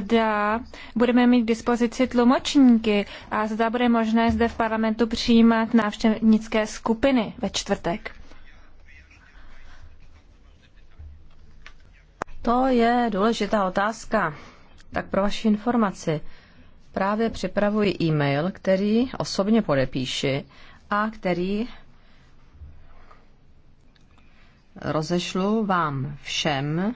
zda budeme mít k dispozici tlumočníky a zda bude možné zde v parlamentu přijímat návštěvnické skupiny ve čtvrtek. To je důležitá otázka. Tak pro vaši informaci, právě připravuji e-mail, který osobně podepíši a který rozešlu vám všem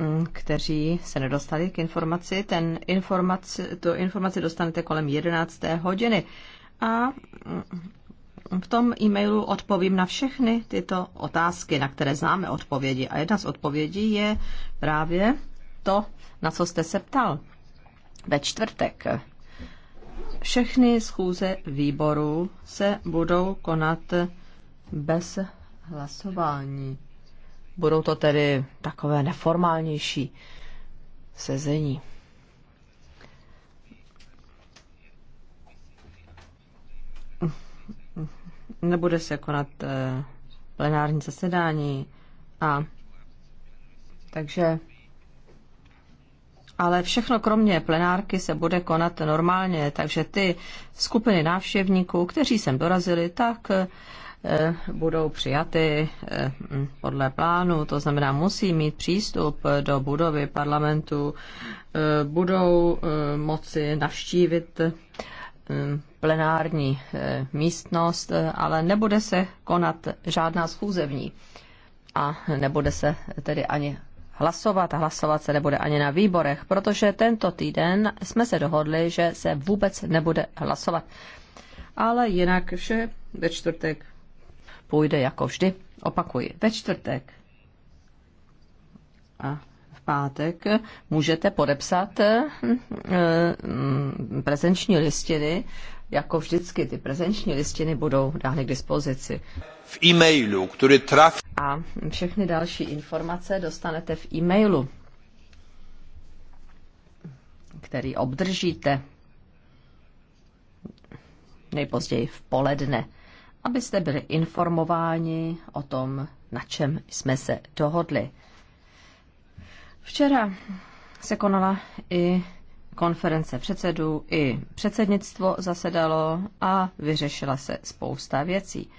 Mm, kteří se nedostali k informaci, ten informaci, tu informaci dostanete kolem 11. hodiny. A mm, v tom e-mailu odpovím na všechny tyto otázky, na které známe odpovědi. A jedna z odpovědí je právě to, na co jste se ptal. Ve čtvrtek všechny schůze výboru se budou konat bez hlasování. Budou to tedy takové neformálnější sezení. Nebude se konat eh, plenární zasedání a takže ale všechno kromě plenárky se bude konat normálně, takže ty skupiny návštěvníků, kteří sem dorazili, tak Eh, budou přijaty eh, mm, podle plánu, to znamená musí mít přístup do budovy parlamentu, eh, budou moci navštívit mm, plenární místnost, ale nebude se konat žádná schůze v ní. A nebude se tedy ani hlasovat a hlasovat se nebude ani na výborech, protože tento týden jsme se dohodli, že se vůbec nebude hlasovat. Ale jinak vše ve čtvrtek půjde jako vždy, opakuji, ve čtvrtek a v pátek můžete podepsat eh, mm, prezenční listiny. Jako vždycky, ty prezenční listiny budou dány k dispozici. V e-mailu, který traf... A všechny další informace dostanete v e-mailu, který obdržíte nejpozději v poledne abyste byli informováni o tom, na čem jsme se dohodli. Včera se konala i konference předsedů, i předsednictvo zasedalo a vyřešila se spousta věcí.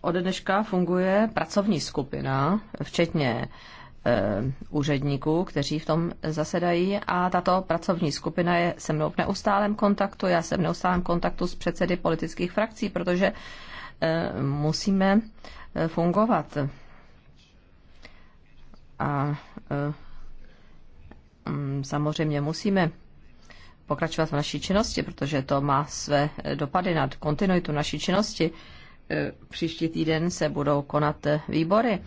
Od dneška funguje pracovní skupina, včetně Eh, úředníků, kteří v tom zasedají a tato pracovní skupina je se mnou v neustálém kontaktu. Já jsem v neustálém kontaktu s předsedy politických frakcí, protože eh, musíme eh, fungovat. A mm, samozřejmě musíme pokračovat v naší činnosti, protože to má své dopady na kontinuitu naší činnosti. Příští týden se budou konat výbory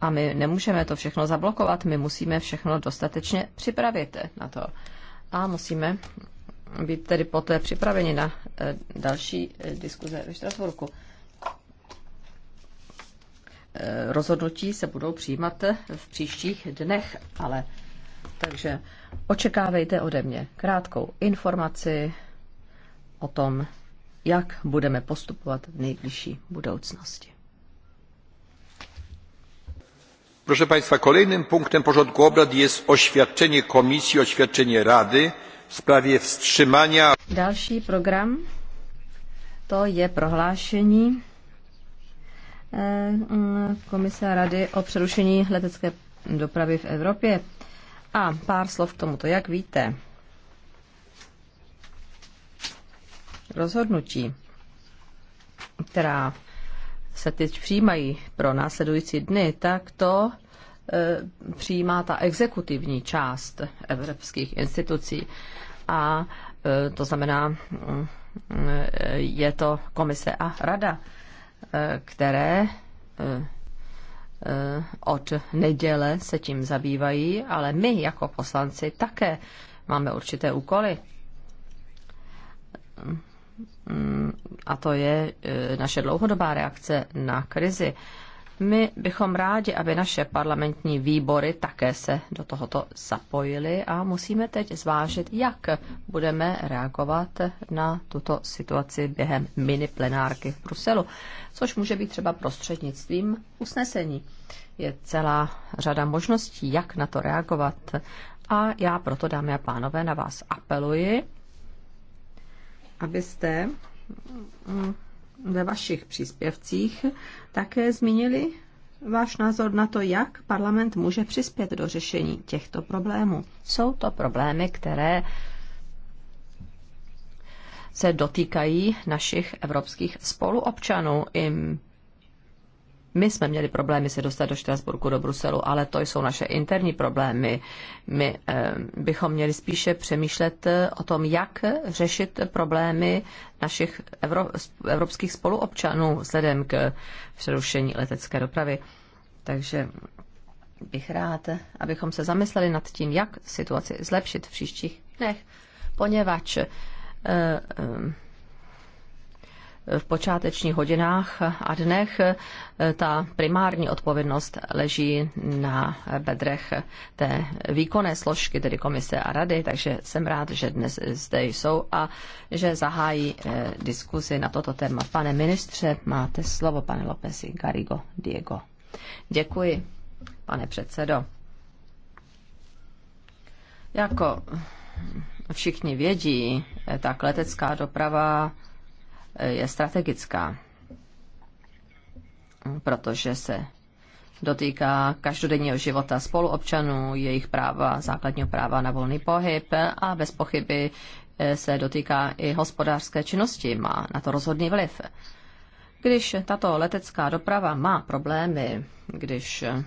a my nemůžeme to všechno zablokovat, my musíme všechno dostatečně připravit na to. A musíme být tedy poté připraveni na eh, další eh, diskuze ve Štrasburku. Eh, rozhodnutí se budou přijímat v příštích dnech, ale takže očekávejte ode mě krátkou informaci o tom, jak budeme postupovat v nejbližší budoucnosti. Proszę Państwa, kolejnym punktem porządku obrad jest oświadczenie Komisji, oświadczenie Rady w sprawie wstrzymania. dalszy program to je prohlášení eh, mm, Komise a Rady o přerušení letecké dopravy v Evropě. A pár slov k tomuto. Jak víte, rozhodnutí, která se teď přijímají pro následující dny, tak to e, přijímá ta exekutivní část evropských institucí. A e, to znamená, e, je to komise a rada, které od neděle se tím zabývají, ale my jako poslanci také máme určité úkoly. Mm, a to je e, naše dlouhodobá reakce na krizi. My bychom rádi, aby naše parlamentní výbory také se do tohoto zapojily a musíme teď zvážit, jak budeme reagovat na tuto situaci během mini plenárky v Bruselu, což může být třeba prostřednictvím usnesení. Je celá řada možností, jak na to reagovat a já proto, dámy a pánové, na vás apeluji, abyste mm, ve vašich příspěvcích také zmínili váš názor na to, jak parlament může přispět do řešení těchto problémů. Jsou to problémy, které se dotýkají našich evropských spoluobčanů. I my jsme měli problémy se dostat do Štrasburku, do Bruselu, ale to jsou naše interní problémy. My eh, bychom měli spíše přemýšlet eh, o tom, jak řešit problémy našich evropských spoluobčanů vzhledem k přerušení letecké dopravy. Takže bych rád, abychom se zamysleli nad tím, jak situaci zlepšit v příštích dnech, poněvadž eh, v počátečních hodinách a dnech ta primární odpovědnost leží na bedrech té výkonné složky, tedy komise a rady, takže jsem rád, že dnes zde jsou a že zahájí eh, diskuzi na toto téma. Pane ministře, máte slovo, pane Lopesi Garigo Diego. Děkuji, pane předsedo. Jako všichni vědí, eh, tak letecká doprava je strategická, protože se dotýká každodenního života spoluobčanů, jejich práva, základního práva na volný pohyb a bez pochyby eh, se dotýká i hospodářské činnosti, má na to rozhodný vliv. Když tato letecká doprava má problémy, když eh,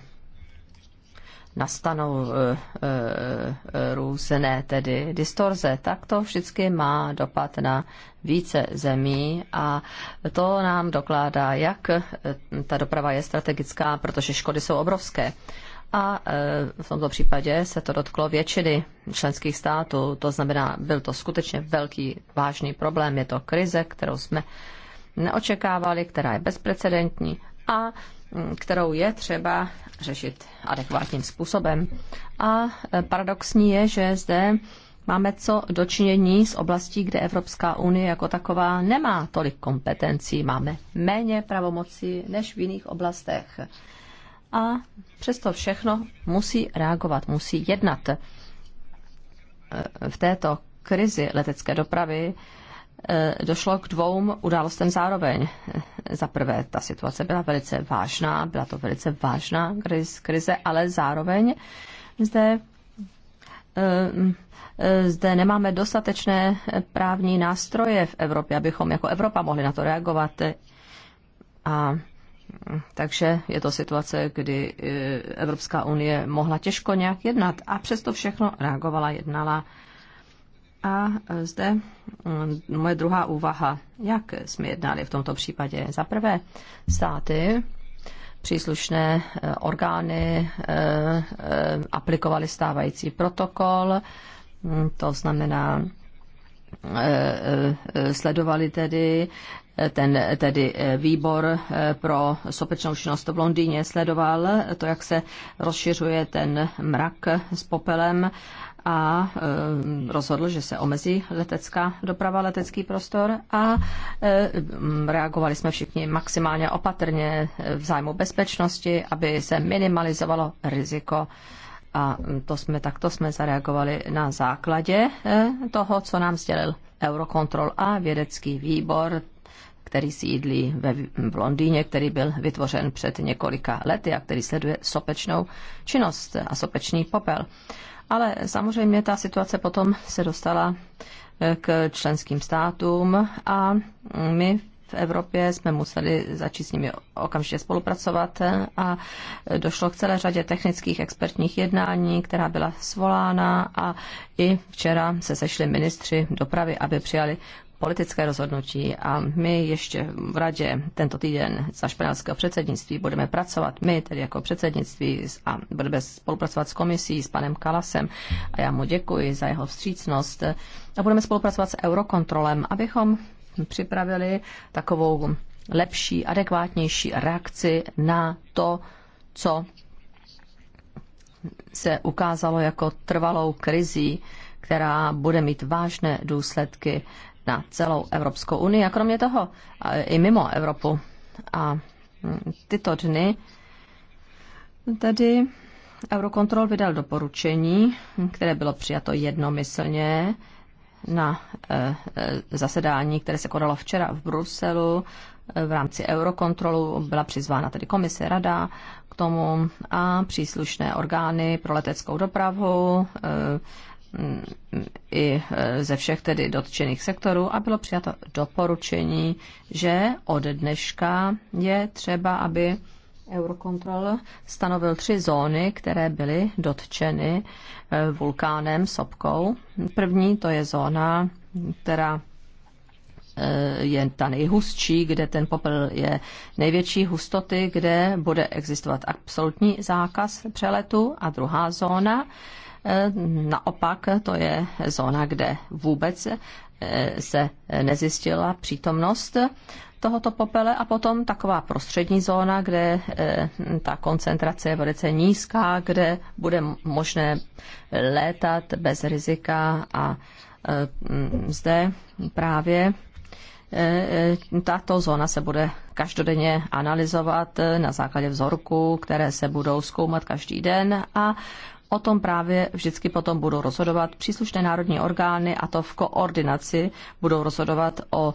nastanou eh, eh, různé tedy distorze, tak to vždycky má dopad na více zemí a to nám dokládá, jak eh, ta doprava je strategická, protože škody jsou obrovské. A v tomto případě se to dotklo většiny členských států, to znamená, byl to skutečně velký, vážný problém, je to krize, kterou jsme neočekávali, která je bezprecedentní a kterou je třeba řešit adekvátním způsobem. A e, paradoxní je, že zde máme co dočinění s oblastí, kde Evropská unie jako taková nemá tolik kompetencí, máme méně pravomocí než v jiných oblastech. A přesto všechno musí reagovat, musí jednat. E, v této krizi letecké dopravy Eh, došlo k dvou událostem zároveň. Eh, za prvé, ta situace byla velice vážná, byla to velice vážná krize, ale zároveň zde eh, zde nemáme dostatečné právní nástroje v Evropě, abychom jako Evropa mohli na to reagovat. A hm, takže je to situace, kdy Evropská unie mohla těžko nějak jednat a přesto všechno reagovala, jednala a e, zde mm, moje druhá úvaha. Jak jsme jednali v tomto případě? Za prvé, státy příslušné e, orgány e, aplikovaly stávající protokol, mm, to znamená, sledovali tedy ten tedy výbor pro sopečnou činnost v Londýně sledoval to, jak se rozšiřuje ten mrak s popelem a eh, rozhodl, že se omezí letecká doprava, letecký prostor a eh, reagovali jsme všichni maximálně opatrně eh, v zájmu bezpečnosti, aby se minimalizovalo riziko a to jsme, takto jsme zareagovali na základě toho, co nám sdělil Eurokontrol a vědecký výbor, který sídlí ve, v Londýně, který byl vytvořen před několika lety a který sleduje sopečnou činnost a sopečný popel. Ale samozřejmě ta situace potom se dostala eh, k členským státům a my v Evropě jsme museli začít s nimi okamžitě spolupracovat a došlo k celé řadě technických expertních jednání, která byla svolána a i včera se sešli ministři dopravy, aby přijali politické rozhodnutí a my ještě v radě tento týden za španělského předsednictví budeme pracovat, my tedy jako předsednictví a budeme spolupracovat s komisí, s panem Kalasem a já mu děkuji za jeho vstřícnost a budeme spolupracovat s Eurokontrolem, abychom připravili takovou lepší, adekvátnější reakci na to, co se ukázalo jako trvalou krizí, která bude mít vážné důsledky na celou Evropskou unii a kromě toho i mimo Evropu. A hm, tyto dny tady Eurokontrol vydal doporučení, které bylo přijato jednomyslně na e, e, zasedání, které se konalo včera v Bruselu e, v rámci Eurokontrolu. Byla přizvána tedy komise, rada k tomu a příslušné orgány pro leteckou dopravu i e, ze všech tedy dotčených sektorů a bylo přijato doporučení, že od dneška je třeba, aby Eurocontrol stanovil tři zóny, které byly dotčeny e, vulkánem sopkou. První to je zóna, která e, je ta nejhustší, kde ten popel je největší hustoty, kde bude existovat absolutní zákaz přeletu a druhá zóna, Eh, naopak to je zóna, kde vůbec eh, se nezjistila přítomnost tohoto popele a potom taková prostřední zóna, kde eh, ta koncentrace je velice nízká, kde bude možné létat bez rizika a zde právě tato zóna se bude každodenně analyzovat na základě vzorků, které se budou zkoumat každý den a O tom právě vždycky potom budou rozhodovat příslušné národní orgány a to v koordinaci budou rozhodovat o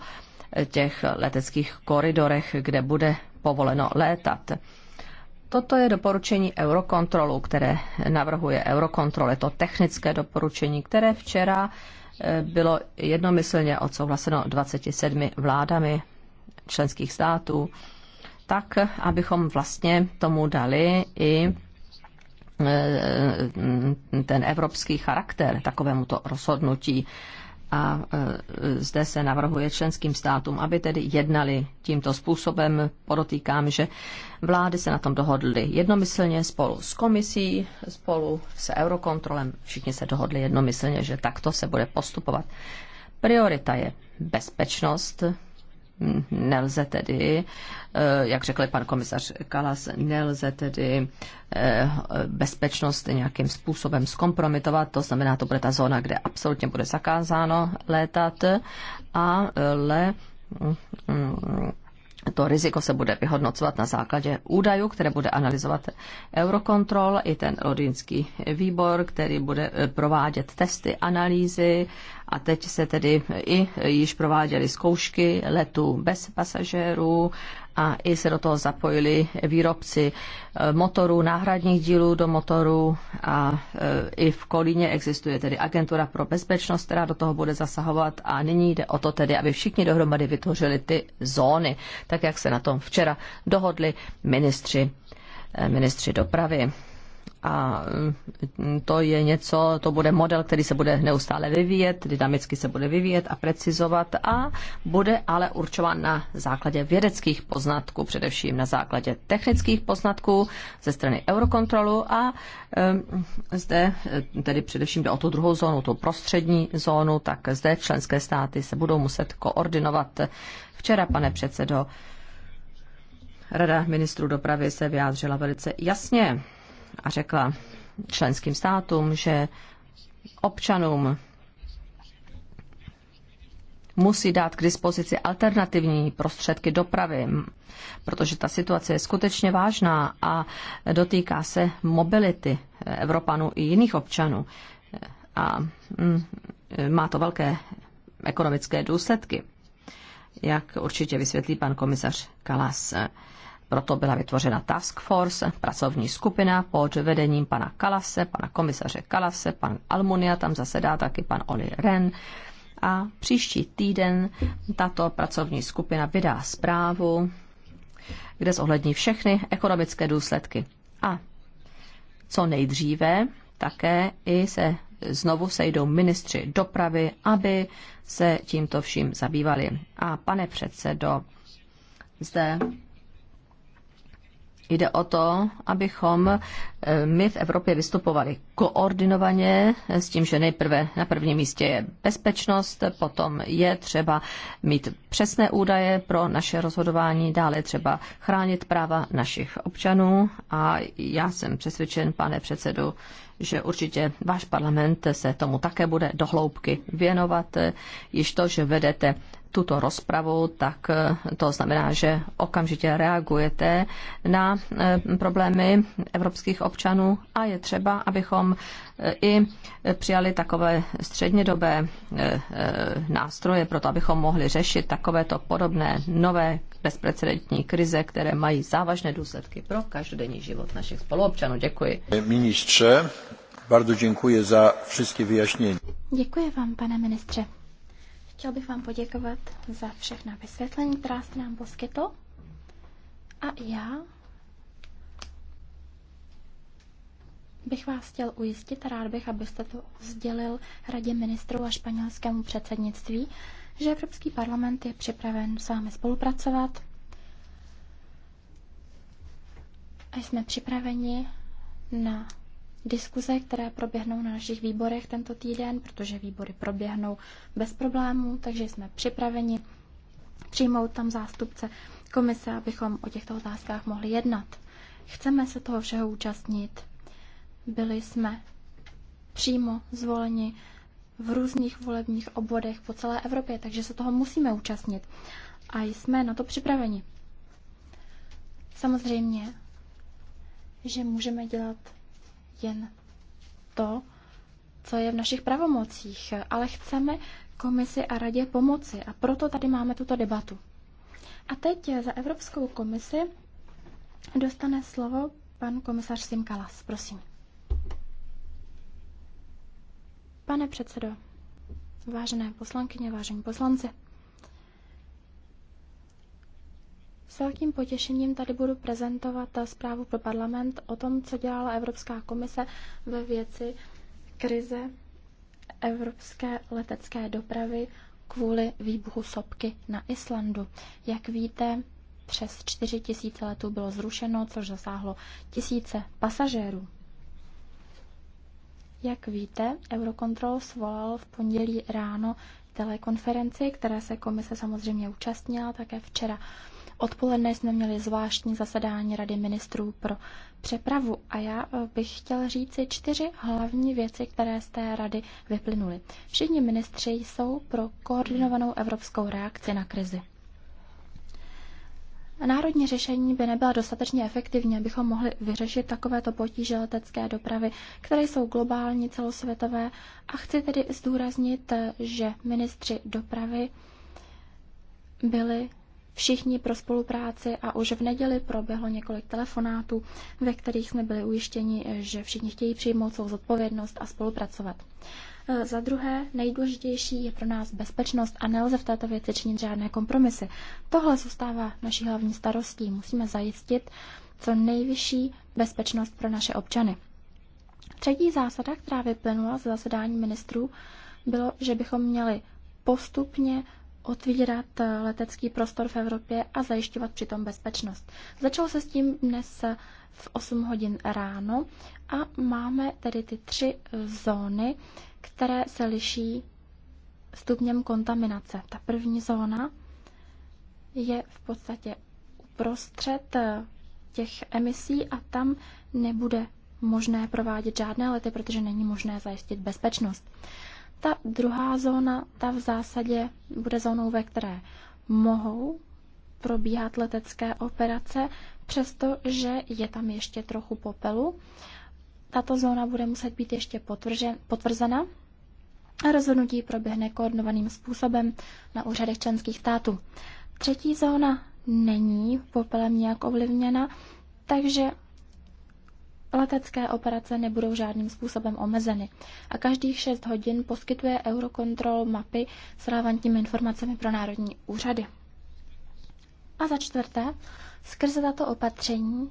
těch leteckých koridorech, kde bude povoleno létat. Toto je doporučení Eurokontrolu, které navrhuje Eurokontrol. Je to technické doporučení, které včera eh, bylo jednomyslně odsouhlaseno 27 vládami členských států, tak abychom vlastně tomu dali i Eh, ten evropský charakter takovému to rozhodnutí. A eh, zde se navrhuje členským státům, aby tedy jednali tímto způsobem. Podotýkám, že vlády se na tom dohodly jednomyslně spolu s komisí, spolu s eurokontrolem. Všichni se dohodli jednomyslně, že takto se bude postupovat. Priorita je bezpečnost nelze tedy, eh, jak řekl pan komisař Kalas, nelze tedy eh, bezpečnost nějakým způsobem zkompromitovat, to znamená, to bude ta zóna, kde absolutně bude zakázáno létat, ale mm, to riziko se bude vyhodnocovat na základě údajů, které bude analyzovat Eurocontrol i ten rodinský výbor, který bude eh, provádět testy, analýzy a teď se tedy i již prováděly zkoušky letu bez pasažérů a i se do toho zapojili výrobci eh, motorů, náhradních dílů do motorů a eh, i v Kolíně existuje tedy agentura pro bezpečnost, která do toho bude zasahovat a nyní jde o to tedy, aby všichni dohromady vytvořili ty zóny, tak jak se na tom včera dohodli ministři, eh, ministři dopravy a mm, to je něco, to bude model, který se bude neustále vyvíjet, dynamicky se bude vyvíjet a precizovat a bude ale určován na základě vědeckých poznatků, především na základě technických poznatků ze strany Eurokontrolu a mm, zde e, tedy především jde o tu druhou zónu, tu prostřední zónu, tak zde členské státy se budou muset koordinovat. Včera, pane předsedo, Rada ministrů dopravy se vyjádřila velice jasně a řekla členským státům, že občanům musí dát k dispozici alternativní prostředky dopravy, protože ta situace je skutečně vážná a dotýká se mobility Evropanů i jiných občanů. A mm, má to velké ekonomické důsledky, jak určitě vysvětlí pan komisař Kalas. Proto byla vytvořena task force, pracovní skupina pod vedením pana Kalase, pana komisaře Kalase, pan Almunia, tam zasedá taky pan Oli Ren. A příští týden tato pracovní skupina vydá zprávu, kde zohlední všechny ekonomické důsledky. A co nejdříve také i se znovu sejdou ministři dopravy, aby se tímto vším zabývali. A pane předsedo, zde Jde o to, abychom eh, my v Evropě vystupovali koordinovaně s tím, že nejprve na prvním místě je bezpečnost, potom je třeba mít přesné údaje pro naše rozhodování, dále třeba chránit práva našich občanů a já jsem přesvědčen, pane předsedu, že určitě váš parlament se tomu také bude dohloubky věnovat. Eh, již to, že vedete tuto rozpravu, tak eh, to znamená, že okamžitě reagujete na eh, problémy evropských občanů a je třeba, abychom eh, i přijali takové střednědobé nástroje pro to, abychom mohli řešit takovéto podobné nové bezprecedentní krize, které mají závažné důsledky pro každodenní život našich spoluobčanů. Děkuji. Ministře, bardzo děkuji za všechny vyjaśnienia. Děkuji vám, pane ministře. Chtěl bych vám poděkovat za všechna vysvětlení, která jste nám poskytl. A já bych vás chtěl ujistit a rád bych, abyste to sdělil Radě ministrů a španělskému předsednictví, že Evropský parlament je připraven s vámi spolupracovat a jsme připraveni na diskuze, které proběhnou na našich výborech tento týden, protože výbory proběhnou bez problémů, takže jsme připraveni přijmout tam zástupce komise, abychom o těchto otázkách mohli jednat. Chceme se toho všeho účastnit. Byli jsme přímo zvoleni v různých volebních obvodech po celé Evropě, takže se toho musíme účastnit. A jsme na to připraveni. Samozřejmě, že můžeme dělat jen to, co je v našich pravomocích, ale chceme komisi a radě pomoci a proto tady máme tuto debatu. A teď za Evropskou komisi dostane slovo pan komisař Simkalas. Prosím. Pane předsedo, vážené poslankyně, vážení poslanci, S velkým potěšením tady budu prezentovat zprávu pro parlament o tom, co dělala Evropská komise ve věci krize evropské letecké dopravy kvůli výbuchu sopky na Islandu. Jak víte, přes 4 tisíce letů bylo zrušeno, což zasáhlo tisíce pasažérů. Jak víte, Eurocontrol svolal v pondělí ráno telekonferenci, které se komise samozřejmě účastnila také včera. Odpoledne jsme měli zvláštní zasedání Rady ministrů pro přepravu a já eh, bych chtěl říci čtyři hlavní věci, které z té rady vyplynuly. Všichni ministři jsou pro koordinovanou evropskou reakci na krizi. Národní řešení by nebyla dostatečně efektivní, abychom mohli vyřešit takovéto potíže letecké dopravy, které jsou globální, celosvětové. A chci tedy zdůraznit, eh, že ministři dopravy byli všichni pro spolupráci a už v neděli proběhlo několik telefonátů, ve kterých jsme byli ujištěni, že všichni chtějí přijmout svou zodpovědnost a spolupracovat. E, za druhé, nejdůležitější je pro nás bezpečnost a nelze v této věci činit žádné kompromisy. Tohle zůstává naší hlavní starostí. Musíme zajistit co nejvyšší bezpečnost pro naše občany. Třetí zásada, která vyplynula z zasedání ministrů, bylo, že bychom měli postupně otvírat eh, letecký prostor v Evropě a zajišťovat přitom bezpečnost. Začalo se s tím dnes eh, v 8 hodin ráno a máme tedy ty tři eh, zóny, které se liší stupněm kontaminace. Ta první zóna je v podstatě uprostřed těch emisí a tam nebude možné provádět žádné lety, protože není možné zajistit bezpečnost. Ta druhá zóna, ta v zásadě bude zónou, ve které mohou probíhat letecké operace, přestože je tam ještě trochu popelu. Tato zóna bude muset být ještě potvrzena a rozhodnutí proběhne koordinovaným způsobem na úřadech členských států. Třetí zóna není popelem nějak ovlivněna, takže Letecké operace nebudou žádným způsobem omezeny a každých 6 hodin poskytuje Eurocontrol mapy s relevantními informacemi pro národní úřady. A za čtvrté, skrze tato opatření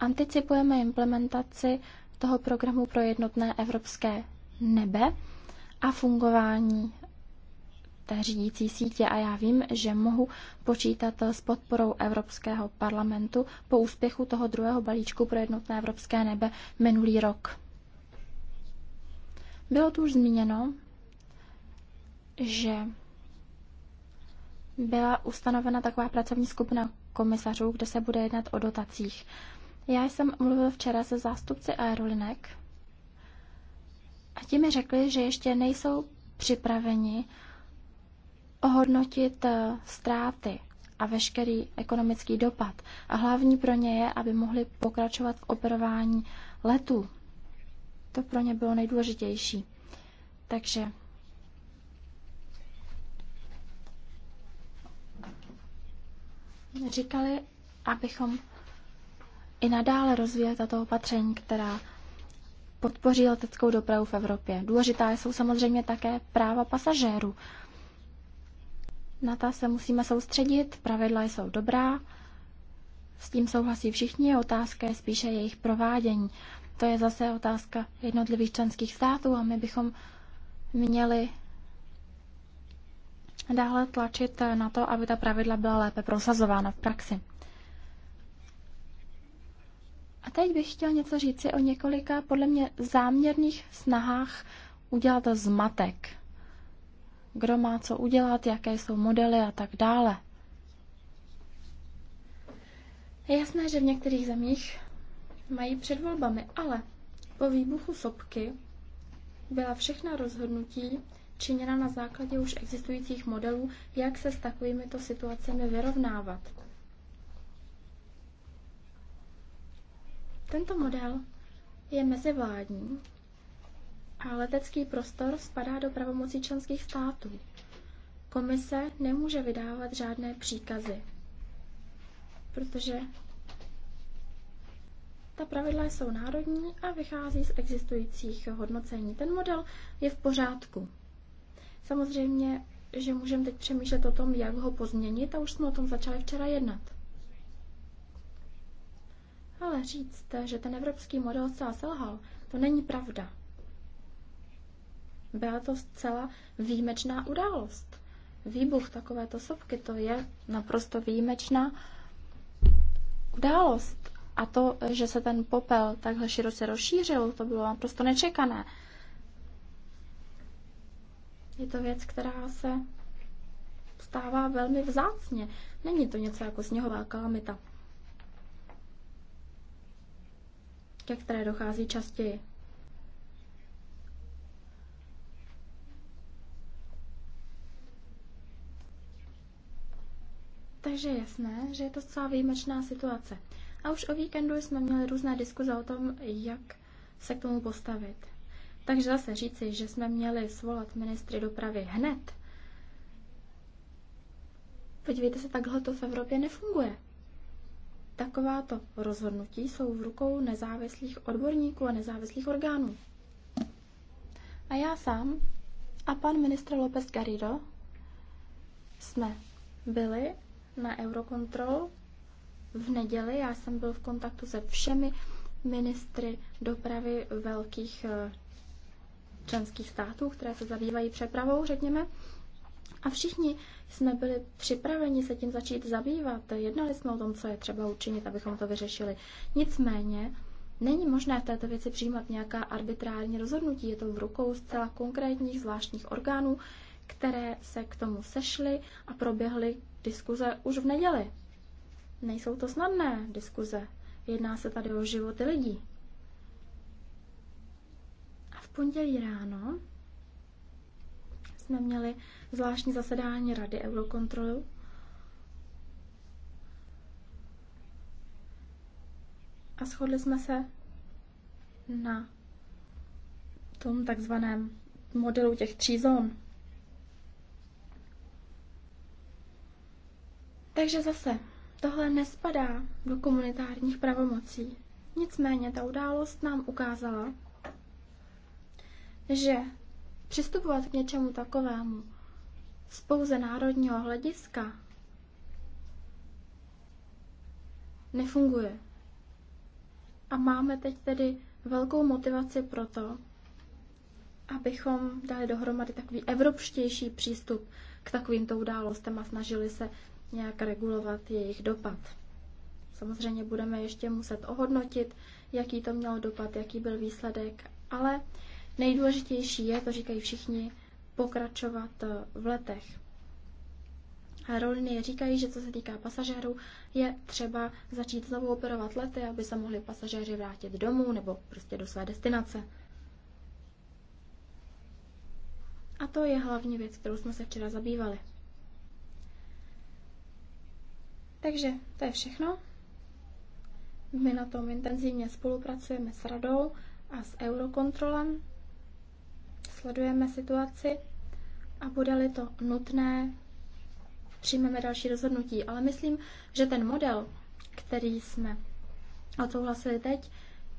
anticipujeme implementaci toho programu pro jednotné evropské nebe a fungování té řídící sítě a já vím, že mohu počítat s podporou Evropského parlamentu po úspěchu toho druhého balíčku pro jednotné evropské nebe minulý rok. Bylo tu už zmíněno, že byla ustanovena taková pracovní skupina komisařů, kde se bude jednat o dotacích. Já jsem mluvil včera se zástupci aerolinek a ti mi řekli, že ještě nejsou připraveni ohodnotit eh, ztráty a veškerý ekonomický dopad. A hlavní pro ně je, aby mohli pokračovat v operování letů. To pro ně bylo nejdůležitější. Takže říkali, abychom i nadále rozvíjeli tato opatření, která podpoří leteckou dopravu v Evropě. Důležitá jsou samozřejmě také práva pasažérů na ta se musíme soustředit, pravidla jsou dobrá, s tím souhlasí všichni, otázka je spíše jejich provádění. To je zase otázka jednotlivých členských států a my bychom měli dále tlačit na to, aby ta pravidla byla lépe prosazována v praxi. A teď bych chtěl něco říci o několika podle mě záměrných snahách udělat zmatek kdo má co udělat, jaké jsou modely a tak dále. Je jasné, že v některých zemích mají před volbami, ale po výbuchu sopky byla všechna rozhodnutí činěna na základě už existujících modelů, jak se s takovýmito situacemi vyrovnávat. Tento model je mezivládní a letecký prostor spadá do pravomocí členských států. Komise nemůže vydávat žádné příkazy, protože ta pravidla jsou národní a vychází z existujících hodnocení. Ten model je v pořádku. Samozřejmě, že můžeme teď přemýšlet o tom, jak ho pozměnit a už jsme o tom začali včera jednat. Ale říct, že ten evropský model zcela selhal, to není pravda. Byla to zcela výjimečná událost. Výbuch takovéto sopky, to je naprosto výjimečná událost. A to, že se ten popel takhle široce rozšířil, to bylo naprosto nečekané. Je to věc, která se stává velmi vzácně. Není to něco jako sněhová kalamita, ke které dochází častěji. Takže je jasné, že je to celá výjimečná situace. A už o víkendu jsme měli různé diskuze o tom, jak se k tomu postavit. Takže zase říci, že jsme měli svolat ministry dopravy hned. Podívejte se, takhle to v Evropě nefunguje. Takováto rozhodnutí jsou v rukou nezávislých odborníků a nezávislých orgánů. A já sám a pan ministr López Garrido jsme byli na Eurocontrol v neděli. Já jsem byl v kontaktu se všemi ministry dopravy velkých eh, členských států, které se zabývají přepravou, řekněme. A všichni jsme byli připraveni se tím začít zabývat. Jednali jsme o tom, co je třeba učinit, abychom to vyřešili. Nicméně není možné v této věci přijímat nějaká arbitrární rozhodnutí. Je to v rukou zcela konkrétních zvláštních orgánů, které se k tomu sešly a proběhly diskuze už v neděli. Nejsou to snadné diskuze. Jedná se tady o životy lidí. A v pondělí ráno jsme měli zvláštní zasedání Rady Eurokontrolu. A shodli jsme se na tom takzvaném modelu těch tří zón. Takže zase, tohle nespadá do komunitárních pravomocí. Nicméně ta událost nám ukázala, že přistupovat k něčemu takovému z pouze národního hlediska nefunguje. A máme teď tedy velkou motivaci pro to, abychom dali dohromady takový evropštější přístup k takovýmto událostem a snažili se nějak regulovat jejich dopad. Samozřejmě budeme ještě muset ohodnotit, jaký to mělo dopad, jaký byl výsledek, ale nejdůležitější je, to říkají všichni, pokračovat eh, v letech. Aerolíny říkají, že co se týká pasažérů, je třeba začít znovu operovat lety, aby se mohli pasažéři vrátit domů nebo prostě do své destinace. A to je hlavní věc, kterou jsme se včera zabývali. Takže to je všechno. My na tom intenzivně spolupracujeme s radou a s Eurokontrolem. Sledujeme situaci a bude-li to nutné, přijmeme další rozhodnutí. Ale myslím, že ten model, který jsme odsouhlasili teď,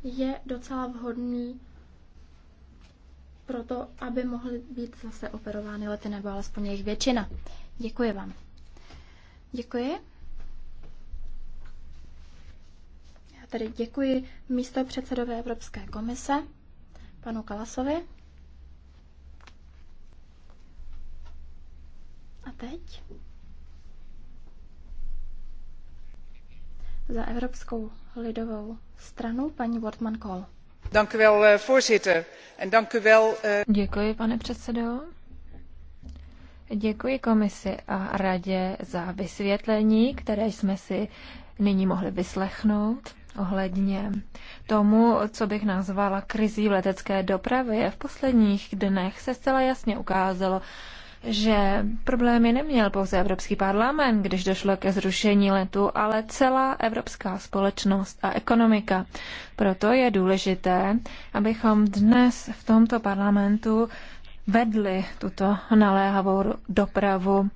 je docela vhodný pro to, aby mohly být zase operovány lety, nebo alespoň jejich většina. Děkuji vám. Děkuji. tedy děkuji místo předsedové Evropské komise, panu Kalasovi. A teď za Evropskou lidovou stranu paní Wortmann Kohl. Eh, eh, děkuji, pane předsedo. Děkuji komisi a radě za vysvětlení, které jsme si nyní mohli vyslechnout ohledně tomu, co bych nazvala krizí v letecké dopravě. V posledních dnech se zcela jasně ukázalo, že problémy neměl pouze Evropský parlament, když došlo ke zrušení letu, ale celá evropská společnost a ekonomika. Proto je důležité, abychom dnes v tomto parlamentu vedli tuto naléhavou dopravu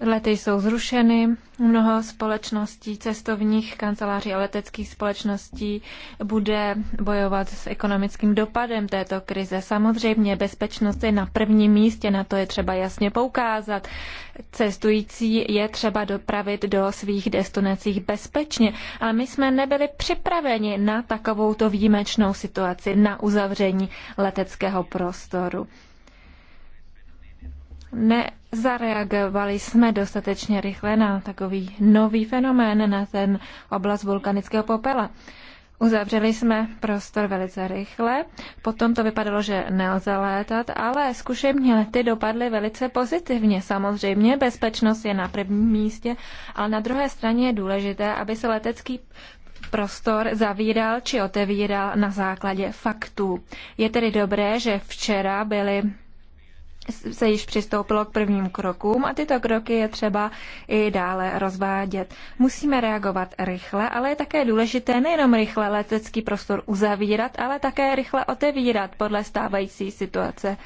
Lety jsou zrušeny, mnoho společností, cestovních kanceláří a leteckých společností bude bojovat s ekonomickým dopadem této krize. Samozřejmě bezpečnost je na prvním místě, na to je třeba jasně poukázat. Cestující je třeba dopravit do svých destinací bezpečně, ale my jsme nebyli připraveni na takovouto výjimečnou situaci, na uzavření leteckého prostoru. Ne, Zareagovali jsme dostatečně rychle na takový nový fenomén, na ten oblast vulkanického popela. Uzavřeli jsme prostor velice rychle, potom to vypadalo, že nelze létat, ale zkušební lety dopadly velice pozitivně. Samozřejmě bezpečnost je na prvním místě, ale na druhé straně je důležité, aby se letecký prostor zavíral či otevíral na základě faktů. Je tedy dobré, že včera byly se již přistoupilo k prvním krokům a tyto kroky je třeba i dále rozvádět. Musíme reagovat rychle, ale je také důležité nejenom rychle letecký prostor uzavírat, ale také rychle otevírat podle stávající situace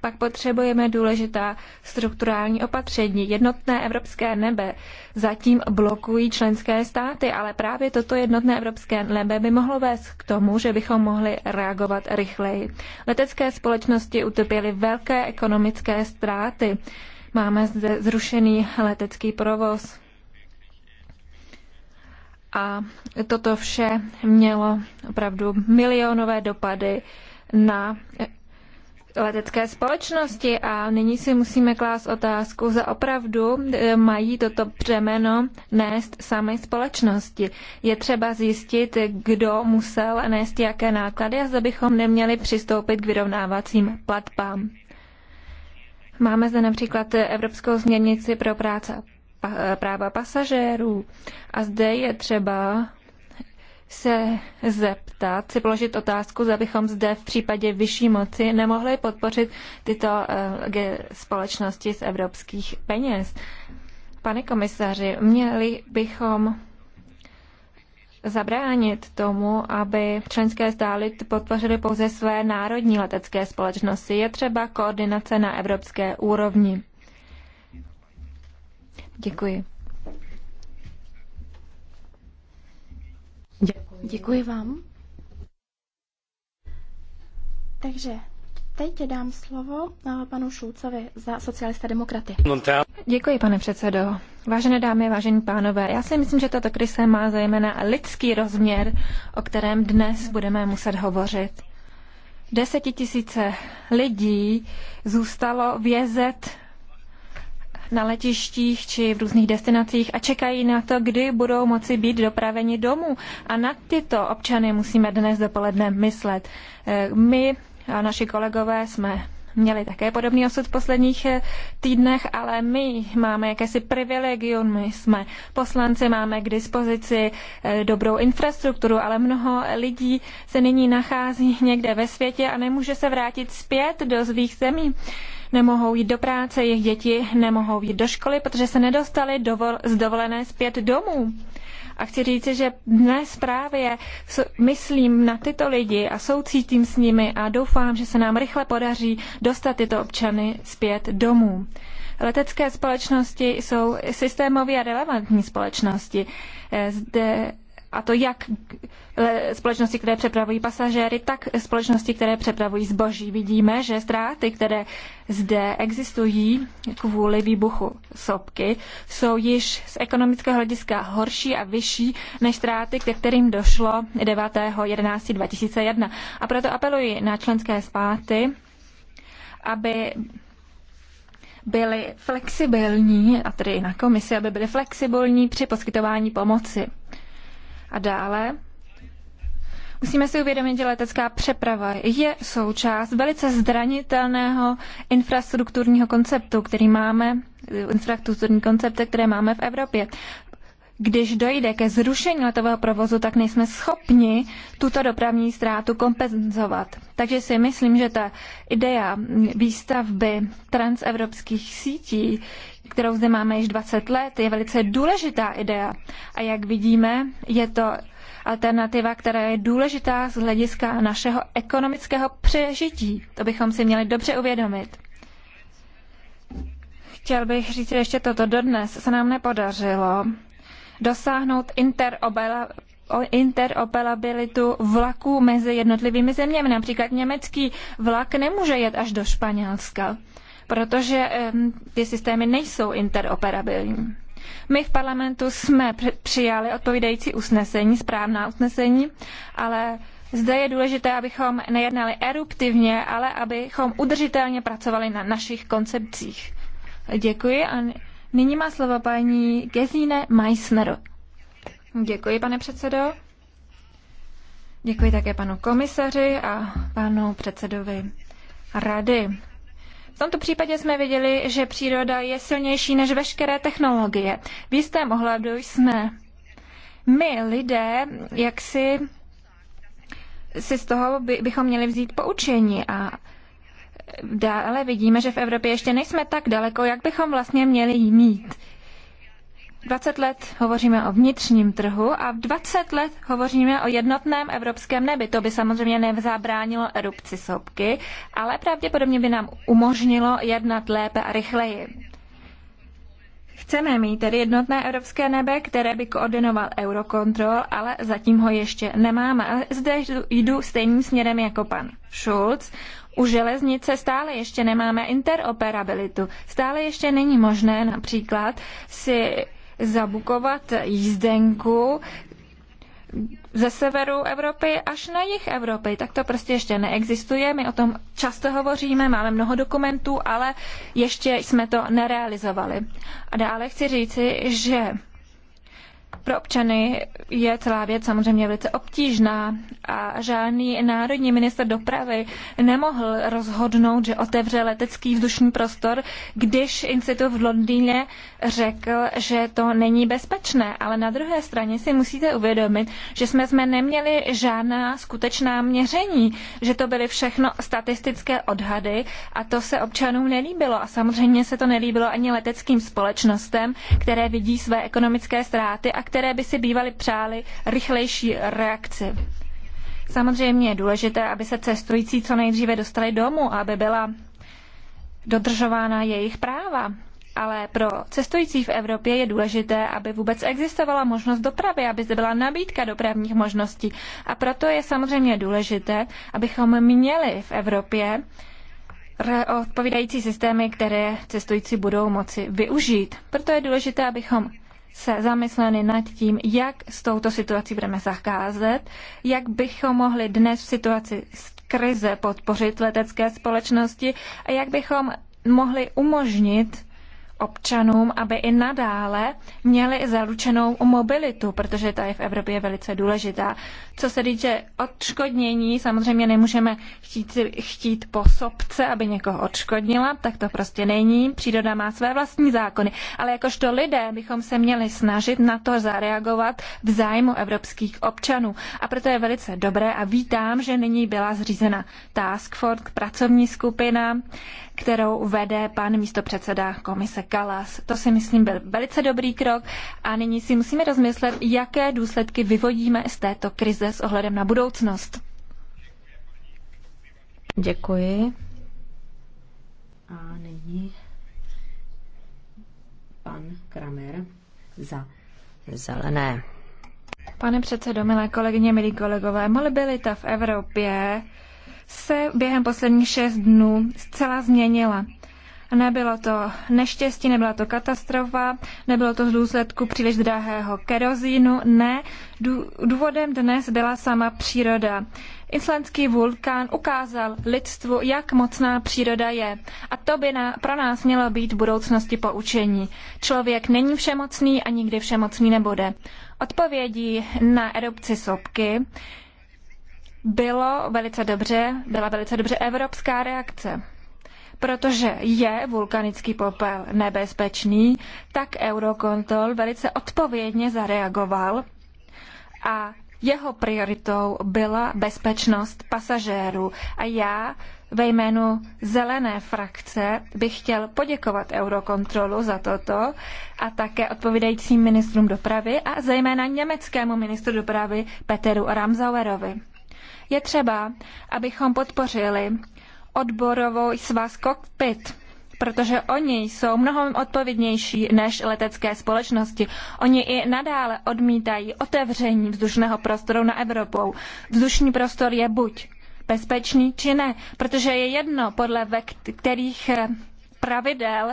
pak potřebujeme důležitá strukturální opatření. Jednotné evropské nebe zatím blokují členské státy, ale právě toto jednotné evropské nebe by mohlo vést k tomu, že bychom mohli reagovat rychleji. Letecké společnosti utrpěly velké ekonomické ztráty. Máme zde zrušený letecký provoz. A toto vše mělo opravdu milionové dopady na letecké společnosti a nyní si musíme klást otázku, za opravdu e, mají toto břemeno nést samé společnosti. Je třeba zjistit, kdo musel nést jaké náklady a zda bychom neměli přistoupit k vyrovnávacím platbám. Máme zde například Evropskou směrnici pro práce, e, práva pasažérů a zde je třeba se zeptat, si položit otázku, zda bychom zde v případě vyšší moci nemohli podpořit tyto eh, společnosti z evropských peněz. Pane komisaři, měli bychom zabránit tomu, aby členské stály podpořily pouze své národní letecké společnosti. Je třeba koordinace na evropské úrovni. Děkuji. Děkuji vám. Takže teď dám slovo eh, panu Šulcovi za socialista demokraty. Děkuji, pane předsedo. Vážené dámy, vážení pánové, já si myslím, že tato krize má zejména lidský rozměr, o kterém dnes budeme muset hovořit. Desetitisíce lidí zůstalo vězet na letištích či v různých destinacích a čekají na to, kdy budou moci být dopraveni domů. A na tyto občany musíme dnes dopoledne myslet. Eh, my a naši kolegové jsme měli také podobný osud v posledních eh, týdnech, ale my máme jakési privilegium, my jsme poslanci, máme k dispozici eh, dobrou infrastrukturu, ale mnoho lidí se nyní nachází někde ve světě a nemůže se vrátit zpět do svých zemí nemohou jít do práce, jejich děti nemohou jít do školy, protože se nedostali dovol, z dovolené zpět domů. A chci říct, že dnes právě myslím na tyto lidi a soucítím s nimi a doufám, že se nám rychle podaří dostat tyto občany zpět domů. Letecké společnosti jsou systémově relevantní společnosti. Eh, zde, a to jak Eh, společnosti, které přepravují pasažéry, tak společnosti, které přepravují zboží. Vidíme, že ztráty, které zde existují kvůli výbuchu sopky, jsou již z ekonomického hlediska horší a vyšší než ztráty, ke kterým došlo 9. 11. 2001. A proto apeluji na členské státy, aby byly flexibilní, a tedy i na komisi, aby byly flexibilní při poskytování pomoci. A dále Musíme si uvědomit, že letecká přeprava je součást velice zranitelného infrastrukturního konceptu, který máme, infrastrukturní koncepty, které máme v Evropě. Když dojde ke zrušení letového provozu, tak nejsme schopni tuto dopravní ztrátu kompenzovat. Takže si myslím, že ta idea výstavby transevropských sítí, kterou zde máme již 20 let, je velice důležitá idea. A jak vidíme, je to alternativa, která je důležitá z hlediska našeho ekonomického přežití. To bychom si měli dobře uvědomit. Chtěl bych říct ještě toto. Dodnes se nám nepodařilo dosáhnout interoperabilitu vlaků mezi jednotlivými zeměmi. Například německý vlak nemůže jet až do Španělska, protože ty systémy nejsou interoperabilní. My v parlamentu jsme přijali odpovídající usnesení, správná usnesení, ale zde je důležité, abychom nejednali eruptivně, ale abychom udržitelně pracovali na našich koncepcích. Děkuji a nyní má slovo paní Gesine Meissner. Děkuji, pane předsedo. Děkuji také panu komisaři a panu předsedovi rady tomto případě jsme viděli, že příroda je silnější než veškeré technologie. V jistém ohledu jsme my lidé, jak si, si z toho by, bychom měli vzít poučení a dále vidíme, že v Evropě ještě nejsme tak daleko, jak bychom vlastně měli mít. 20 let hovoříme o vnitřním trhu a 20 let hovoříme o jednotném evropském nebi. To by samozřejmě nevzábránilo erupci sopky, ale pravděpodobně by nám umožnilo jednat lépe a rychleji. Chceme mít tedy jednotné evropské nebe, které by koordinoval Eurocontrol, ale zatím ho ještě nemáme. Ale zde jdu stejným směrem jako pan Schulz. U železnice stále ještě nemáme interoperabilitu. Stále ještě není možné například si zabukovat jízdenku ze severu Evropy až na jih Evropy. Tak to prostě ještě neexistuje. My o tom často hovoříme, máme mnoho dokumentů, ale ještě jsme to nerealizovali. A dále chci říci, že pro občany je celá věc samozřejmě velice obtížná a žádný národní minister dopravy nemohl rozhodnout, že otevře letecký vzdušný prostor, když institut v Londýně řekl, že to není bezpečné. Ale na druhé straně si musíte uvědomit, že jsme, jsme neměli žádná skutečná měření, že to byly všechno statistické odhady a to se občanům nelíbilo. A samozřejmě se to nelíbilo ani leteckým společnostem, které vidí své ekonomické ztráty a které by si bývaly přáli rychlejší reakci. Samozřejmě je důležité, aby se cestující co nejdříve dostali domů, aby byla dodržována jejich práva. Ale pro cestující v Evropě je důležité, aby vůbec existovala možnost dopravy, aby zde byla nabídka dopravních možností. A proto je samozřejmě důležité, abychom měli v Evropě odpovídající systémy, které cestující budou moci využít. Proto je důležité, abychom se zamysleny nad tím, jak s touto situací budeme zacházet, jak bychom mohli dnes v situaci krize podpořit letecké společnosti a jak bychom mohli umožnit občanům, aby i nadále měli zaručenou mobilitu, protože ta je v Evropě velice důležitá. Co se týče odškodnění, samozřejmě nemůžeme chtít, chtít po sobce, aby někoho odškodnila, tak to prostě není. Příroda má své vlastní zákony. Ale jakožto lidé bychom se měli snažit na to zareagovat v zájmu evropských občanů. A proto je velice dobré a vítám, že nyní byla zřízena task force, pracovní skupina, kterou vede pan místopředseda komise Kalas. To si myslím byl velice dobrý krok a nyní si musíme rozmyslet, jaké důsledky vyvodíme z této krize s ohledem na budoucnost. Děkuji. A nyní pan Kramer za zelené. Pane předsedo, milé kolegyně, milí kolegové, mobilita v Evropě se během posledních šest dnů zcela změnila. Nebylo to neštěstí, nebyla to katastrofa, nebylo to z důsledku příliš drahého kerozínu, ne. Důvodem dnes byla sama příroda. Islandský vulkán ukázal lidstvu, jak mocná příroda je. A to by na, pro nás mělo být v budoucnosti poučení. Člověk není všemocný a nikdy všemocný nebude. Odpovědí na erupci sopky bylo velice dobře, byla velice dobře evropská reakce. Protože je vulkanický popel nebezpečný, tak Eurocontrol velice odpovědně zareagoval a jeho prioritou byla bezpečnost pasažérů a já ve jménu zelené frakce bych chtěl poděkovat Eurokontrolu za toto a také odpovídajícím ministrům dopravy a zejména německému ministru dopravy Peteru Ramsauerovi. Je třeba, abychom podpořili odborovou svaz kokpit, protože oni jsou mnohem odpovědnější než letecké společnosti. Oni i nadále odmítají otevření vzdušného prostoru na Evropou. Vzdušný prostor je buď bezpečný či ne, protože je jedno, podle ve kterých eh, pravidel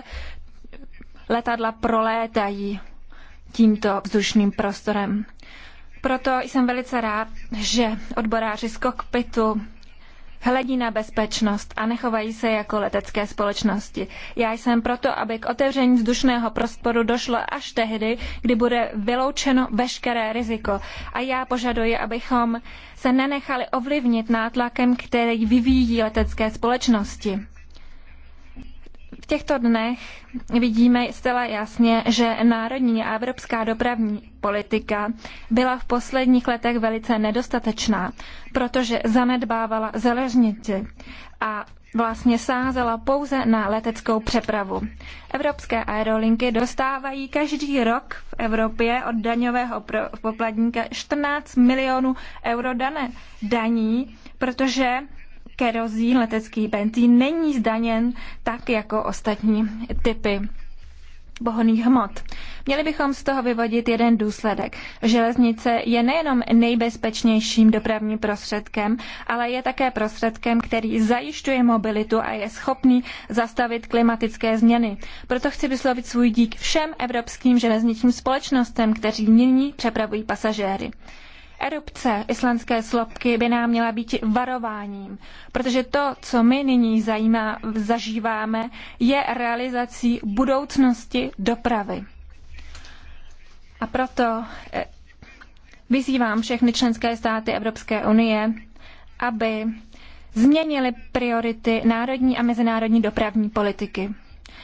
letadla prolétají tímto vzdušným prostorem. Proto jsem velice rád, že odboráři z kokpitu hledí na bezpečnost a nechovají se jako letecké společnosti. Já jsem proto, aby k otevření vzdušného prostoru došlo až tehdy, kdy bude vyloučeno veškeré riziko. A já požaduji, abychom se nenechali ovlivnit nátlakem, který vyvíjí letecké společnosti. V těchto dnech vidíme zcela jasně, že národní a evropská dopravní politika byla v posledních letech velice nedostatečná, protože zanedbávala železnici a vlastně sázela pouze na leteckou přepravu. Evropské aerolinky dostávají každý rok v Evropě od daňového poplatníka 14 milionů euro dané daní, protože kerozín, letecký benzín není zdaněn tak jako ostatní typy pohonných hmot. Měli bychom z toho vyvodit jeden důsledek. Železnice je nejenom nejbezpečnějším dopravním prostředkem, ale je také prostředkem, který zajišťuje mobilitu a je schopný zastavit klimatické změny. Proto chci vyslovit svůj dík všem evropským železničním společnostem, kteří nyní přepravují pasažéry. Erupce islandské slopky by nám měla být varováním, protože to, co my nyní zajímá, zažíváme, je realizací budoucnosti dopravy. A proto eh, vyzývám všechny členské státy Evropské unie, aby změnili priority národní a mezinárodní dopravní politiky.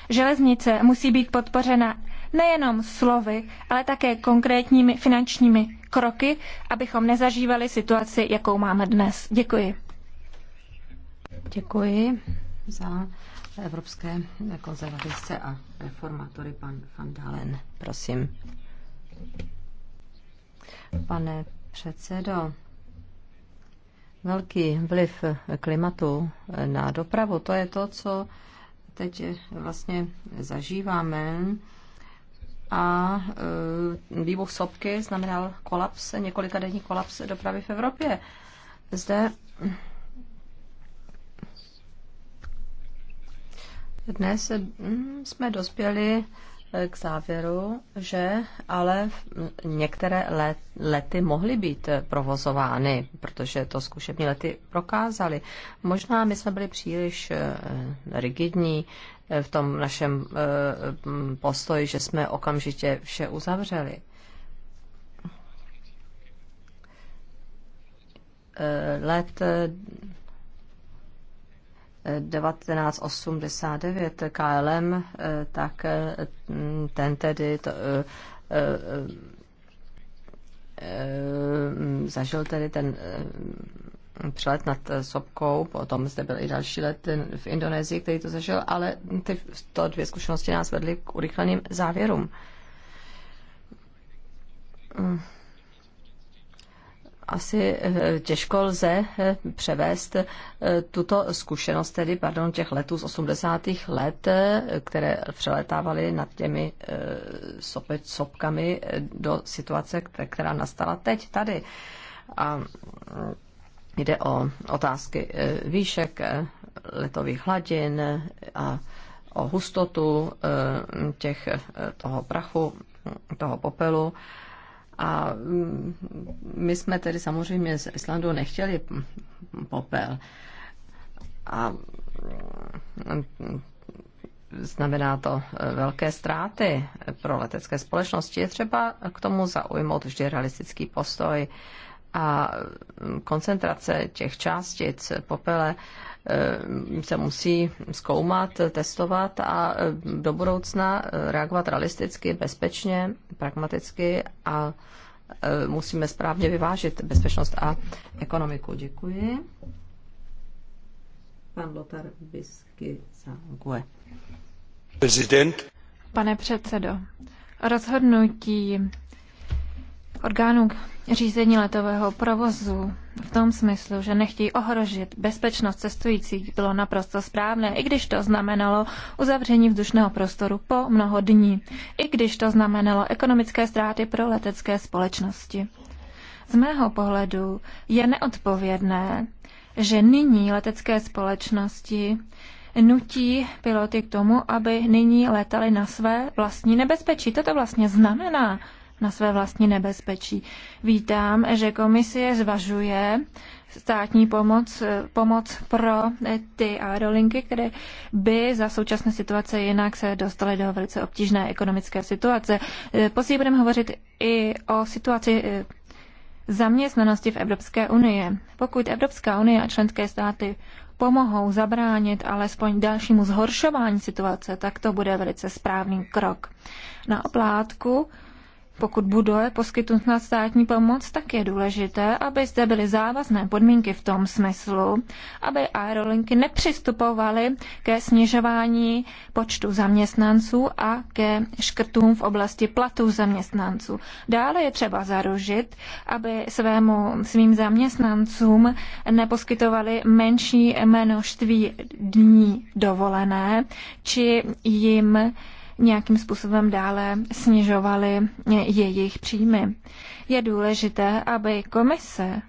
Železnice musí být podpořena nejenom slovy, ale také konkrétními finančními kroky, abychom nezažívali situaci, jakou máme dnes. Děkuji. Děkuji za evropské konzervativce a reformátory pan Van Dalen. Prosím. Pane předsedo, velký vliv klimatu na dopravu, to je to, co teď vlastně zažíváme a e, výbuch sopky znamenal kolaps, několika denní kolaps dopravy v Evropě. Zde dnes jsme dospěli k závěru, že ale některé lety mohly být provozovány, protože to zkušební lety prokázaly. Možná my jsme byli příliš e, rigidní, v tom našem eh, postoji, že jsme okamžitě vše uzavřeli. Eh, let 1989 eh, KLM, tak ten tedy to, zažil tedy ten přelet nad eh, Sobkou, potom zde byl i další let v Indonésii, který to zažil, ale ty to dvě zkušenosti nás vedly k urychleným závěrům. Mm. Asi eh, těžko lze eh, převést tuto zkušenost, tedy pardon, těch letů z 80. let, které přeletávaly nad těmi sopkami do situace, která nastala teď tady. A mm, Jde o otázky e, výšek e, letových hladin a o hustotu e, těch, toho prachu, toho popelu. A mm, my jsme tedy samozřejmě z Islandu nechtěli popel. A mm, znamená to velké ztráty pro letecké společnosti. Je třeba k tomu zaujmout vždy realistický postoj a koncentrace těch částic popele eh, se musí zkoumat, testovat a eh, do budoucna eh, reagovat realisticky, bezpečně, pragmaticky a musíme správně vyvážit bezpečnost a ekonomiku. Děkuji. Pan Lothar Bisky Zangue. Prezident. Pane předsedo, rozhodnutí orgánů řízení letového provozu v tom smyslu, že nechtějí ohrožit bezpečnost cestujících, bylo naprosto správné, i když to znamenalo uzavření vzdušného prostoru po mnoho dní, i když to znamenalo ekonomické ztráty pro letecké společnosti. Z mého pohledu je neodpovědné, že nyní letecké společnosti nutí piloty k tomu, aby nyní letali na své vlastní nebezpečí. To to vlastně znamená na své vlastní nebezpečí. Vítám, že komisie zvažuje státní pomoc, pomoc pro eh, ty aerolinky, které by za současné situace jinak se dostaly do velice obtížné ekonomické situace. Eh, později budeme hovořit i o situaci eh, zaměstnanosti v Evropské unii. Pokud Evropská unie a členské státy pomohou zabránit alespoň dalšímu zhoršování situace, tak to bude velice správný krok. Na oplátku pokud bude poskytnutá státní pomoc, tak je důležité, aby zde byly závazné podmínky v tom smyslu, aby aerolinky nepřistupovaly ke snižování počtu zaměstnanců a ke škrtům v oblasti platů zaměstnanců. Dále je třeba zaružit, aby svému, svým zaměstnancům neposkytovali menší množství dní dovolené, či jim nějakým způsobem dále snižovaly jejich příjmy. Je důležité, aby komise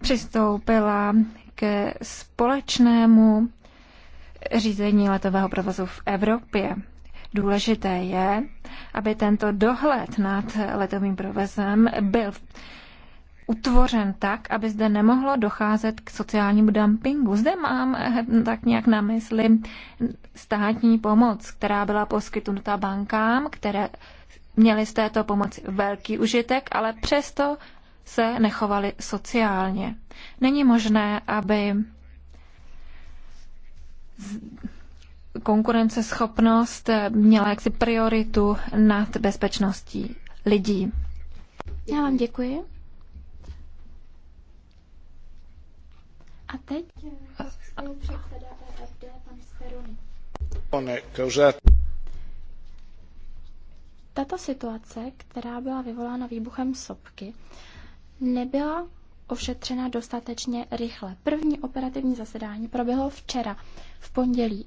přistoupila ke společnému řízení letového provozu v Evropě. Důležité je, aby tento dohled nad letovým provozem byl utvořen tak, aby zde nemohlo docházet k sociálnímu dumpingu. Zde mám eh, tak nějak na mysli státní pomoc, která byla poskytnuta bankám, které měly z této pomoci velký užitek, ale přesto se nechovali sociálně. Není možné, aby konkurenceschopnost eh, měla jaksi prioritu nad bezpečností lidí. Já vám děkuji. A teď Tato situace, která byla vyvolána výbuchem sopky, nebyla ošetřena dostatečně rychle. První operativní zasedání proběhlo včera, v pondělí.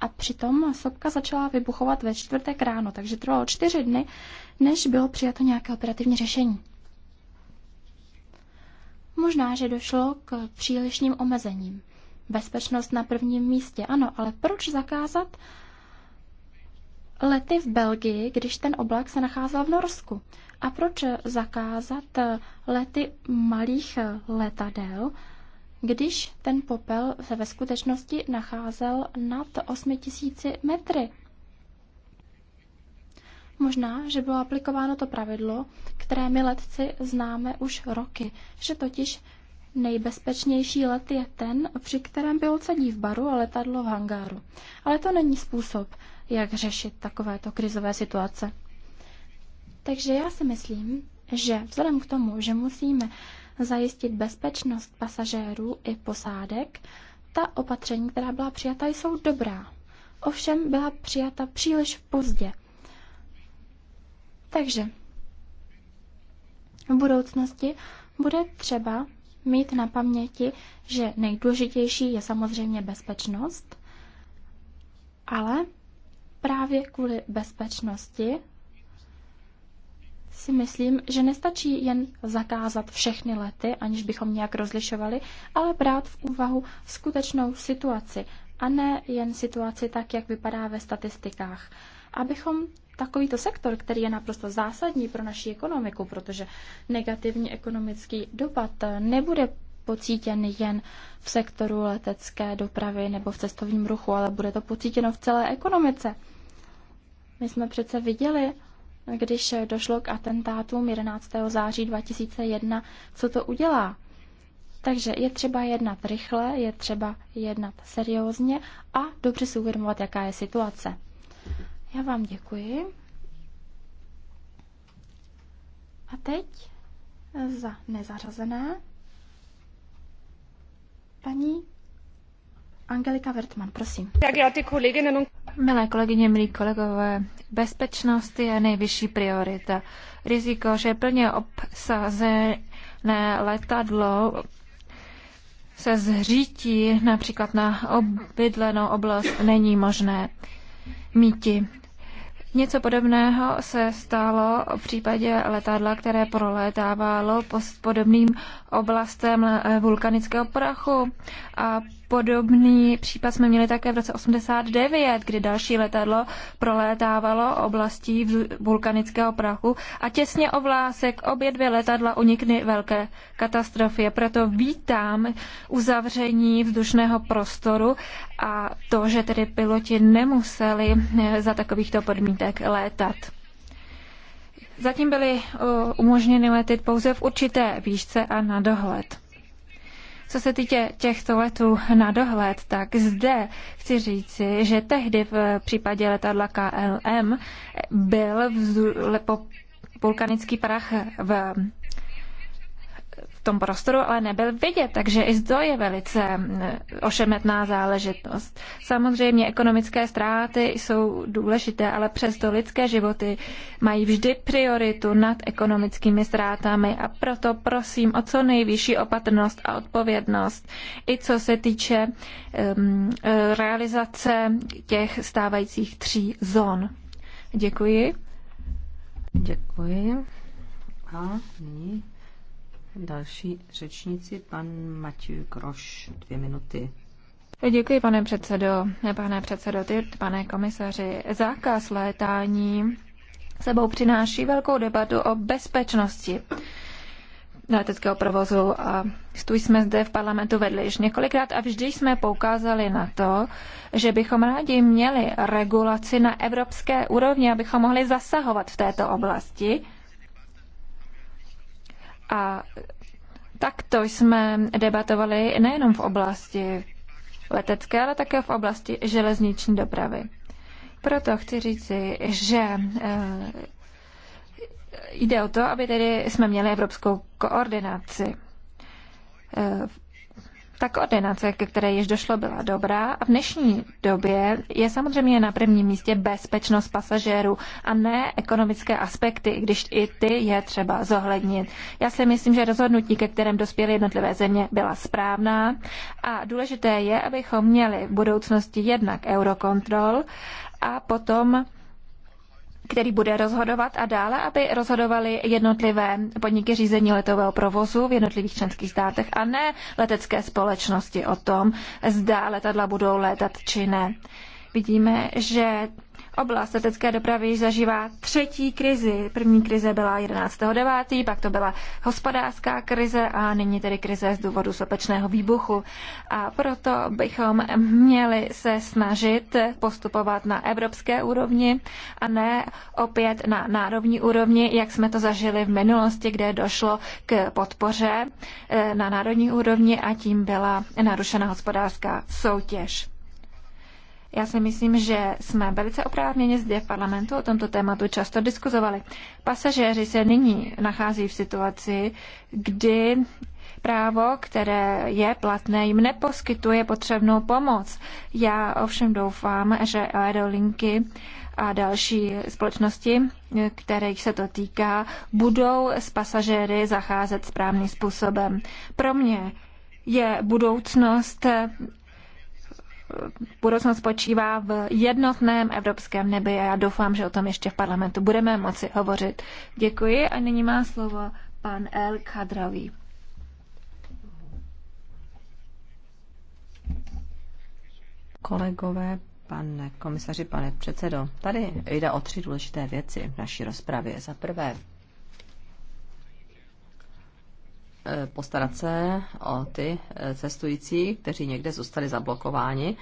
A přitom sopka začala vybuchovat ve čtvrtek ráno, takže trvalo čtyři dny, než bylo přijato nějaké operativní řešení. Možná, že došlo k přílišným omezením. Bezpečnost na prvním místě, ano, ale proč zakázat lety v Belgii, když ten oblak se nacházel v Norsku? A proč zakázat lety malých letadel, když ten popel se ve skutečnosti nacházel nad 8000 metry Možná, že bylo aplikováno to pravidlo, které my letci známe už roky, že totiž nejbezpečnější let je ten, při kterém bylo sedí v baru a letadlo v hangáru. Ale to není způsob, jak řešit takovéto krizové situace. Takže já si myslím, že vzhledem k tomu, že musíme zajistit bezpečnost pasažérů i posádek, ta opatření, která byla přijata, jsou dobrá. Ovšem byla přijata příliš pozdě takže v budoucnosti bude třeba mít na paměti, že nejdůležitější je samozřejmě bezpečnost, ale právě kvůli bezpečnosti si myslím, že nestačí jen zakázat všechny lety, aniž bychom nějak rozlišovali, ale brát v úvahu skutečnou situaci a ne jen situaci tak, jak vypadá ve statistikách. Abychom takovýto sektor, který je naprosto zásadní pro naši ekonomiku, protože negativní ekonomický dopad nebude pocítěn jen v sektoru letecké dopravy nebo v cestovním ruchu, ale bude to pocítěno v celé ekonomice. My jsme přece viděli, když došlo k atentátům 11. září 2001, co to udělá. Takže je třeba jednat rychle, je třeba jednat seriózně a dobře si uvědomovat, jaká je situace. Já vám děkuji. A teď eh, za nezařazené paní Angelika Wertmann, prosím. Milé kolegyně, milí kolegové, bezpečnost je nejvyšší priorita. Riziko, že plně obsazené letadlo se zřítí například na obydlenou oblast, není možné míti. Něco podobného se stalo v případě letadla, které prolétávalo pod podobným oblastem vulkanického prachu a Podobný případ jsme měli také v roce 89, kdy další letadlo prolétávalo oblastí vulkanického prachu a těsně o vlásek obě dvě letadla unikly velké katastrofě. Proto vítám uzavření vzdušného prostoru a to, že tedy piloti nemuseli eh, za takovýchto podmínek létat. Zatím byly eh, umožněny lety pouze v určité výšce a na dohled. Co se týče těchto letů na dohled, tak zde chci říci, že tehdy v případě letadla KLM byl vzdu, lepo, vulkanický prach v tom prostoru, ale nebyl vidět, takže i to je velice ošemetná záležitost. Samozřejmě ekonomické ztráty jsou důležité, ale přesto lidské životy mají vždy prioritu nad ekonomickými ztrátami a proto prosím o co nejvyšší opatrnost a odpovědnost, i co se týče um, realizace těch stávajících tří zón. Děkuji. Děkuji. A nyní Další řečníci, pan Matěj Kroš, dvě minuty. Děkuji, pane předsedo, pane předsedo ty, pane komisaři. Zákaz létání sebou přináší velkou debatu o bezpečnosti leteckého provozu a tu jsme zde v parlamentu vedli již několikrát a vždy jsme poukázali na to, že bychom rádi měli regulaci na evropské úrovni, abychom mohli zasahovat v této oblasti a takto jsme debatovali nejenom v oblasti letecké, ale také v oblasti železniční dopravy. Proto chci říci, že eh, jde o to, aby tedy jsme měli evropskou koordinaci. Eh, ta koordinace, ke které již došlo, byla dobrá a v dnešní době je samozřejmě na prvním místě bezpečnost pasažérů a ne ekonomické aspekty, když i ty je třeba zohlednit. Já si myslím, že rozhodnutí, ke kterém dospěly jednotlivé země, byla správná a důležité je, abychom měli v budoucnosti jednak eurokontrol a potom který bude rozhodovat a dále, aby rozhodovaly jednotlivé podniky řízení letového provozu v jednotlivých členských státech a ne letecké společnosti o tom, zda letadla budou létat či ne. Vidíme, že Oblast letecké dopravy již zažívá třetí krizi. První krize byla 11.9., pak to byla hospodářská krize a nyní tedy krize z důvodu sopečného výbuchu. A proto bychom měli se snažit postupovat na evropské úrovni a ne opět na národní úrovni, jak jsme to zažili v minulosti, kde došlo k podpoře eh, na národní úrovni a tím byla narušena hospodářská soutěž. Já si myslím, že jsme velice oprávněně zde v parlamentu o tomto tématu často diskuzovali. Pasažéři se nyní nachází v situaci, kdy právo, které je platné, jim neposkytuje potřebnou pomoc. Já ovšem doufám, že aerolinky a další společnosti, kterých se to týká, budou s pasažéry zacházet správným způsobem. Pro mě je budoucnost budoucnost spočívá v jednotném evropském nebi a já doufám, že o tom ještě v parlamentu budeme moci hovořit. Děkuji a nyní má slovo pan El Kadraví. Kolegové, pane komisaři, pane předsedo, tady jde o tři důležité věci v naší rozpravě. Za prvé, Eh, postarat se o ty eh, cestující, kteří někde zůstali zablokováni.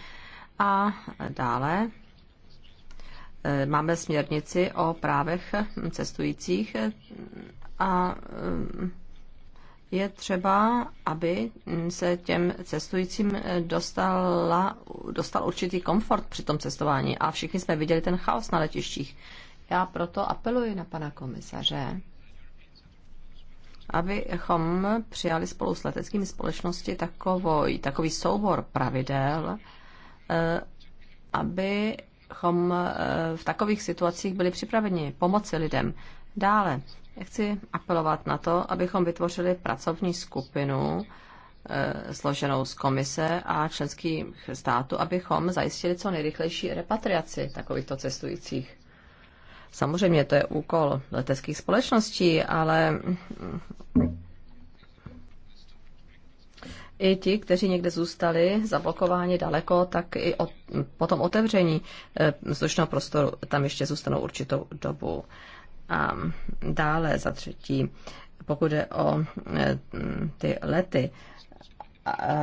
A dále eh, máme směrnici o právech cestujících a je třeba, aby se těm cestujícím dostala, dostal určitý komfort při tom cestování. A všichni jsme viděli ten chaos na letištích. Já proto apeluji na pana komisaře, abychom přijali spolu s leteckými společnosti takový, takový soubor pravidel, eh, abychom eh, v takových situacích byli připraveni pomoci lidem. Dále chci apelovat na to, abychom vytvořili pracovní skupinu, eh, složenou z komise a členských států, abychom zajistili co nejrychlejší repatriaci takovýchto cestujících. Samozřejmě to je úkol leteckých společností, ale i ti, kteří někde zůstali zablokováni daleko, tak i o, tom otevření eh, vzdušného prostoru tam ještě zůstanou určitou dobu. A dále za třetí, pokud jde o eh, ty lety,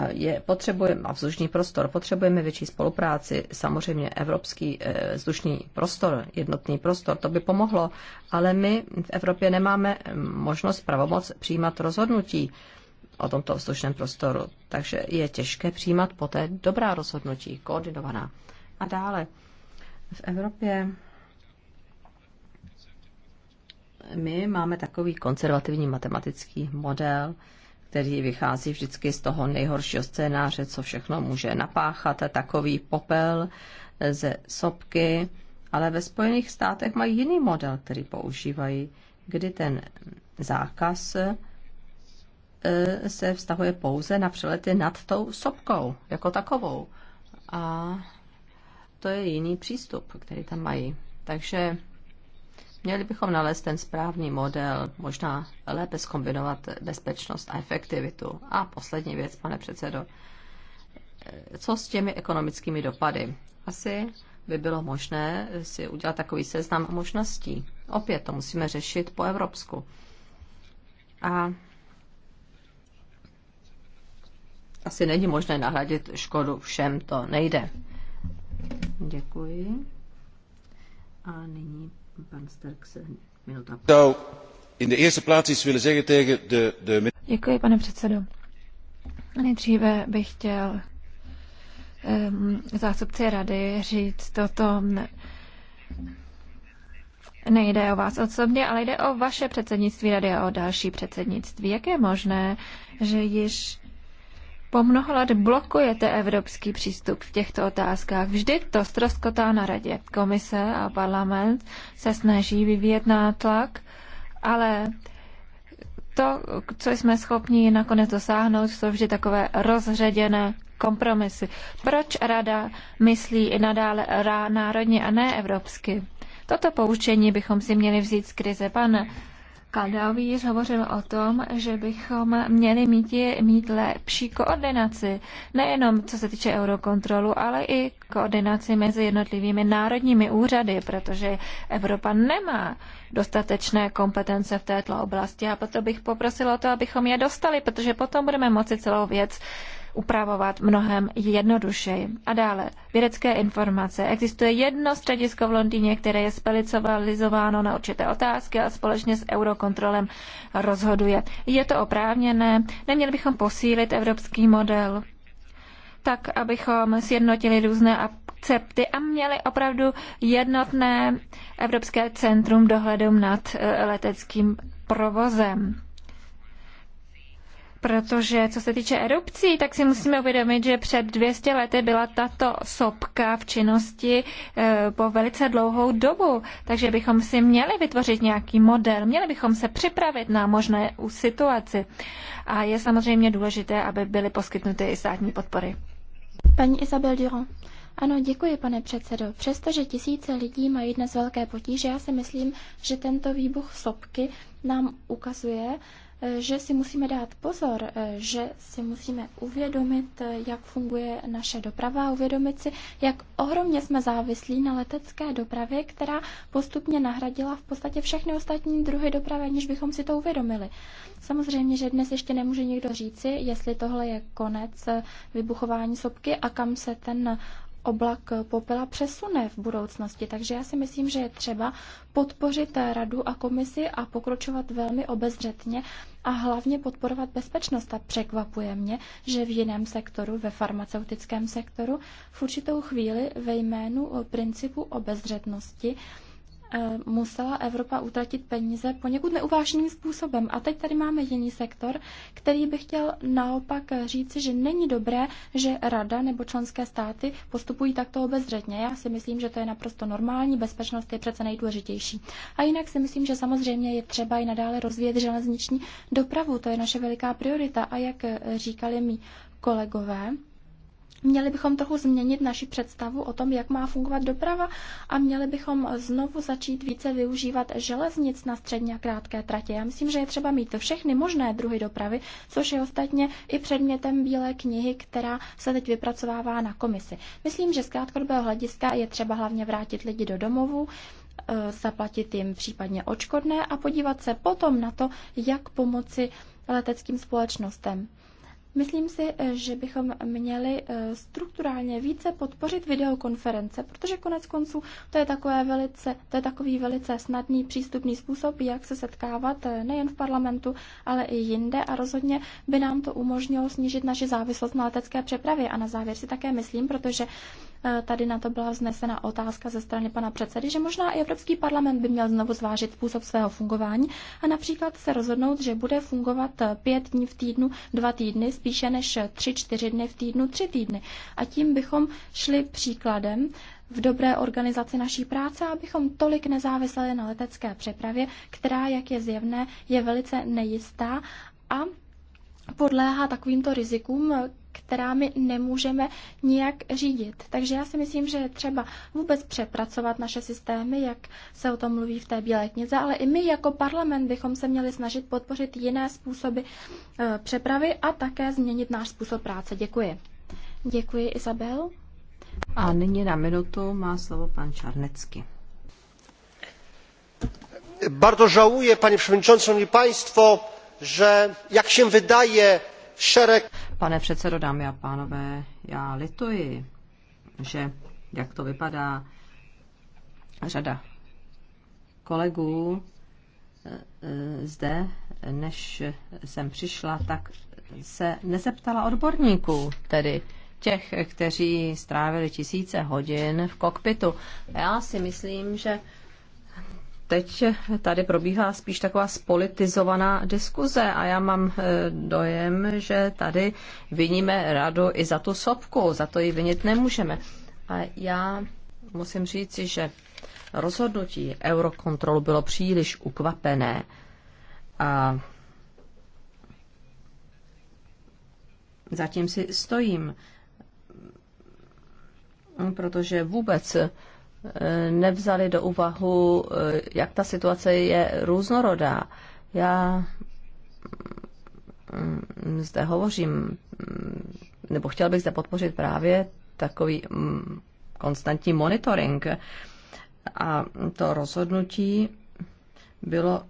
je, potřebujeme, a vzdušný prostor, potřebujeme větší spolupráci, samozřejmě evropský e, vzdušný prostor, jednotný prostor, to by pomohlo, ale my v Evropě nemáme e, možnost pravomoc přijímat rozhodnutí o tomto vzdušném prostoru, takže je těžké přijímat poté dobrá rozhodnutí, koordinovaná. A dále, v Evropě my máme takový konzervativní matematický model, který vychází vždycky z toho nejhoršího scénáře, co všechno může napáchat, takový popel ze sopky. Ale ve Spojených státech mají jiný model, který používají, kdy ten zákaz e, se vztahuje pouze na přelety nad tou sopkou, jako takovou. A to je jiný přístup, který tam mají. Takže Měli bychom nalézt ten správný model, možná lépe skombinovat bezpečnost a efektivitu. A poslední věc, pane předsedo, co s těmi ekonomickými dopady? Asi by bylo možné si udělat takový seznam možností. Opět to musíme řešit po evropsku. A asi není možné nahradit škodu všem, to nejde. Děkuji. A nyní Děkuji, pane předsedo. Nejdříve bych chtěl um, zástupci rady říct toto. Nejde o vás osobně, ale jde o vaše předsednictví rady a o další předsednictví. Jak je možné, že již po mnoho let blokujete evropský přístup v těchto otázkách. Vždy to stroskotá na radě. Komise a parlament se snaží vyvíjet nátlak, ale to, co jsme schopni nakonec dosáhnout, jsou vždy takové rozředěné kompromisy. Proč rada myslí i nadále národně a ne evropsky? Toto poučení bychom si měli vzít z krize. Pan Kadavíř hovořil o tom, že bychom měli mít, mít lepší koordinaci, nejenom co se týče eurokontrolu, ale i koordinaci mezi jednotlivými národními úřady, protože Evropa nemá dostatečné kompetence v této oblasti a proto bych poprosila o to, abychom je dostali, protože potom budeme moci celou věc upravovat mnohem jednodušeji. A dále, vědecké informace. Existuje jedno středisko v Londýně, které je spelicovalizováno na určité otázky a společně s Eurokontrolem rozhoduje. Je to oprávněné? Neměli bychom posílit evropský model? tak, abychom sjednotili různé akcepty a měli opravdu jednotné Evropské centrum dohledu nad eh, leteckým provozem. Protože co se týče erupcí, tak si musíme uvědomit, že před 200 lety byla tato sopka v činnosti eh, po velice dlouhou dobu. Takže bychom si měli vytvořit nějaký model, měli bychom se připravit na možné situaci. A je samozřejmě důležité, aby byly poskytnuty i státní podpory. Paní Isabel Durand. Ano, děkuji, pane předsedo. Přestože tisíce lidí mají dnes velké potíže, já si myslím, že tento výbuch sopky nám ukazuje, že si musíme dát pozor, eh, že si musíme uvědomit, eh, jak funguje naše doprava uvědomit si, jak ohromně jsme závislí na letecké dopravě, která postupně nahradila v podstatě všechny ostatní druhy dopravy, aniž bychom si to uvědomili. Samozřejmě, že dnes ještě nemůže nikdo říci, jestli tohle je konec eh, vybuchování sopky a kam se ten oblak popela přesune v budoucnosti. Takže já si myslím, že je třeba podpořit radu a komisi a pokročovat velmi obezřetně a hlavně podporovat bezpečnost. A překvapuje mě, že v jiném sektoru, ve farmaceutickém sektoru, v určitou chvíli ve jménu principu obezřetnosti Eh, musela Evropa utratit peníze poněkud neuváženým způsobem. A teď tady máme jiný sektor, který by chtěl naopak říci, že není dobré, že rada nebo členské státy postupují takto obezřetně. Já si myslím, že to je naprosto normální, bezpečnost je přece nejdůležitější. A jinak si myslím, že samozřejmě je třeba i nadále rozvíjet železniční dopravu, to je naše veliká priorita. A jak říkali mi kolegové, Měli bychom trochu změnit naši představu o tom, jak má fungovat doprava a měli bychom znovu začít více využívat železnic na středně a krátké tratě. Já myslím, že je třeba mít všechny možné druhy dopravy, což je ostatně i předmětem Bílé knihy, která se teď vypracovává na komisi. Myslím, že z krátkodobého hlediska je třeba hlavně vrátit lidi do domovů, eh, zaplatit jim případně očkodné a podívat se potom na to, jak pomoci leteckým společnostem. Myslím si, eh, že bychom měli eh, strukturálně více podpořit videokonference, protože konec konců to je, takové velice, to je takový velice snadný, přístupný způsob, jak se setkávat eh, nejen v parlamentu, ale i jinde a rozhodně by nám to umožnilo snížit naši závislost na letecké přepravě. A na závěr si také myslím, protože Eh, tady na to byla vznesena otázka ze strany pana předsedy, že možná i Evropský parlament by měl znovu zvážit způsob svého fungování a například se rozhodnout, že bude fungovat eh, pět dní v týdnu, dva týdny, spíše než eh, tři, čtyři dny v týdnu, tři týdny. A tím bychom šli příkladem v dobré organizaci naší práce, abychom tolik nezávisleli na letecké přepravě, která, jak je zjevné, je velice nejistá a podléhá takovýmto rizikům, která my nemůžeme nijak řídit. Takže já si myslím, že je třeba vůbec přepracovat naše systémy, jak se o tom mluví v té Bílé knize, ale i my jako parlament bychom se měli snažit podpořit jiné způsoby eh, přepravy a také změnit náš způsob práce. Děkuji. Děkuji, Izabel. A nyní na minutu má slovo pan Čarnecky. Bardzo żałuję, panie przewodniczący, szanowni państwo, że jak się wydaje, szereg Pane předsedo, dámy a pánové, já lituji, že jak to vypadá, řada kolegů eh, eh, zde, než jsem přišla, tak se nezeptala odborníků, tedy těch, kteří strávili tisíce hodin v kokpitu. Já si myslím, že teď tady probíhá spíš taková spolitizovaná diskuze a já mám eh, dojem, že tady viníme radu i za tu sopku, za to ji vinit nemůžeme. A já musím říci, že rozhodnutí Eurokontrolu bylo příliš ukvapené a zatím si stojím, protože vůbec nevzali do úvahu, eh, jak ta situace je různorodá. Já mm, zde hovořím, mm, nebo chtěl bych zde podpořit právě takový mm, konstantní monitoring. A to rozhodnutí bylo eh,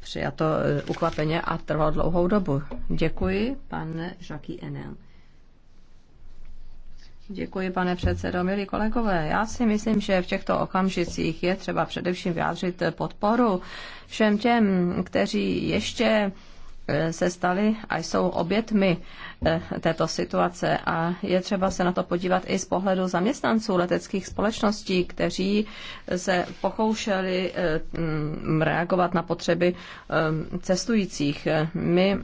přijato eh, ukvapeně a trvalo dlouhou dobu. Děkuji, pane Jacques Enel. Děkuji, pane předsedo. Milí kolegové, já si myslím, že v těchto okamžicích je třeba především vyjádřit podporu všem těm, kteří ještě eh, se stali a jsou obětmi eh, této situace. A je třeba se na to podívat i z pohledu zaměstnanců leteckých společností, kteří se pokoušeli eh, reagovat na potřeby cestujících. My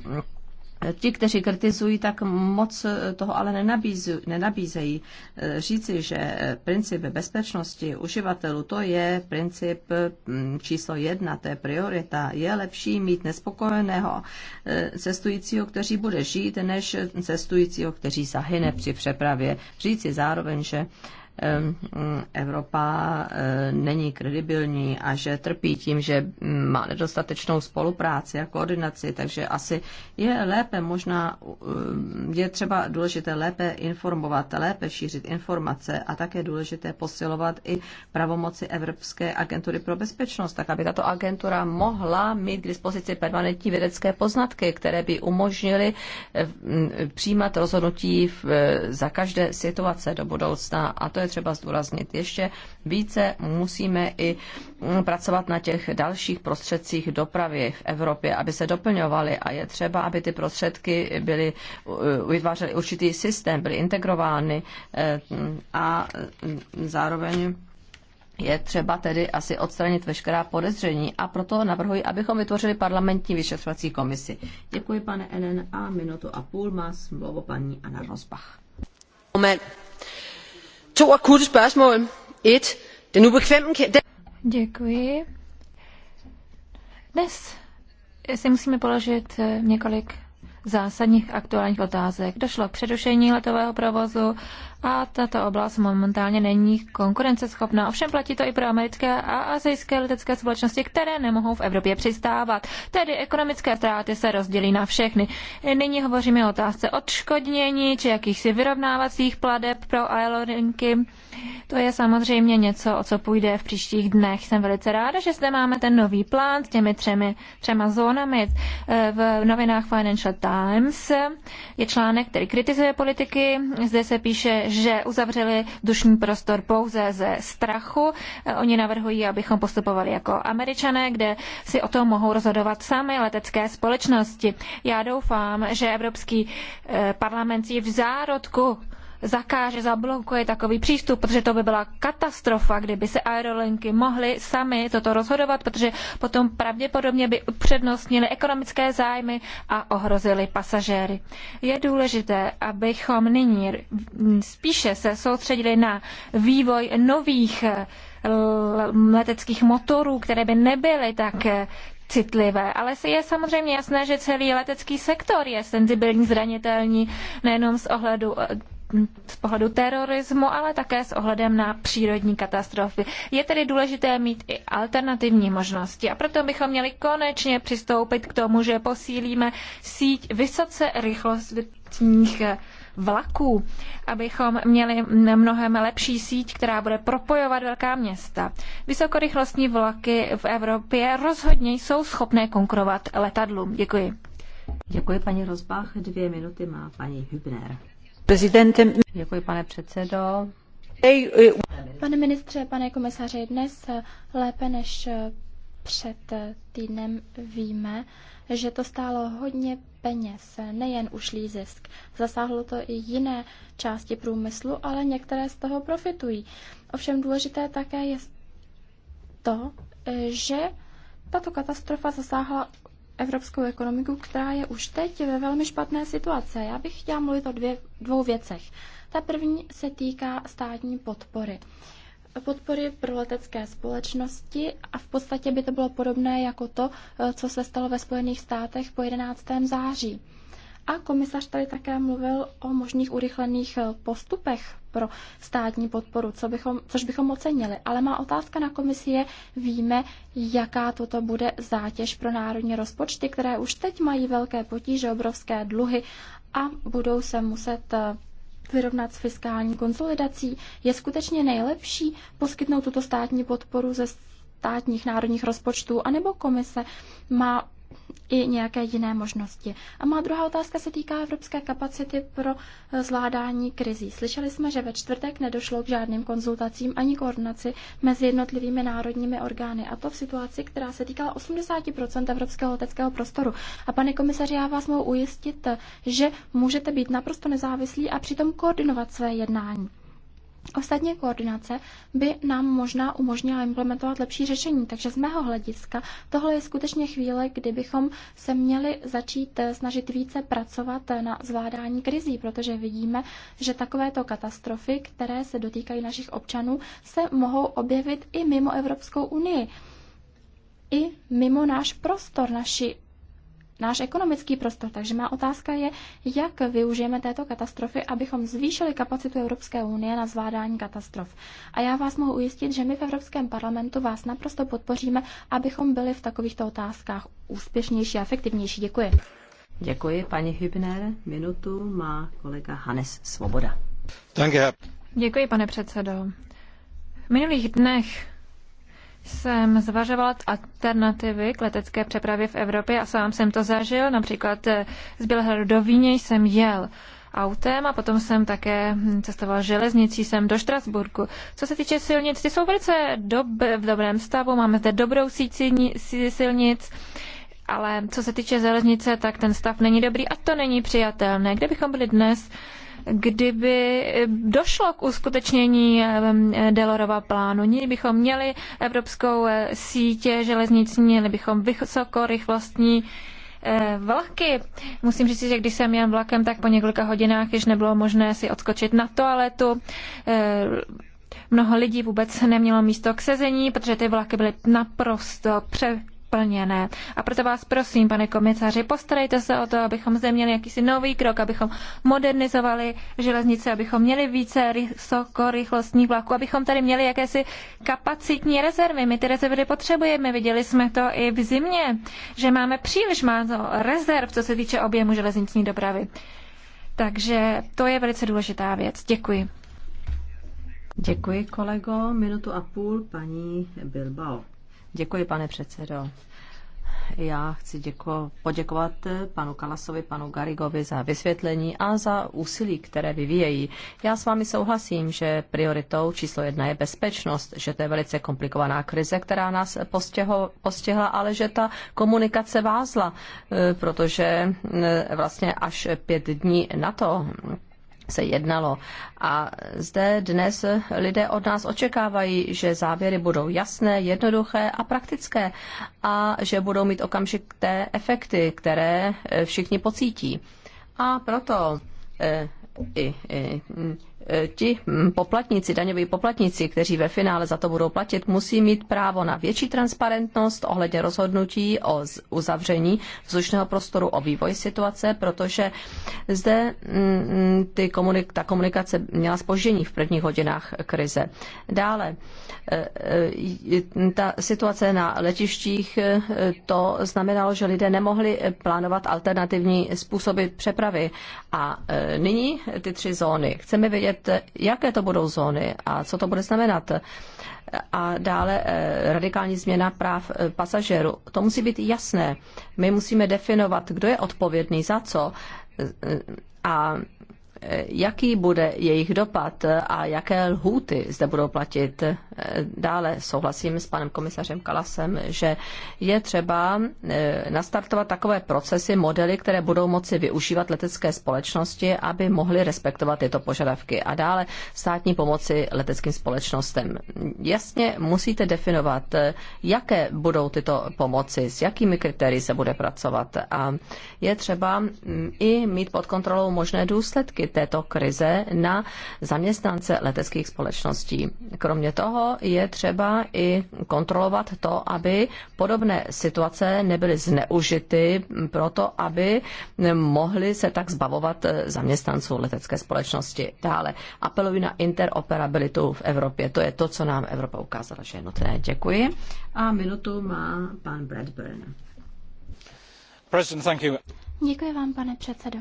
Ti, kteří kritizují, tak moc toho ale nenabízejí. Říci, že princip bezpečnosti uživatelů, to je princip mm, číslo jedna, to je priorita. Je lepší mít nespokojeného e, cestujícího, kteří bude žít, než cestujícího, kteří zahyne při přepravě. Říci zároveň, že Evropa eh, není kredibilní a že trpí tím, že mm, má nedostatečnou spolupráci a koordinaci, takže asi je lépe možná, eh, je třeba důležité lépe informovat, lépe šířit informace a také důležité posilovat i pravomoci Evropské agentury pro bezpečnost, tak aby tato agentura mohla mít k dispozici permanentní vědecké poznatky, které by umožnily eh, přijímat rozhodnutí za každé situace do budoucna. A to je třeba zdůraznit ještě více, musíme i mm, pracovat na těch dalších prostředcích dopravy v Evropě, aby se doplňovaly a je třeba, aby ty prostředky byly, vytvářely určitý systém, byly integrovány eh, a zároveň je třeba tedy asi odstranit veškerá podezření a proto navrhuji, abychom vytvořili parlamentní vyšetřovací komisi. Děkuji, pane Ellen, a minutu a půl má slovo paní Anna Rozbach. Moment to akutte spørgsmål. Et. Den ubekvemme... Děkuji. Dnes si musíme položit eh, několik zásadních aktuálních otázek. Došlo k přerušení letového provozu, a tato oblast momentálně není konkurenceschopná. Ovšem platí to i pro americké a azijské letecké společnosti, které nemohou v Evropě přistávat. Tedy ekonomické ztráty se rozdělí na všechny. Nyní hovoříme o otázce odškodnění či jakýchsi vyrovnávacích pladeb pro aerolinky. To je samozřejmě něco, o co půjde v příštích dnech. Jsem velice ráda, že zde máme ten nový plán s těmi třemi, třema zónami. E, v novinách Financial Times je článek, který kritizuje politiky. Zde se píše, že uzavřeli dušní prostor pouze ze strachu. E, oni navrhují, abychom postupovali jako američané, kde si o tom mohou rozhodovat sami letecké společnosti. Já doufám, že Evropský e, parlament je v zárodku zakáže, zablokuje takový přístup, protože to by byla katastrofa, kdyby se aerolinky mohly sami toto rozhodovat, protože potom pravděpodobně by upřednostnili ekonomické zájmy a ohrozili pasažéry. Je důležité, abychom nyní spíše se soustředili na vývoj nových eh, leteckých motorů, které by nebyly tak eh, citlivé, ale je samozřejmě jasné, že celý letecký sektor je senzibilní, zranitelný, nejenom z ohledu eh, z pohledu terorismu, ale také s ohledem na přírodní katastrofy. Je tedy důležité mít i alternativní možnosti a proto bychom měli konečně přistoupit k tomu, že posílíme síť vysoce rychlostních vlaků, abychom měli mnohem lepší síť, která bude propojovat velká města. Vysokorychlostní vlaky v Evropě rozhodně jsou schopné konkurovat letadlům. Děkuji. Děkuji paní Rozbach. Dvě minuty má paní Hübner pane předsedo. Uh, pane ministře, pane komisaři, dnes lépe než před týdnem víme, že to stálo hodně peněz, nejen ušlý zisk. Zasáhlo to i jiné části průmyslu, ale některé z toho profitují. Ovšem důležité také je to, že tato katastrofa zasáhla evropskou ekonomiku, která je už teď ve velmi špatné situace. Já bych chtěla mluvit o dvě, dvou věcech. Ta první se týká státní podpory. Podpory pro letecké společnosti a v podstatě by to bylo podobné jako to, co se stalo ve Spojených státech po 11. září. A komisař tady také mluvil o možných urychlených eh, postupech pro státní podporu, co bychom, což bychom ocenili. Ale má otázka na komisi je, víme, jaká toto bude zátěž pro národní rozpočty, které už teď mají velké potíže, obrovské dluhy a budou se muset eh, vyrovnat s fiskální konsolidací. Je skutečně nejlepší poskytnout tuto státní podporu ze státních národních rozpočtů, anebo komise má i nějaké jiné možnosti. A má druhá otázka se týká evropské kapacity pro eh, zvládání krizí. Slyšeli jsme, že ve čtvrtek nedošlo k žádným konzultacím ani koordinaci mezi jednotlivými národními orgány. A to v situaci, která se týkala 80 evropského leteckého prostoru. A pane komisaři, já vás mohu ujistit, eh, že můžete být naprosto nezávislí a přitom koordinovat své jednání. Ostatně koordinace by nám možná umožnila implementovat lepší řešení, takže z mého hlediska tohle je skutečně chvíle, kdybychom se měli začít eh, snažit více pracovat eh, na zvládání krizí, protože vidíme, že takovéto katastrofy, které se dotýkají našich občanů, se mohou objevit i mimo Evropskou unii i mimo náš prostor, naši náš ekonomický prostor. Takže má otázka je, jak využijeme této katastrofy, abychom zvýšili kapacitu Evropské unie na zvládání katastrof. A já vás mohu ujistit, že my v Evropském parlamentu vás naprosto podpoříme, abychom byli v takovýchto otázkách úspěšnější a efektivnější. Děkuji. Děkuji, paní Hübner. Minutu má kolega Hannes Svoboda. Děkuji, pane předsedo. V minulých dnech jsem zvažovala alternativy k letecké přepravě v Evropě a sám jsem to zažil. Například eh, z Bělehradu do Víně jsem jel autem a potom jsem také cestoval železnicí sem do Štrasburku. Co se týče silnic, ty jsou velice dob- v dobrém stavu, máme zde dobrou síť silnic, ale co se týče železnice, tak ten stav není dobrý a to není přijatelné. Kde bychom byli dnes, kdyby došlo k uskutečnění Delorova plánu. Nyní bychom měli evropskou eh, sítě železniční, měli bychom vysokorychlostní eh, vlaky. Musím říct, že když jsem jen vlakem, tak po několika hodinách již nebylo možné si odskočit na toaletu. Eh, mnoho lidí vůbec nemělo místo k sezení, protože ty vlaky byly naprosto pře plněné. A proto vás prosím, pane komisaři, postarejte se o to, abychom zde měli jakýsi nový krok, abychom modernizovali železnice, abychom měli více vysokorychlostních vlaků, abychom tady měli jakési kapacitní rezervy. My ty rezervy potřebujeme. Viděli jsme to i v zimě, že máme příliš málo rezerv, co se týče objemu železniční dopravy. Takže to je velice důležitá věc. Děkuji. Děkuji, kolego. Minutu a půl paní Bilbao. Děkuji, pane předsedo. Já chci děko, poděkovat panu Kalasovi, panu Garigovi za vysvětlení a za úsilí, které vyvíjejí. Já s vámi souhlasím, že prioritou číslo jedna je bezpečnost, že to je velice komplikovaná krize, která nás postěho, postihla, ale že ta komunikace vázla, e, protože e, vlastně až pět dní na to se jednalo. A zde dnes lidé od nás očekávají, že závěry budou jasné, jednoduché a praktické a že budou mít okamžité efekty, které eh, všichni pocítí. A proto eh, i, i, ti poplatníci, daňoví poplatníci, kteří ve finále za to budou platit, musí mít právo na větší transparentnost ohledně rozhodnutí o uzavření vzdušného prostoru, o vývoji situace, protože zde mm, mm, ty komunik- ta komunikace měla spoždění v prvních hodinách krize. Dále, e, e, ta situace na letištích, e, to znamenalo, že lidé nemohli plánovat alternativní způsoby přepravy. A nyní ty tři zóny. Chceme vědět, vědět, jaké to budou zóny a co to bude znamenat. A dále eh, radikální změna práv eh, pasažérů. To musí být jasné. My musíme definovat, kdo je odpovědný za co eh, a jaký bude jejich dopad a jaké lhůty zde budou platit. Dále souhlasím s panem komisařem Kalasem, že je třeba e, nastartovat takové procesy, modely, které budou moci využívat letecké společnosti, aby mohly respektovat tyto požadavky. A dále státní pomoci leteckým společnostem. Jasně musíte definovat, e, jaké budou tyto pomoci, s jakými kritérii se bude pracovat. A je třeba i mít pod kontrolou možné důsledky této krize na zaměstnance leteckých společností. Kromě toho je třeba i kontrolovat to, aby podobné situace nebyly zneužity proto, aby mohli se tak zbavovat eh, zaměstnanců letecké společnosti. Dále apeluji na interoperabilitu v Evropě. To je to, co nám Evropa ukázala, že je nutné. Děkuji. A minutu má pan Bradburn. Děkuji vám, pane předsedo.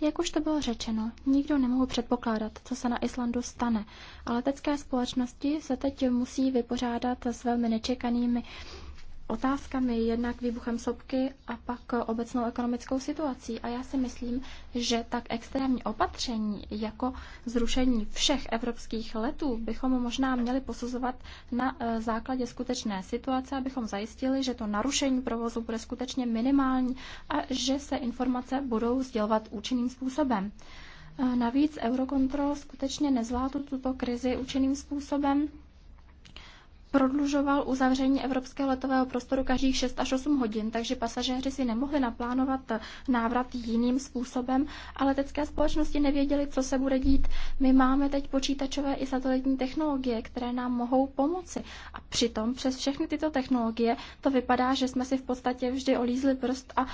Jak už to bylo řečeno, nikdo nemohl předpokládat, co se na Islandu stane, a letecké společnosti se teď musí vypořádat s velmi nečekanými otázkami, jednak výbuchem sopky a pak obecnou ekonomickou situací. A já si myslím, že tak extrémní opatření jako zrušení všech evropských letů bychom možná měli posuzovat na e, základě skutečné situace, abychom zajistili, že to narušení provozu bude skutečně minimální a že se informace budou sdělovat účinným způsobem. E, navíc Eurocontrol skutečně nezvládl tuto krizi účinným způsobem prodlužoval uzavření evropského letového prostoru každých 6 až 8 hodin, takže pasažéři si nemohli naplánovat návrat jiným způsobem ale letecké společnosti nevěděli, co se bude dít. My máme teď počítačové i satelitní technologie, které nám mohou pomoci. A přitom přes všechny tyto technologie to vypadá, že jsme si v podstatě vždy olízli prst a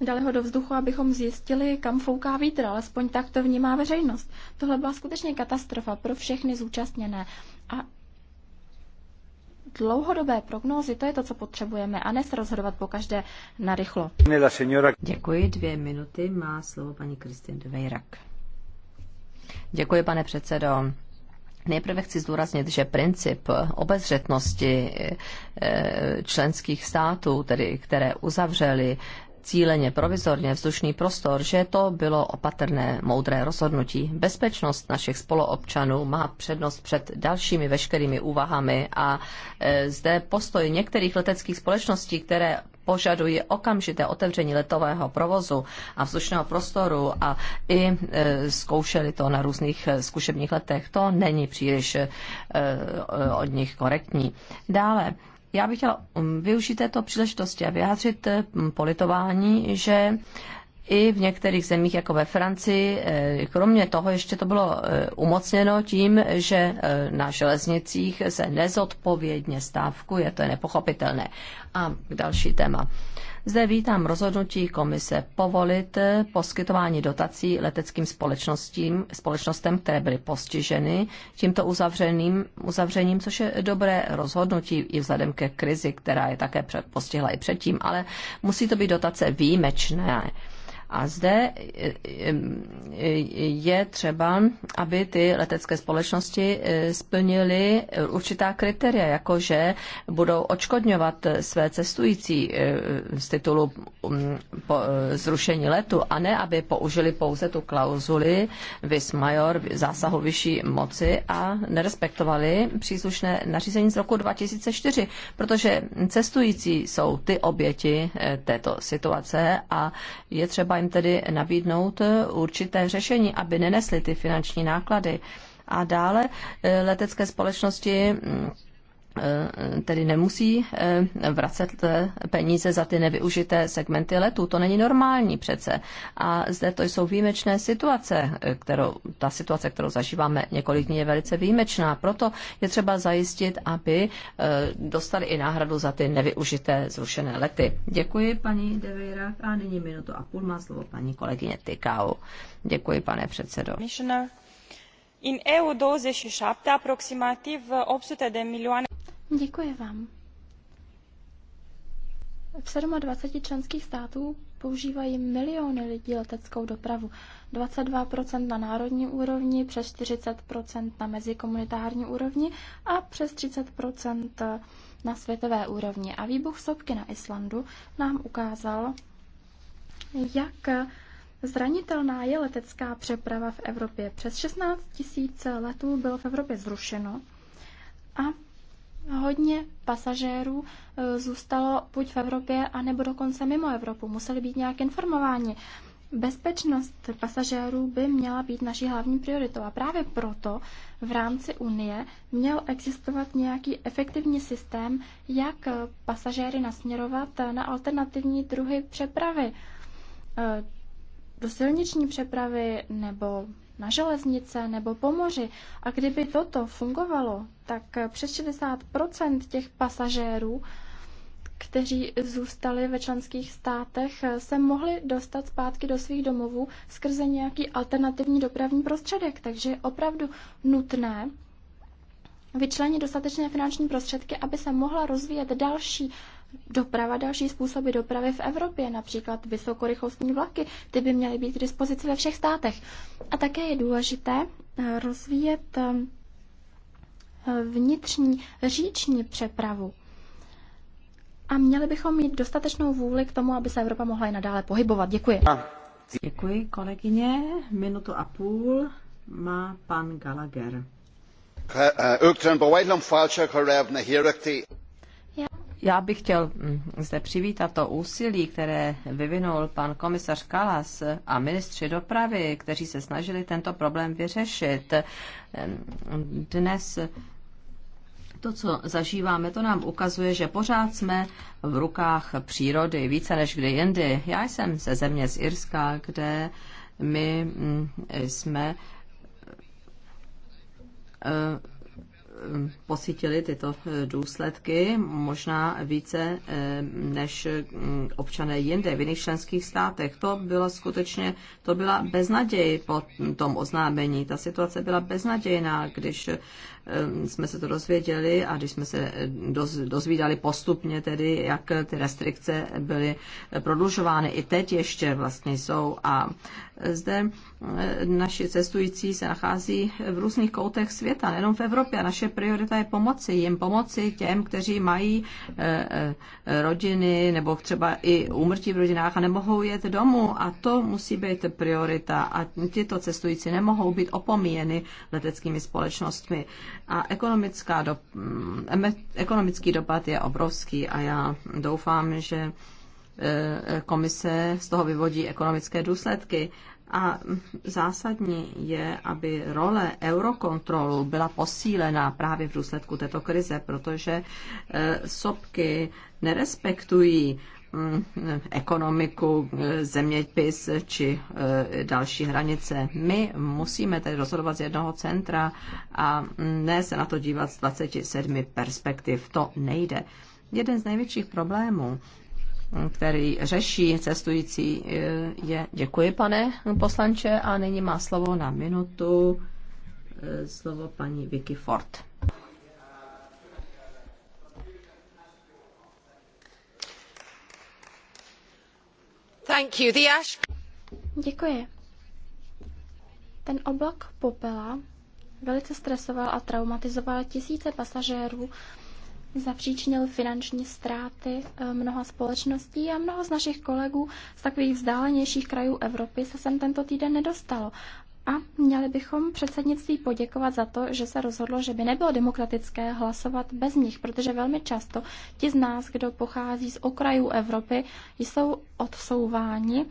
dali ho do vzduchu, abychom zjistili, kam fouká vítr, alespoň tak to vnímá veřejnost. Tohle byla skutečně katastrofa pro všechny zúčastněné. A dlouhodobé prognózy, to je to, co potřebujeme, a ne se rozhodovat po každé narychlo. Děkuji, dvě minuty má slovo paní Kristin Dvejrak. Děkuji, pane předsedo. Nejprve chci zdůraznit, že princip obezřetnosti eh, členských států, tedy které uzavřely cíleně provizorně vzdušný prostor, že to bylo opatrné, moudré rozhodnutí. Bezpečnost našich spoloobčanů má přednost před dalšími veškerými úvahami a e, zde postoj některých leteckých společností, které požadují okamžité otevření letového provozu a vzdušného prostoru a i e, zkoušeli to na různých e, zkušebních letech. To není příliš od nich korektní. Dále já bych chtěla um, využít této příležitosti a vyjádřit eh, politování, že i v některých zemích, jako ve Francii, eh, kromě toho ještě to bylo eh, umocněno tím, že na železnicích se nezodpovědně stávkuje, to je nepochopitelné. A další téma. Zde vítám rozhodnutí komise povolit poskytování dotací leteckým společnostím, společnostem, které byly postiženy tímto uzavřeným, uzavřením, což je dobré rozhodnutí i vzhledem ke krizi, která je také postihla i předtím, ale musí to být dotace výjimečné a zde e, e, je třeba, aby ty letecké společnosti e, splnily určitá kritéria, jako že budou očkodňovat své cestující z titulu zrušení letu, a ne, aby použili pouze tu klauzuli vis major, zásahu vyšší moci a nerespektovali příslušné nařízení z roku 2004, protože cestující jsou ty oběti této situace a je třeba jim tedy nabídnout eh, určité řešení, aby nenesly ty finanční náklady. A dále eh, letecké společnosti mm, Eh, tedy nemusí eh, vracet eh, peníze za ty nevyužité segmenty letů. To není normální přece. A zde to jsou výjimečné situace, kterou, ta situace, kterou zažíváme několik dní, je velice výjimečná. Proto je třeba zajistit, aby dostali i náhradu za ty nevyužité zrušené lety. Děkuji, paní Deveira. A nyní minutu a půl má slovo paní kolegyně Tykau. Děkuji, pane předsedo. Myšlená. In EU 27 aproximativ 800 de milioane Děkuji vám. V 27 členských států používají miliony lidí leteckou dopravu. 22% na národní úrovni, přes 40% na mezikomunitární úrovni a přes 30% na světové úrovni. A výbuch sopky na Islandu nám ukázal, jak zranitelná je letecká přeprava v Evropě. Přes 16 000 letů bylo v Evropě zrušeno a hodně pasažérů e, zůstalo buď v Evropě, anebo dokonce mimo Evropu. Museli být nějak informováni. Bezpečnost pasažérů by měla být naší hlavní prioritou a právě proto v rámci Unie měl existovat nějaký efektivní systém, jak pasažéry nasměrovat na alternativní druhy přepravy e, do silniční přepravy nebo na železnice nebo po moři. A kdyby toto fungovalo, tak přes 60 těch pasažérů, kteří zůstali ve členských státech, se mohli dostat zpátky do svých domovů skrze nějaký alternativní dopravní prostředek. Takže je opravdu nutné vyčlenit dostatečné finanční prostředky, aby se mohla rozvíjet další doprava, další způsoby dopravy v Evropě, například vysokorychlostní vlaky, ty by měly být k dispozici ve všech státech. A také je důležité eh, rozvíjet eh, vnitřní říční přepravu. A měli bychom mít dostatečnou vůli k tomu, aby se Evropa mohla i nadále pohybovat. Děkuji. Děkuji, kolegyně. Minutu a půl má pan Gallagher. Já já bych chtěl mm, zde přivítat to úsilí, které vyvinul pan komisař Kalas a ministři dopravy, kteří se snažili tento problém vyřešit. Dnes to, co zažíváme, to nám ukazuje, že pořád jsme v rukách přírody, více než kdy jindy. Já jsem ze země z Irska, kde my mm, jsme pocítili tyto eh, důsledky možná více eh, než mm, občané jinde v jiných členských státech. To byla skutečně, to byla beznaděj po tom oznámení. Ta situace byla beznadějná, když Ehm, jsme se to dozvěděli a když jsme se eh, dozvídali postupně tedy, jak ty restrikce byly eh, prodlužovány, i teď ještě vlastně jsou a eh, zde naši cestující se nachází v různých koutech světa, nejenom v Evropě. A naše priorita je pomoci jim, pomoci těm, kteří mají rodiny nebo třeba i úmrtí v rodinách a nemohou jet domů. A to musí být priorita. A tyto cestující nemohou být opomíjeny leteckými společnostmi. A ekonomická do, mm, ekonomický dopad je obrovský a já doufám, že e, komise z toho vyvodí ekonomické důsledky. A zásadní je, aby role eurokontrolu byla posílena právě v důsledku této krize, protože e, sopky nerespektují Mm, ekonomiku, e, zeměpis či e, další hranice. My musíme tedy rozhodovat z jednoho centra a ne se na to dívat z 27 perspektiv. To nejde. Jeden z největších problémů, který řeší cestující, e, je. Děkuji, pane poslanče, a nyní má slovo na minutu slovo paní Vicky Ford. Děkuji. Ten oblak popela velice stresoval a traumatizoval tisíce pasažérů, zapříčinil finanční ztráty eh, mnoha společností a mnoho z našich kolegů z takových vzdálenějších krajů Evropy se sem tento týden nedostalo. A měli bychom předsednictví poděkovat za to, že se rozhodlo, že by nebylo demokratické hlasovat bez nich, protože velmi často ti z nás, kdo pochází z okrajů Evropy, jsou odsouváni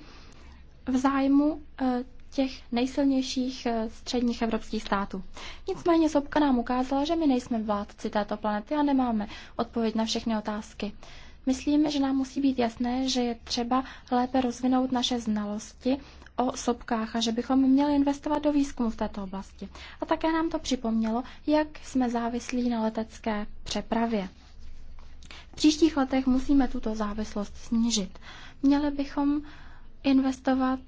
v zájmu eh, těch nejsilnějších eh, středních evropských států. Nicméně Sobka nám ukázala, že my nejsme vládci této planety a nemáme odpověď na všechny otázky. Myslím, že nám musí být jasné, že je třeba lépe rozvinout naše znalosti o sopkách a že bychom měli investovat do výzkumu v této oblasti. A také nám to připomnělo, jak jsme závislí na letecké přepravě. V příštích letech musíme tuto závislost snížit. Měli bychom investovat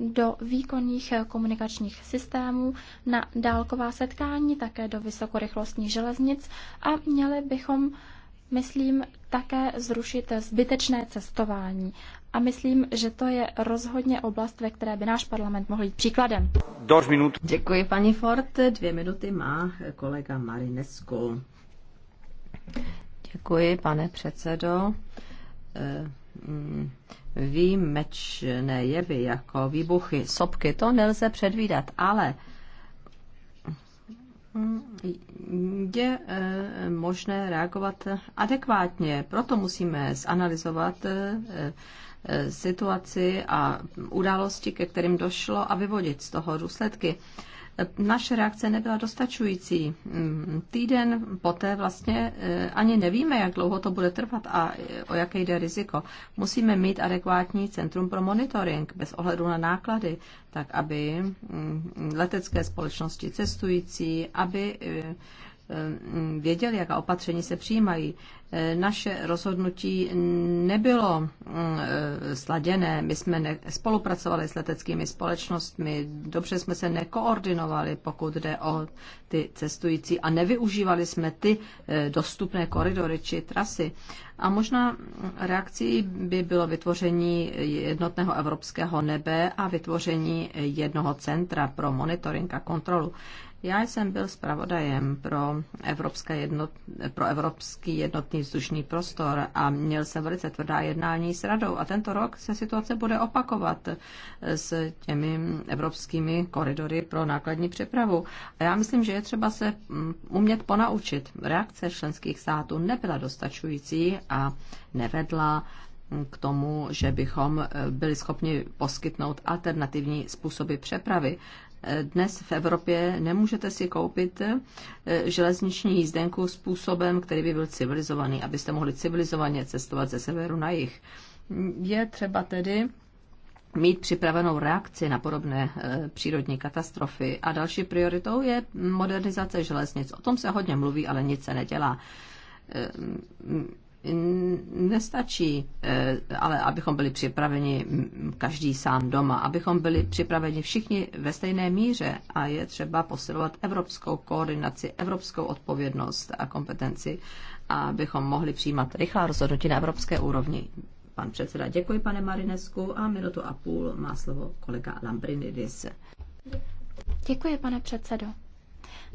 do výkonných komunikačních systémů, na dálková setkání, také do vysokorychlostních železnic a měli bychom, myslím, také zrušit zbytečné cestování a myslím, že to je rozhodně oblast, ve které by náš parlament mohl jít příkladem. Dos minut. Děkuji, paní Ford. Dvě minuty má kolega Marinescu. Děkuji, pane předsedo. Eh, výjimečné jevy jako výbuchy, sopky, to nelze předvídat, ale je eh, možné reagovat adekvátně. Proto musíme zanalizovat eh, situaci a události, ke kterým došlo a vyvodit z toho důsledky. Naše reakce nebyla dostačující. Týden poté vlastně eh, ani nevíme, jak dlouho to bude trvat a eh, o jaké jde riziko. Musíme mít adekvátní centrum pro monitoring bez ohledu na náklady, tak aby mm, letecké společnosti cestující, aby eh, Ehm, věděli, jaká opatření se přijímají. Ehm, naše rozhodnutí nebylo ehm, sladěné, my jsme spolupracovali s leteckými společnostmi, dobře jsme se nekoordinovali, pokud jde o ty cestující a nevyužívali jsme ty dostupné koridory či trasy. A možná reakcí by bylo vytvoření jednotného evropského nebe a vytvoření jednoho centra pro monitoring a kontrolu. Já jsem byl zpravodajem pro, Evropské jednot, pro Evropský jednotný vzdušný prostor a měl jsem velice tvrdá jednání s radou. A tento rok se situace bude opakovat s těmi evropskými koridory pro nákladní přepravu. A já myslím, že je třeba se mm, umět ponaučit. Reakce členských států nebyla dostačující a nevedla mm, k tomu, že bychom e, byli schopni poskytnout alternativní způsoby přepravy. Dnes v Evropě nemůžete si koupit eh, železniční jízdenku způsobem, který by byl civilizovaný, abyste mohli civilizovaně cestovat ze severu na jih. Je třeba tedy mít připravenou reakci na podobné eh, přírodní katastrofy. A další prioritou je modernizace železnic. O tom se hodně mluví, ale nic se nedělá eh, nestačí, e, ale abychom byli připraveni každý sám doma, abychom byli připraveni všichni ve stejné míře a je třeba posilovat evropskou koordinaci, evropskou odpovědnost a kompetenci, abychom mohli přijímat rychlá rozhodnutí na evropské úrovni. Pan předseda, děkuji pane Marinesku a minutu a půl má slovo kolega Lambrinidis. Děkuji pane předsedo.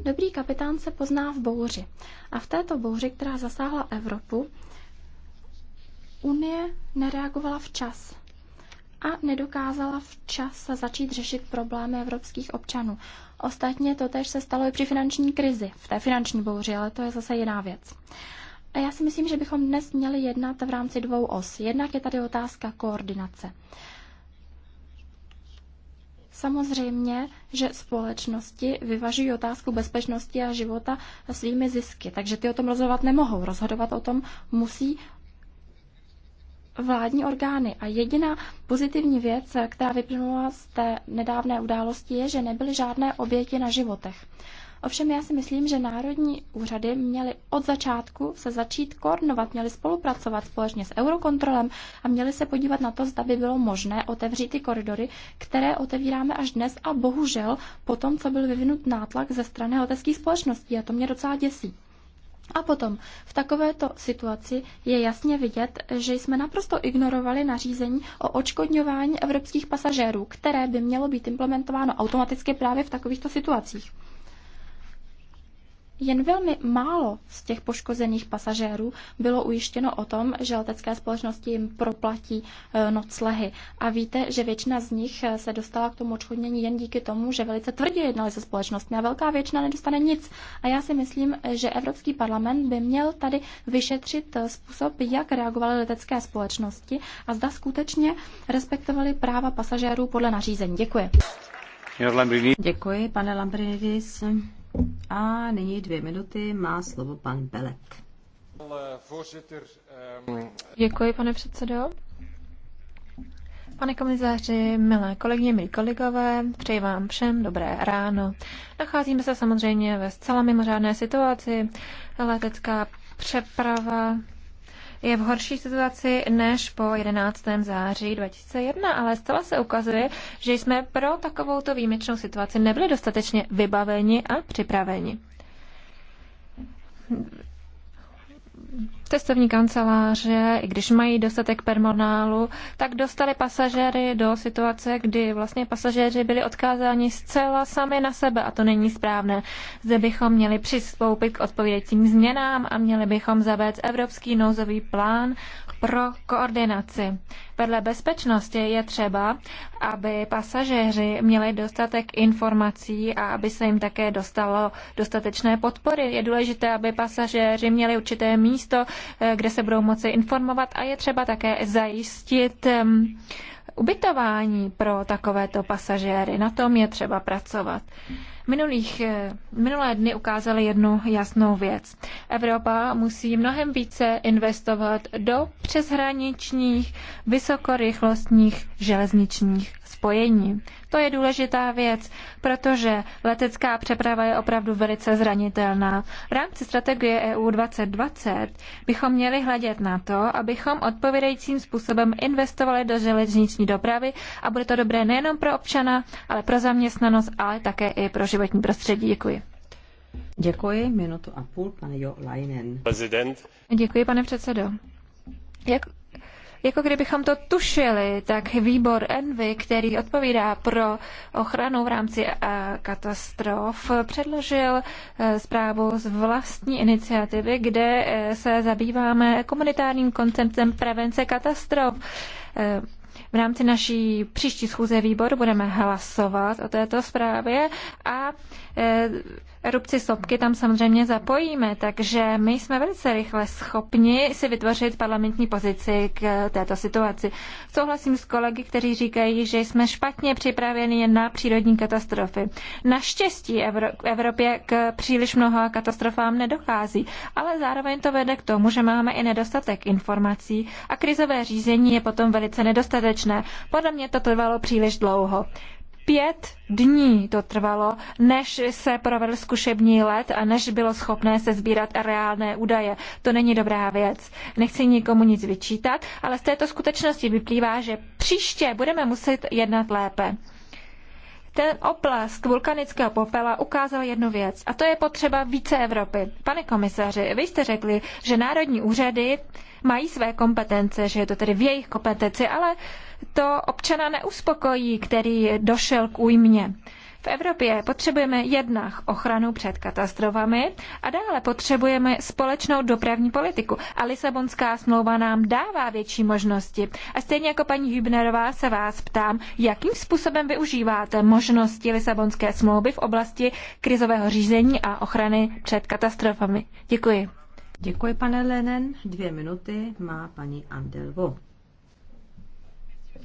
Dobrý kapitán se pozná v bouři. A v této bouři, která zasáhla Evropu, Unie nereagovala včas a nedokázala včas začít řešit problémy evropských občanů. Ostatně to tež se stalo i při finanční krizi, v té finanční bouři, ale to je zase jiná věc. A já si myslím, že bychom dnes měli jednat v rámci dvou os. Jednak je tady otázka koordinace. Samozřejmě, že společnosti vyvažují otázku bezpečnosti a života svými zisky, takže ty o tom rozhodovat nemohou. Rozhodovat o tom musí vládní orgány. A jediná pozitivní věc, která vyplynula z té nedávné události, je, že nebyly žádné oběti na životech. Ovšem já si myslím, že národní úřady měly od začátku se začít koordinovat, měly spolupracovat společně s Eurokontrolem a měly se podívat na to, zda by bylo možné otevřít ty koridory, které otevíráme až dnes a bohužel po tom, co byl vyvinut nátlak ze strany leteckých společností a to mě docela děsí. A potom v takovéto situaci je jasně vidět, že jsme naprosto ignorovali nařízení o očkodňování evropských pasažérů, které by mělo být implementováno automaticky právě v takovýchto situacích. Jen velmi málo z těch poškozených pasažérů bylo ujištěno o tom, že letecké společnosti jim proplatí eh, noclehy. A víte, že většina z nich eh, se dostala k tomu odškodnění jen díky tomu, že velice tvrdě jednali se společnostmi a velká většina nedostane nic. A já si myslím, že Evropský parlament by měl tady vyšetřit eh, způsob, jak reagovaly letecké společnosti a zda skutečně respektovali práva pasažérů podle nařízení. Děkuji. Děkuji, pane Lambrinidis. A nyní dvě minuty má slovo pan Belek. Děkuji, pane předsedo. Pane komisaři, milé kolegyně, milí kolegové, přeji vám všem dobré ráno. Nacházíme se samozřejmě ve zcela mimořádné situaci. Letecká přeprava je v horší situaci než po 11. září 2001, ale zcela se ukazuje, že jsme pro takovouto výjimečnou situaci nebyli dostatečně vybaveni a připraveni Cestovní kanceláře, i když mají dostatek personálu, tak dostali pasažéry do situace, kdy vlastně pasažéři byli odkázáni zcela sami na sebe a to není správné. Zde bychom měli přistoupit k odpovědícím změnám a měli bychom zavést Evropský nouzový plán pro koordinaci. Vedle bezpečnosti je třeba, aby pasažéři měli dostatek informací a aby se jim také dostalo dostatečné podpory. Je důležité, aby pasažéři měli určité místo, Eh, kde se budou moci informovat a je třeba také zajistit ubytování pro takovéto pasažéry. Na tom je třeba pracovat. Minulých, eh, minulé dny ukázaly jednu jasnou věc. Evropa musí mnohem více investovat do přeshraničních vysokorychlostních železničních spojení. To je důležitá věc, protože letecká přeprava je opravdu velice zranitelná. V rámci strategie EU 2020 bychom měli hledět na to, abychom odpovědajícím způsobem investovali do železniční dopravy a bude to dobré nejenom pro občana, ale pro zaměstnanost, ale také i pro životní prostředí. Děkuji. Děkuji, minutu a půl, pane Jo Leinen. Prezident. Děkuji, pane předsedo. Jak jako kdybychom to tušili, tak výbor Envy, který odpovídá pro ochranu v rámci eh, katastrof, předložil eh, zprávu z vlastní iniciativy, kde eh, se zabýváme komunitárním konceptem prevence katastrof. V rámci naší příští schůze výboru budeme hlasovat o této zprávě a erupci sopky tam samozřejmě zapojíme, takže my jsme velice rychle schopni si vytvořit parlamentní pozici k této situaci. Souhlasím s kolegy, kteří říkají, že jsme špatně připraveni na přírodní katastrofy. Naštěstí Evro- Evropě k příliš mnoha katastrofám nedochází, ale zároveň to vede k tomu, že máme i nedostatek informací a krizové řízení je potom velice nedostatečné. Podle mě to trvalo příliš dlouho. Pět dní to trvalo, než se provedl zkušební let a než bylo schopné se sbírat reálné údaje. To není dobrá věc. Nechci nikomu nic vyčítat, ale z této skutečnosti vyplývá, že příště budeme muset jednat lépe. Ten oplask vulkanického popela ukázal jednu věc, a to je potřeba více Evropy. Pane komisaři, vy jste řekli, že národní úřady mají své kompetence, že je to tedy v jejich kompetenci, ale to občana neuspokojí, který došel k újmě. V Evropě potřebujeme jednak ochranu před katastrofami a dále potřebujeme společnou dopravní politiku. A Lisabonská smlouva nám dává větší možnosti. A stejně jako paní Hübnerová se vás ptám, jakým způsobem využíváte možnosti Lisabonské smlouvy v oblasti krizového řízení a ochrany před katastrofami. Děkuji. Děkuji, pane Lenen. Dvě minuty má paní Andelvo.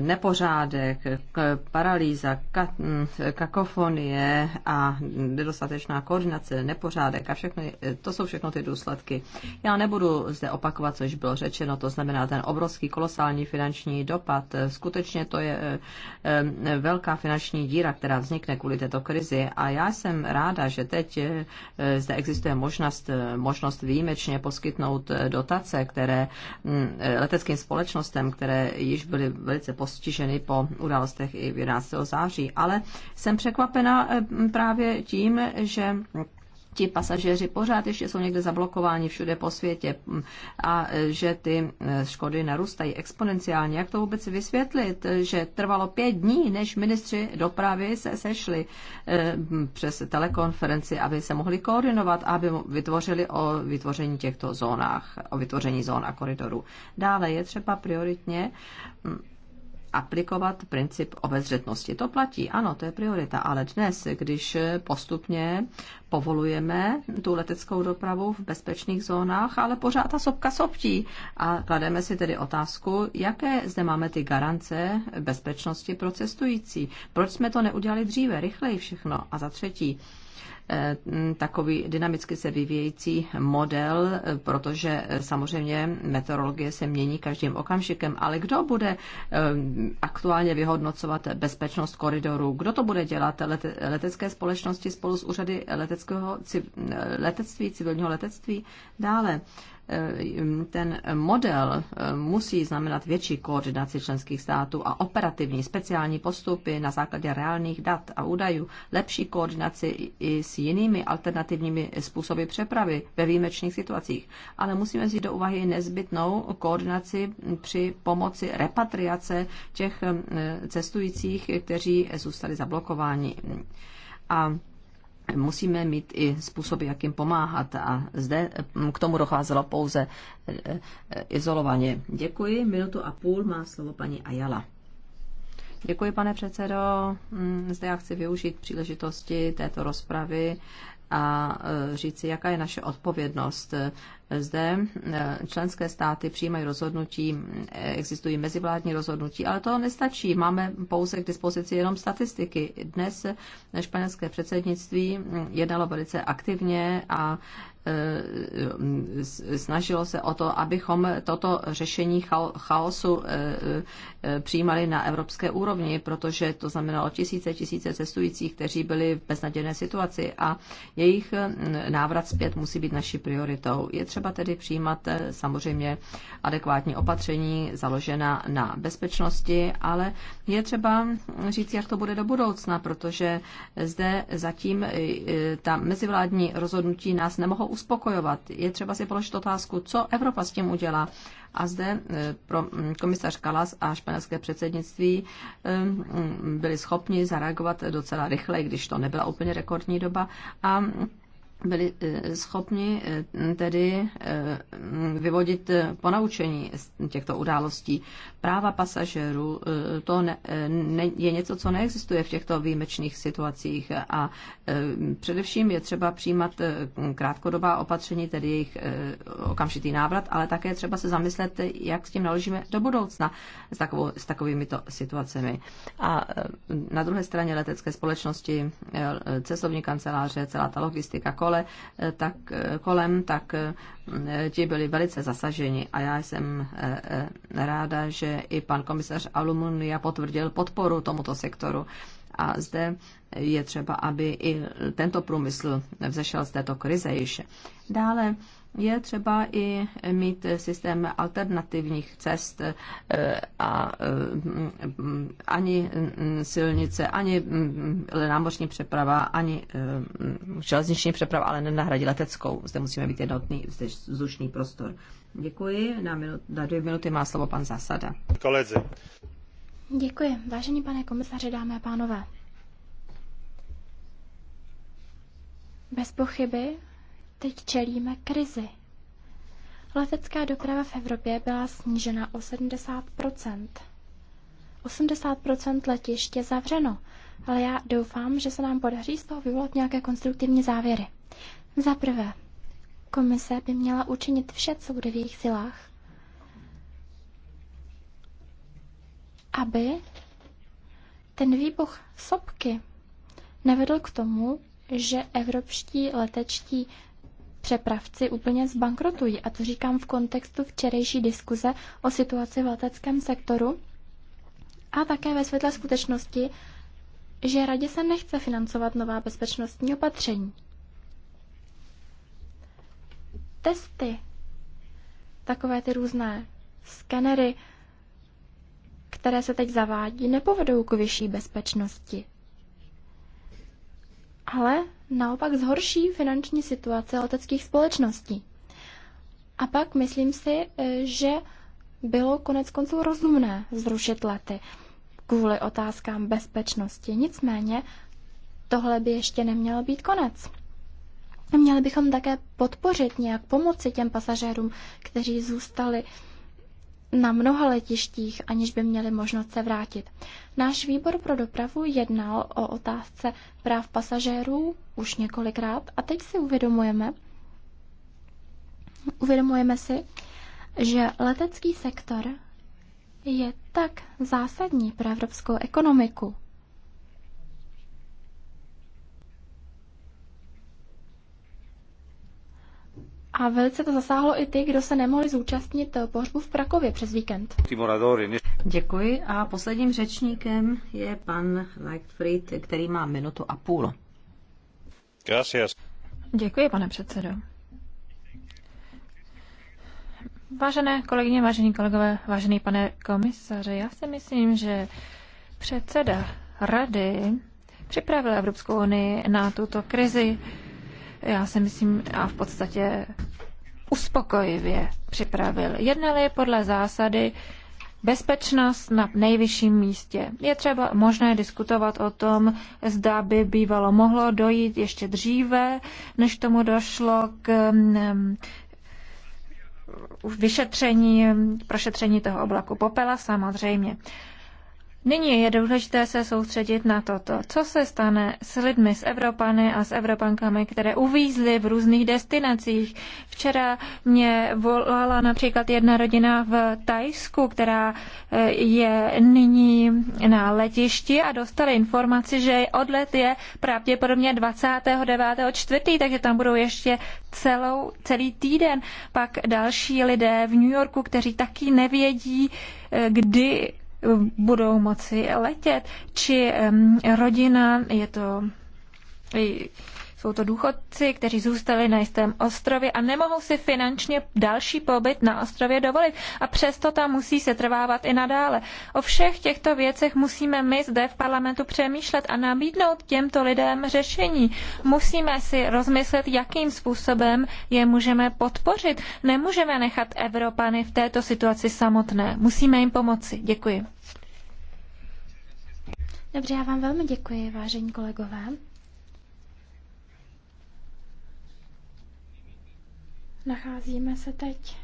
nepořádek, paralýza, mm, kakofonie a nedostatečná koordinace, nepořádek a všechno, to jsou všechno ty důsledky. Já nebudu zde opakovat, co již bylo řečeno, to znamená ten obrovský kolosální finanční dopad. Skutečně to je eh, eh, velká finanční díra, která vznikne kvůli této krizi a já jsem ráda, že teď eh, zde existuje možnost, možnost výjimečně poskytnout dotace, které mm, leteckým společnostem, které již byly byly velice postiženy po událostech i 11. září. Ale jsem překvapena eh, právě tím, že ti pasažéři pořád ještě jsou někde zablokováni všude po světě mm, a e, že ty e, škody narůstají exponenciálně. Jak to vůbec vysvětlit, že trvalo pět dní, než ministři dopravy se sešli e, přes telekonferenci, aby se mohli koordinovat, aby vytvořili o vytvoření těchto zónách, o vytvoření zón a koridorů. Dále je třeba prioritně mm, aplikovat princip obezřetnosti. To platí, ano, to je priorita, ale dnes, když postupně povolujeme tu leteckou dopravu v bezpečných zónách, ale pořád ta sopka soptí. A klademe si tedy otázku, jaké zde máme ty garance bezpečnosti pro cestující. Proč jsme to neudělali dříve, rychleji všechno? A za třetí, Eh, takový dynamicky se vyvíjející model, eh, protože eh, samozřejmě meteorologie se mění každým okamžikem, ale kdo bude aktuálně vyhodnocovat bezpečnost koridorů, kdo to bude dělat, letecké společnosti spolu s úřady leteckého, letectví, civilního letectví, dále Eh, ten model eh, musí znamenat větší koordinaci členských států a operativní speciální postupy na základě reálných dat a údajů, lepší koordinaci i s jinými alternativními způsoby přepravy ve výjimečných situacích. Ale musíme vzít do úvahy nezbytnou koordinaci při pomoci repatriace těch eh, cestujících, kteří zůstali zablokováni. A musíme mít i způsoby, jak jim pomáhat. A zde mm, k tomu docházelo pouze e, e, izolovaně. Děkuji. Minutu a půl má slovo paní Ajala. Děkuji, pane předsedo. Mm, zde já chci využít příležitosti této rozpravy a e, říci, jaká je naše odpovědnost zde eh, členské státy přijímají rozhodnutí, eh, existují mezivládní rozhodnutí, ale to nestačí. Máme pouze k dispozici jenom statistiky. Dnes eh, španělské předsednictví mm, jednalo velice aktivně a snažilo se o to, abychom toto řešení chaosu přijímali na evropské úrovni, protože to znamenalo tisíce, tisíce cestujících, kteří byli v beznadějné situaci a jejich návrat zpět musí být naší prioritou. Je třeba třeba tedy přijímat eh, samozřejmě adekvátní opatření založená na bezpečnosti, ale je třeba říct, jak to bude do budoucna, protože zde zatím eh, ta mezivládní rozhodnutí nás nemohou uspokojovat. Je třeba si položit otázku, co Evropa s tím udělá. A zde eh, pro mm, komisař Kalas a španělské předsednictví mm, byli schopni zareagovat docela rychle, když to nebyla úplně rekordní doba. A mm, byli eh, schopni eh, tedy eh, vyvodit ponaučení z těchto událostí. Práva pasažérů to ne, ne, je něco, co neexistuje v těchto výjimečných situacích a především je třeba přijímat krátkodobá opatření, tedy jejich okamžitý návrat, ale také třeba se zamyslet, jak s tím naložíme do budoucna s, takovou, s takovými to situacemi. A na druhé straně letecké společnosti, cestovní kanceláře, celá ta logistika, kole, kole, eh, tak, eh, kolem, tak eh, mm, ti byli velice zasaženi. A já jsem ráda, že i pan komisař Alumunia potvrdil podporu tomuto sektoru. A zde je třeba, aby i tento průmysl vzešel z této krize již. Dále je třeba i mít systém alternativních cest eh, a eh, ani silnice, ani mm, námořní přeprava, ani eh, železniční přeprava, ale nenahradí leteckou. Zde musíme být jednotný zde vzdušný prostor. Děkuji. Na, minut, na dvě minuty má slovo pan Zasada. Koledzi. Děkuji. Vážený pane komisaři, dámy a pánové. Bez pochyby teď čelíme krizi. Letecká doprava v Evropě byla snížena o 70 80 letišť je zavřeno, ale já doufám, že se nám podaří z toho vyvolat nějaké konstruktivní závěry. Za prvé, komise by měla učinit vše, co bude v jejich silách, aby ten výbuch sopky nevedl k tomu, že evropští letečtí přepravci úplně zbankrotují. A to říkám v kontextu včerejší diskuze o situaci v leteckém sektoru a také ve světle skutečnosti, že radě se nechce financovat nová bezpečnostní opatření. Testy, takové ty různé skenery, které se teď zavádí, nepovedou k vyšší bezpečnosti ale naopak zhorší finanční situace leteckých společností. A pak myslím si, e, že bylo konec konců rozumné zrušit lety kvůli otázkám bezpečnosti. Nicméně tohle by ještě nemělo být konec. Měli bychom také podpořit nějak pomoci těm pasažérům, kteří zůstali na mnoha letištích, aniž by měli možnost se vrátit. Náš výbor pro dopravu jednal o otázce práv pasažérů už několikrát a teď si uvědomujeme, uvědomujeme si, že letecký sektor je tak zásadní pro evropskou ekonomiku, A velice to zasáhlo i ty, kdo se nemohli zúčastnit eh, pohřbu v Prakově přes víkend. Děkuji a posledním řečníkem je pan Lightfried, který má minutu a půl. Gracias. Děkuji, pane předsedo. Vážené kolegyně, vážení kolegové, vážený pane komisaře, já si myslím, že předseda rady připravil Evropskou unii na tuto krizi já si myslím, a v podstatě uspokojivě připravil. Jednali podle zásady bezpečnost na nejvyšším místě. Je třeba možné diskutovat o tom, zda by bývalo mohlo dojít ještě dříve, než tomu došlo k um, vyšetření, prošetření toho oblaku popela samozřejmě. Nyní je důležité se soustředit na toto, co se stane s lidmi, z Evropany a s Evropankami, které uvízly v různých destinacích. Včera mě volala například jedna rodina v Tajsku, která eh, je nyní na letišti a dostali informaci, že odlet je pravděpodobně 29.4., takže tam budou ještě celou, celý týden. Pak další lidé v New Yorku, kteří taky nevědí, eh, kdy budou moci letět, či rodina, je to jsou to důchodci, kteří zůstali na jistém ostrově a nemohou si finančně další pobyt na ostrově dovolit a přesto tam musí se trvávat i nadále. O všech těchto věcech musíme my zde v parlamentu přemýšlet a nabídnout těmto lidem řešení. Musíme si rozmyslet, jakým způsobem je můžeme podpořit. Nemůžeme nechat Evropany v této situaci samotné. Musíme jim pomoci. Děkuji. Dobře, já vám velmi děkuji, vážení kolegové. Nacházíme se teď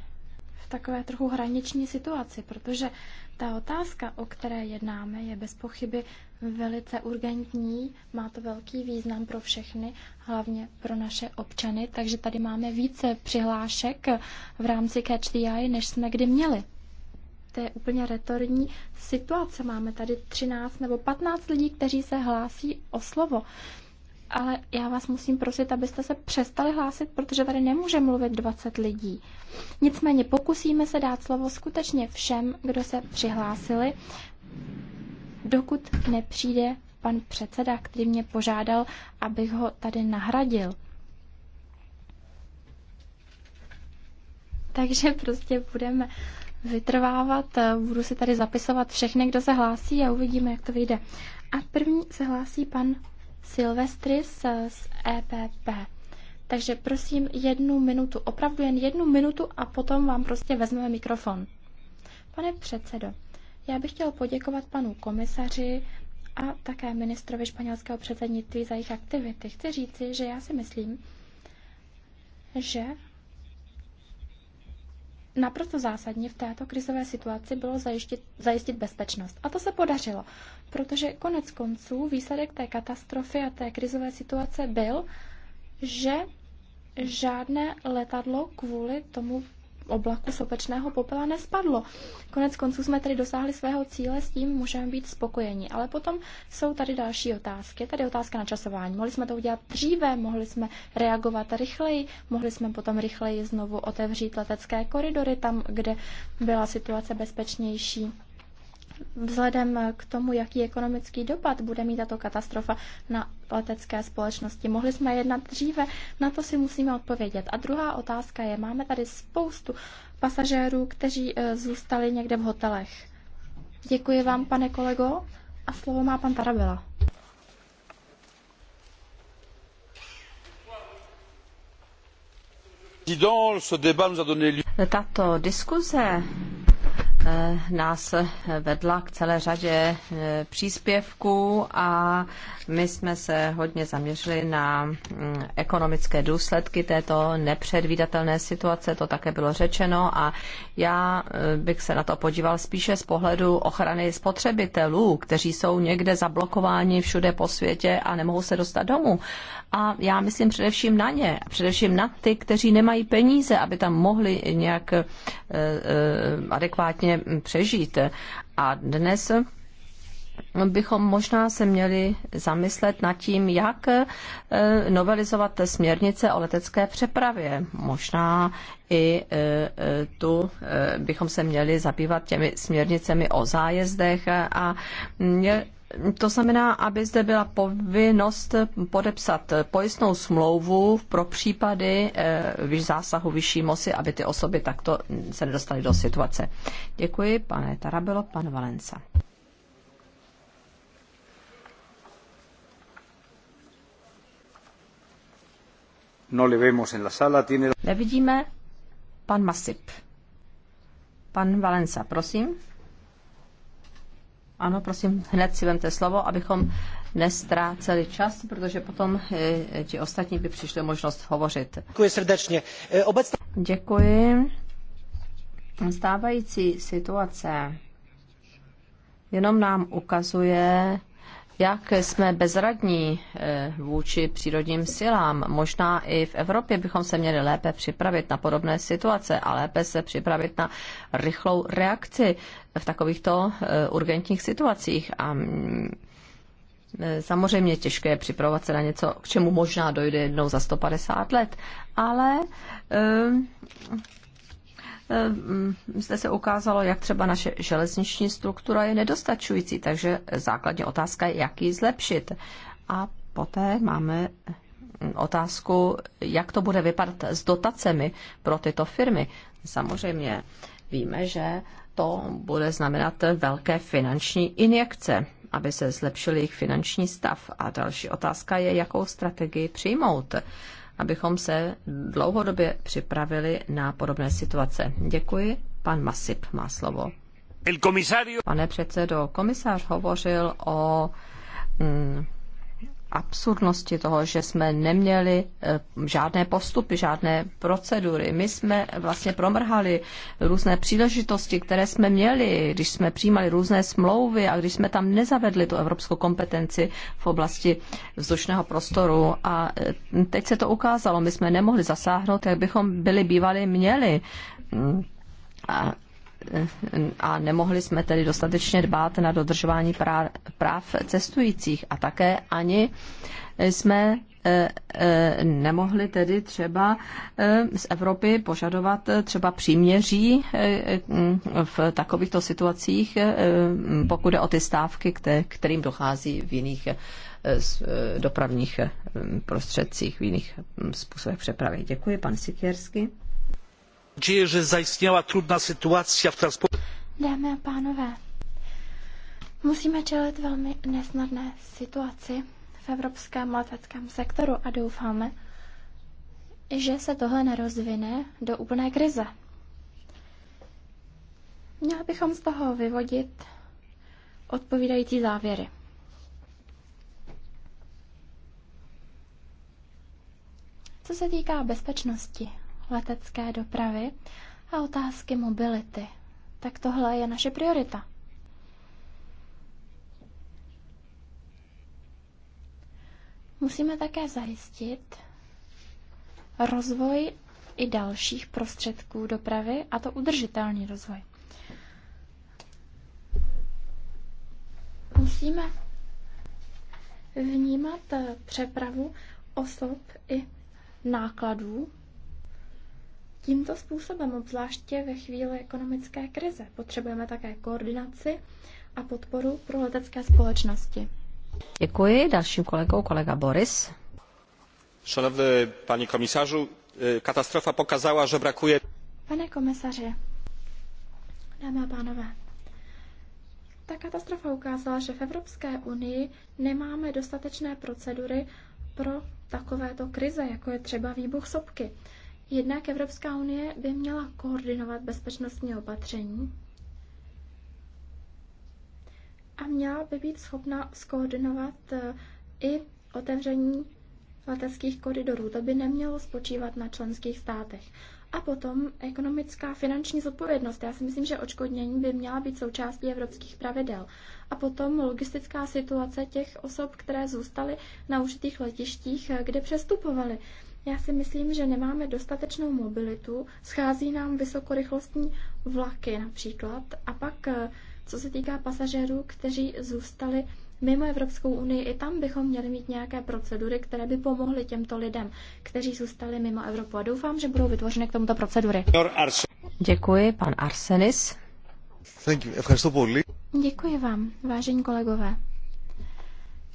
v takové trochu hraniční situaci, protože ta otázka, o které jednáme, je bez pochyby velice urgentní, má to velký význam pro všechny, hlavně pro naše občany, takže tady máme více přihlášek v rámci Catch the Eye, než jsme kdy měli to je úplně retorní situace. Máme tady 13 nebo 15 lidí, kteří se hlásí o slovo. Ale já vás musím prosit, abyste se přestali hlásit, protože tady nemůže mluvit 20 lidí. Nicméně pokusíme se dát slovo skutečně všem, kdo se přihlásili, dokud nepřijde pan předseda, který mě požádal, abych ho tady nahradil. Takže prostě budeme vytrvávat. Eh, budu si tady zapisovat všechny, kdo se hlásí a uvidíme, jak to vyjde. A první se hlásí pan Silvestris eh, z EPP. Takže prosím jednu minutu, opravdu jen jednu minutu a potom vám prostě vezmeme mikrofon. Pane předsedo, já bych chtěl poděkovat panu komisaři a také ministrovi španělského předsednictví za jejich aktivity. Chci říci, že já si myslím, že Naprosto zásadně v této krizové situaci bylo zajistit, zajistit bezpečnost. A to se podařilo, protože konec konců výsledek té katastrofy a té krizové situace byl, že žádné letadlo kvůli tomu oblaku sopečného popela nespadlo. Konec konců jsme tady dosáhli svého cíle, s tím můžeme být spokojeni. Ale potom jsou tady další otázky. Tady otázka na časování. Mohli jsme to udělat dříve, mohli jsme reagovat rychleji, mohli jsme potom rychleji znovu otevřít letecké koridory tam, kde byla situace bezpečnější. Vzhledem k tomu, jaký ekonomický dopad bude mít tato katastrofa na letecké společnosti, mohli jsme jednat dříve, na to si musíme odpovědět. A druhá otázka je, máme tady spoustu pasažérů, kteří eh, zůstali někde v hotelech. Děkuji vám, pane kolego, a slovo má pan Tarabela. Tato diskuze Eh, nás vedla k celé řadě eh, příspěvků a my jsme se hodně zaměřili na mm, ekonomické důsledky této nepředvídatelné situace, to také bylo řečeno a já eh, bych se na to podíval spíše z pohledu ochrany spotřebitelů, kteří jsou někde zablokováni všude po světě a nemohou se dostat domů. A já myslím především na ně, především na ty, kteří nemají peníze, aby tam mohli nějak adekvátně vlastně přežít. A dnes bychom možná se měli zamyslet nad tím, jak eh, novelizovat směrnice o letecké přepravě. Možná i eh, tu eh, bychom se měli zabývat těmi směrnicemi o zájezdech a mm, to znamená, aby zde byla povinnost podepsat pojistnou smlouvu pro případy eh, zásahu vyšší moci, aby ty osoby takto se nedostaly do situace. Děkuji, pane Tarabilo, pan Valenca. No le vemos en la sala, tiene... Nevidíme pan Masip. Pan Valenca, prosím. Ano, prosím, hned si vemte slovo, abychom nestráceli čas, protože potom eh, ti ostatní by přišli možnost hovořit. Děkuji srdečně. Eh, Obecná... Děkuji. Stávající situace jenom nám ukazuje, jak jsme bezradní eh, vůči přírodním silám. Možná i v Evropě bychom se měli lépe připravit na podobné situace a lépe se připravit na rychlou reakci v takovýchto eh, urgentních situacích. A mm, eh, Samozřejmě těžké je připravovat se na něco, k čemu možná dojde jednou za 150 let, ale Eh, zde se ukázalo, jak třeba naše železniční struktura je nedostačující, takže základní otázka je, jak ji zlepšit. A poté máme hm, otázku, jak to bude vypadat s dotacemi pro tyto firmy. Samozřejmě víme, že to bude znamenat velké finanční injekce, aby se zlepšil jejich finanční stav. A další otázka je, jakou strategii přijmout abychom se dlouhodobě připravili na podobné situace. Děkuji. Pan Masip má slovo. Pane předsedo, komisář hovořil o mm, absurdnosti toho, že jsme neměli eh, žádné postupy, žádné procedury. My jsme vlastně promrhali různé příležitosti, které jsme měli, když jsme přijímali různé smlouvy a když jsme tam nezavedli tu evropskou kompetenci v oblasti vzdušného prostoru. A eh, teď se to ukázalo, my jsme nemohli zasáhnout, jak bychom byli bývali měli. Mm. A a nemohli jsme tedy dostatečně dbát na dodržování práv cestujících a také ani jsme e, e, nemohli tedy třeba e, z Evropy požadovat třeba příměří v takovýchto situacích, pokud je o ty stávky, kterým dochází v jiných dopravních prostředcích, v jiných způsobech přepravy. Děkuji, pan Sikierský nadzieję że zaistniała trudna sytuacja w transporcie. Dámy a pánové, musíme čelit velmi nesnadné situaci v evropském leteckém sektoru a doufáme, že se tohle nerozvine do úplné krize. Měli bychom z toho vyvodit odpovídající závěry. Co se týká bezpečnosti, letecké dopravy a otázky mobility. Tak tohle je naše priorita. Musíme také zajistit rozvoj i dalších prostředků dopravy, a to udržitelný rozvoj. Musíme vnímat přepravu osob i nákladů Tímto způsobem, obzvláště ve chvíli ekonomické krize, potřebujeme také koordinaci a podporu pro letecké společnosti. Děkuji. Dalším kolegou kolega Boris. Szanowny panie komisarzu, e, katastrofa pokazała, że brakuje... Pane komisarze, dámy a pánové, ta katastrofa ukázala, že v Evropské unii nemáme dostatečné procedury pro takovéto krize, jako je třeba výbuch sopky. Jednak Evropská unie by měla koordinovat bezpečnostní opatření a měla by být schopna skoordinovat eh, i otevření leteckých koridorů. To by nemělo spočívat na členských státech. A potom ekonomická finanční zodpovědnost. Já si myslím, že očkodnění by měla být součástí evropských pravidel. A potom logistická situace těch osob, které zůstaly na užitých letištích, eh, kde přestupovaly. Já si myslím, že nemáme dostatečnou mobilitu, schází nám vysokorychlostní vlaky například. A pak, eh, co se týká pasažérů, kteří zůstali mimo Evropskou unii, i tam bychom měli mít nějaké procedury, které by pomohly těmto lidem, kteří zůstali mimo Evropu. A doufám, že budou vytvořeny k tomuto procedury. Děkuji, pan Arsenis. Děkuji vám, vážení kolegové.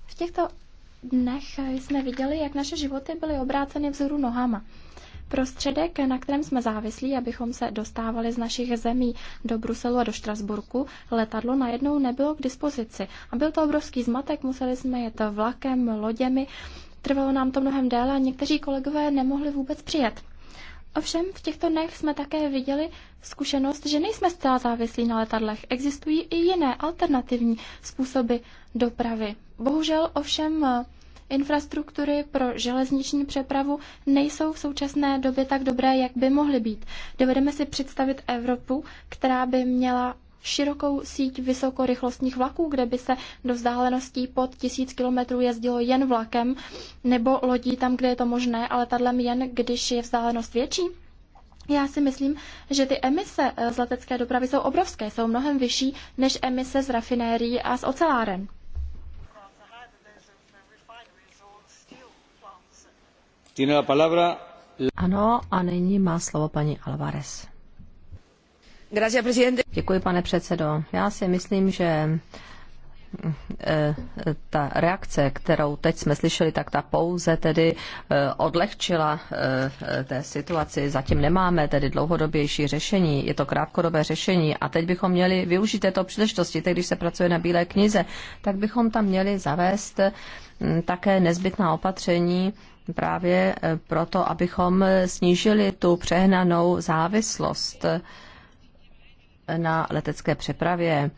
V těchto dnech jsme viděli, jak naše životy byly obráceny vzhůru nohama. Prostředek, na kterém jsme závislí, abychom se dostávali z našich zemí do Bruselu a do Štrasburku, letadlo najednou nebylo k dispozici. A byl to obrovský zmatek, museli jsme jet vlakem, loděmi, trvalo nám to mnohem déle a někteří kolegové nemohli vůbec přijet. Ovšem v těchto dnech jsme také viděli zkušenost, že nejsme zcela závislí na letadlech. Existují i jiné alternativní způsoby dopravy. Bohužel ovšem Infrastruktury pro železniční přepravu nejsou v současné době tak dobré, jak by mohly být. Dovedeme si představit Evropu, která by měla širokou síť vysokorychlostních vlaků, kde by se do vzdáleností pod tisíc kilometrů jezdilo jen vlakem nebo lodí tam, kde je to možné, ale tadlem jen, když je vzdálenost větší? Já si myslím, že ty emise eh, z letecké dopravy jsou obrovské, jsou mnohem vyšší než emise z rafinérií a z oceláren. Ano, a nyní má slovo paní Alvarez. Děkuji, pane předsedo. Já si myslím, že eh, ta reakce, kterou teď jsme slyšeli, tak ta pouze tedy eh, odlehčila eh, té situaci. Zatím nemáme tedy dlouhodobější řešení, je to krátkodobé řešení a teď bychom měli využít této příležitosti, teď když se pracuje na Bílé knize, tak bychom tam měli zavést hm, také nezbytná opatření, právě eh, proto, abychom snížili tu přehnanou závislost eh, na letecké přepravě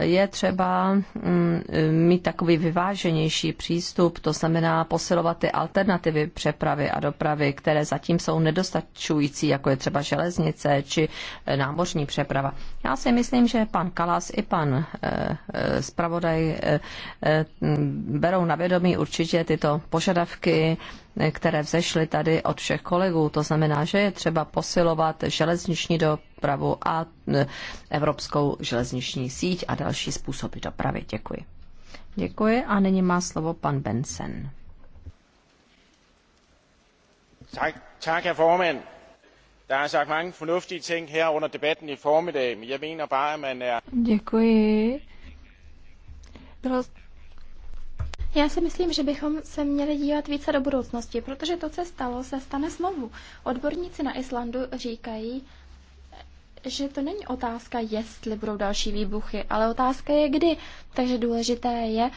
je třeba mm, mít takový vyváženější přístup, to znamená posilovat ty alternativy přepravy a dopravy, které zatím jsou nedostačující, jako je třeba železnice či eh, námořní přeprava. Já si myslím, že pan Kalas i pan eh, eh, zpravodaj berou na vědomí určitě tyto požadavky které vzešly tady od všech kolegů. To znamená, že je třeba posilovat železniční dopravu a e, evropskou železniční síť a další způsoby dopravy. Děkuji. Děkuji a nyní má slovo pan Benson. Tak, tak, Der er sagt mange fornuftige ting her under debatten i formiddag, men jeg mener bare, at man er... Děkuji. Bylo já si myslím, že bychom se měli dívat více do budoucnosti, protože to, co stalo, se stane znovu. Odborníci na Islandu říkají, že to není otázka, jestli budou další výbuchy, ale otázka je kdy. Takže důležité je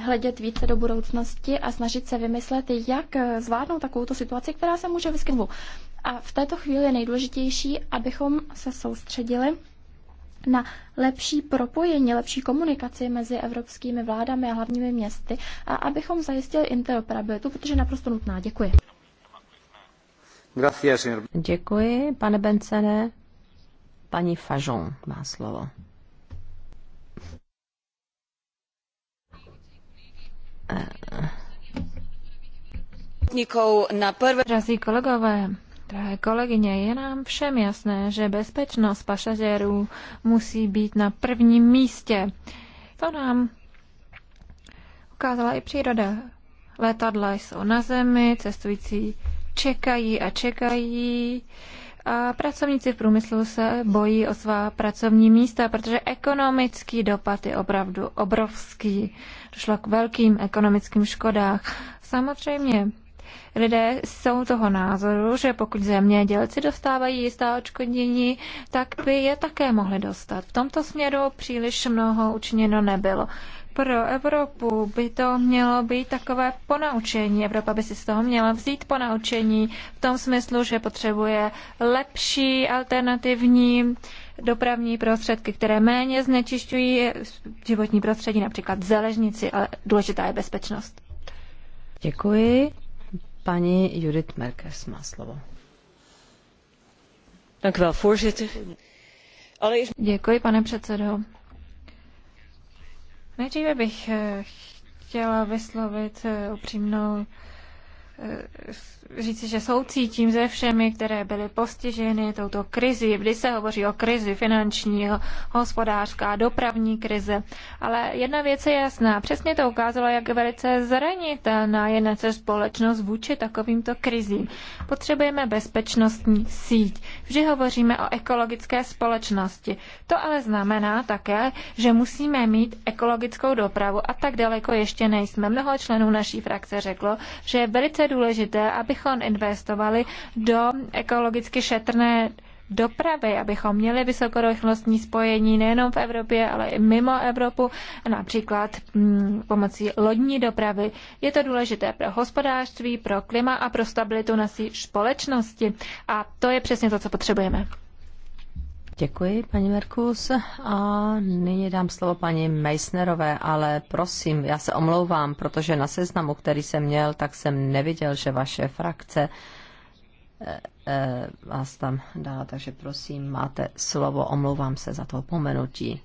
hledět více do budoucnosti a snažit se vymyslet, jak zvládnout takovou situaci, která se může vyskytnout. A v této chvíli je nejdůležitější, abychom se soustředili na lepší propojení, lepší komunikaci mezi evropskými vládami a hlavními městy a abychom zajistili interoperabilitu, protože je naprosto nutná. Děkuji. Děkuji, pane Bencene. Paní Fajon má slovo. Drazí kolegové, Drahé kolegyně, je nám všem jasné, že bezpečnost pasažérů musí být na prvním místě. To nám ukázala i příroda. Letadla jsou na zemi, cestující čekají a čekají a pracovníci v průmyslu se bojí o svá pracovní místa, protože ekonomický dopad je opravdu obrovský. Došlo k velkým ekonomickým škodách. Samozřejmě lidé jsou toho názoru, že pokud zemědělci dostávají jistá očkodnění, tak by je také mohli dostat. V tomto směru příliš mnoho učiněno nebylo. Pro Evropu by to mělo být takové ponaučení. Evropa by si z toho měla vzít ponaučení v tom smyslu, že potřebuje lepší alternativní dopravní prostředky, které méně znečišťují životní prostředí, například zeležnici, ale důležitá je bezpečnost. Děkuji. Pani Judith Merkers má slovo. Děkuji, pane předsedo. Nejdříve bych eh, chtěla vyslovit eh, upřímnou eh, říci, že soucítím se všemi, které byly postiženy touto krizi, kdy se hovoří o krizi finanční, hospodářská, dopravní krize. Ale jedna věc je jasná. Přesně to ukázalo, jak velice zranitelná je naše společnost vůči takovýmto krizím. Potřebujeme bezpečnostní síť. Vždy hovoříme o ekologické společnosti. To ale znamená také, že musíme mít ekologickou dopravu a tak daleko ještě nejsme. Mnoho členů naší frakce řeklo, že je velice důležité, aby abychom investovali do ekologicky šetrné dopravy, abychom měli vysokorychlostní spojení nejenom v Evropě, ale i mimo Evropu, například mm, pomocí lodní dopravy. Je to důležité pro hospodářství, pro klima a pro stabilitu naší společnosti. A to je přesně to, co potřebujeme. Děkuji, paní Merkus. A nyní dám slovo paní Meissnerové, ale prosím, já se omlouvám, protože na seznamu, který jsem měl, tak jsem neviděl, že vaše frakce eh, eh, vás tam dala, takže prosím, máte slovo, omlouvám se za to pomenutí.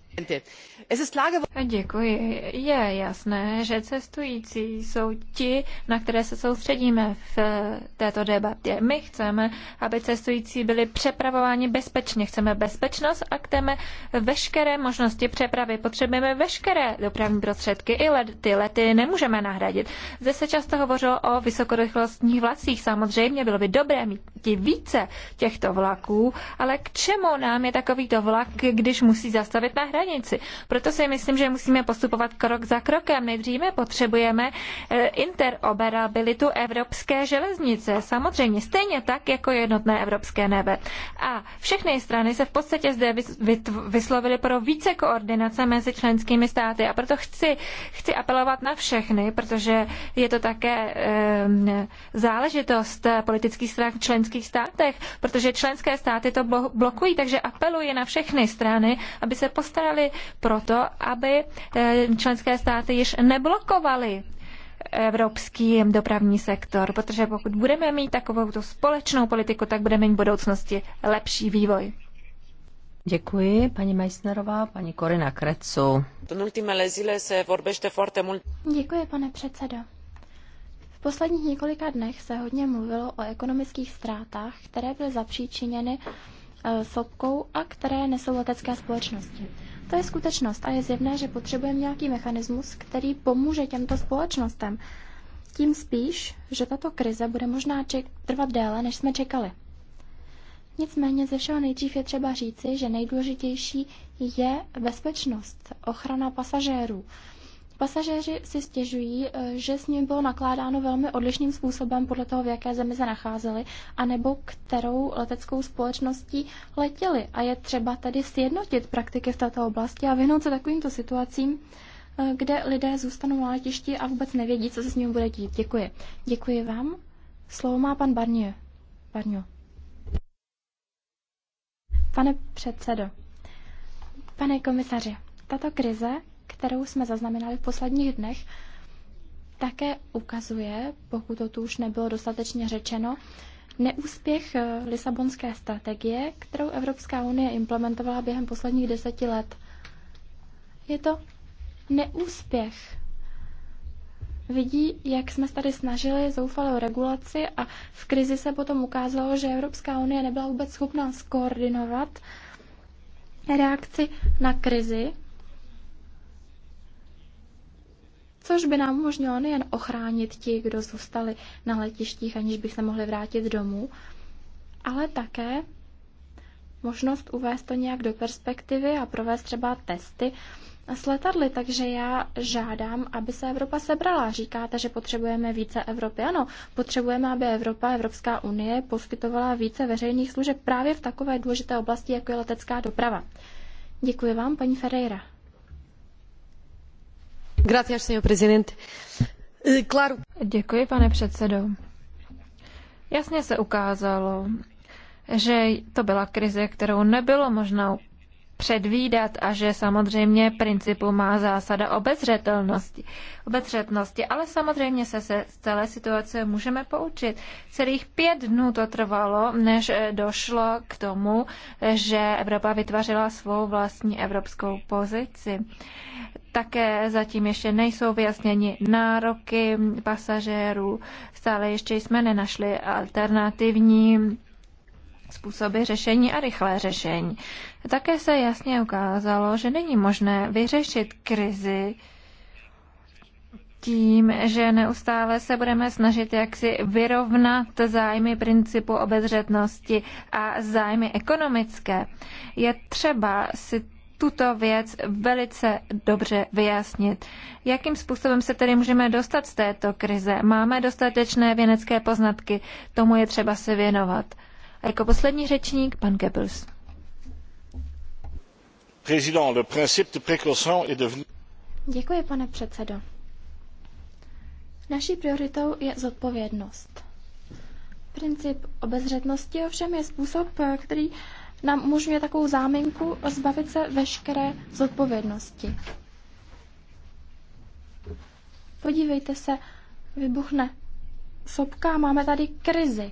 Děkuji. Je jasné, že cestující jsou ti, na které se soustředíme v eh, této debatě. My chceme, aby cestující byli přepravováni bezpečně. Chceme bezpečnost a chceme veškeré možnosti přepravy. Potřebujeme veškeré dopravní prostředky. I lety, lety nemůžeme nahradit. Zde se často hovořilo o vysokorychlostních vlacích. Samozřejmě bylo by dobré mít více těchto vlaků, ale k čemu nám je takovýto vlak, když musí zastavit na hranici? proto si myslím, že musíme postupovat krok za krokem. Nejdříve potřebujeme eh, interoperabilitu evropské železnice, samozřejmě stejně tak jako jednotné evropské nebe. A všechny strany se v podstatě zde vyslovily pro více koordinace mezi členskými státy a proto chci, chci apelovat na všechny, protože je to také e, záležitost politických stran v členských státech, protože členské státy to blokují, takže apeluji na všechny strany, aby se postarali pro to, aby eh, členské státy již neblokovaly evropský dopravní sektor, protože pokud budeme mít takovou tu společnou politiku, tak budeme mít v budoucnosti lepší vývoj. Děkuji, paní Meissnerová, paní Korina Krecu. Děkuji, pane předsedo. V posledních několika dnech se hodně mluvilo o ekonomických ztrátách, které byly zapříčiněny eh, sopkou a které nesou letecké společnosti. To je skutečnost a je zjevné, že potřebujeme nějaký mechanismus, který pomůže těmto společnostem. Tím spíš, že tato krize bude možná ček- trvat déle, než jsme čekali. Nicméně ze všeho nejdřív je třeba říci, že nejdůležitější je bezpečnost, ochrana pasažérů. Pasažéři si stěžují, eh, že s nimi bylo nakládáno velmi odlišným způsobem podle toho, v jaké zemi se nacházeli, anebo kterou leteckou společností letěli. A je třeba tedy sjednotit praktiky v této oblasti a vyhnout se takovýmto situacím, eh, kde lidé zůstanou na letišti a vůbec nevědí, co se s ním bude dít. Děkuji. Děkuji vám. Slovo má pan Barnier. Barnier. Pane předsedo, pane komisaři, tato krize kterou jsme zaznamenali v posledních dnech, také ukazuje, pokud to tu už nebylo dostatečně řečeno, neúspěch eh, Lisabonské strategie, kterou Evropská unie implementovala během posledních deseti let. Je to neúspěch. Vidí, jak jsme tady snažili zoufalou regulaci a v krizi se potom ukázalo, že Evropská unie nebyla vůbec schopná skoordinovat reakci na krizi což by nám umožnilo nejen ochránit ti, kdo zůstali na letištích, aniž by se mohli vrátit domů, ale také možnost uvést to nějak do perspektivy a provést třeba testy s letadly. Takže já žádám, aby se Evropa sebrala. Říkáte, že potřebujeme více Evropy. Ano, potřebujeme, aby Evropa, Evropská unie poskytovala více veřejných služeb právě v takové důležité oblasti, jako je letecká doprava. Děkuji vám, paní Ferreira. Eh, Děkuji, pane předsedo. Jasně se ukázalo, že to byla krize, kterou nebylo možno předvídat a že samozřejmě principu má zásada obezřetelnosti. obezřetnosti. Ale samozřejmě se, se z celé situace můžeme poučit. Celých pět dnů to trvalo, než došlo k tomu, že Evropa vytvořila svou vlastní evropskou pozici. Také zatím ještě nejsou vyjasněni nároky pasažérů. Stále ještě jsme nenašli alternativní způsoby řešení a rychlé řešení. Také se jasně ukázalo, že není možné vyřešit krizi tím, že neustále se budeme snažit jaksi vyrovnat zájmy principu obezřetnosti a zájmy ekonomické. Je třeba si tuto věc velice dobře vyjasnit. Jakým způsobem se tedy můžeme dostat z této krize? Máme dostatečné vědecké poznatky, tomu je třeba se věnovat. A jako poslední řečník, pan Goebbels. Děkuji, pane předsedo. Naší prioritou je zodpovědnost. Princip obezřetnosti ovšem je způsob, který nám umožňuje takovou záminku zbavit se veškeré zodpovědnosti. Podívejte se, vybuchne sopka, máme tady krizi.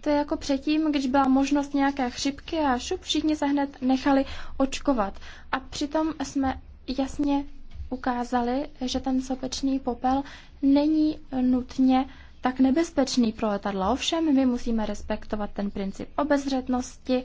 To je jako předtím, když byla možnost nějaké chřipky a šup, všichni se hned nechali očkovat. A přitom jsme jasně ukázali, že ten sopečný popel není nutně tak nebezpečný pro letadlo. Ovšem, my musíme respektovat ten princip obezřetnosti,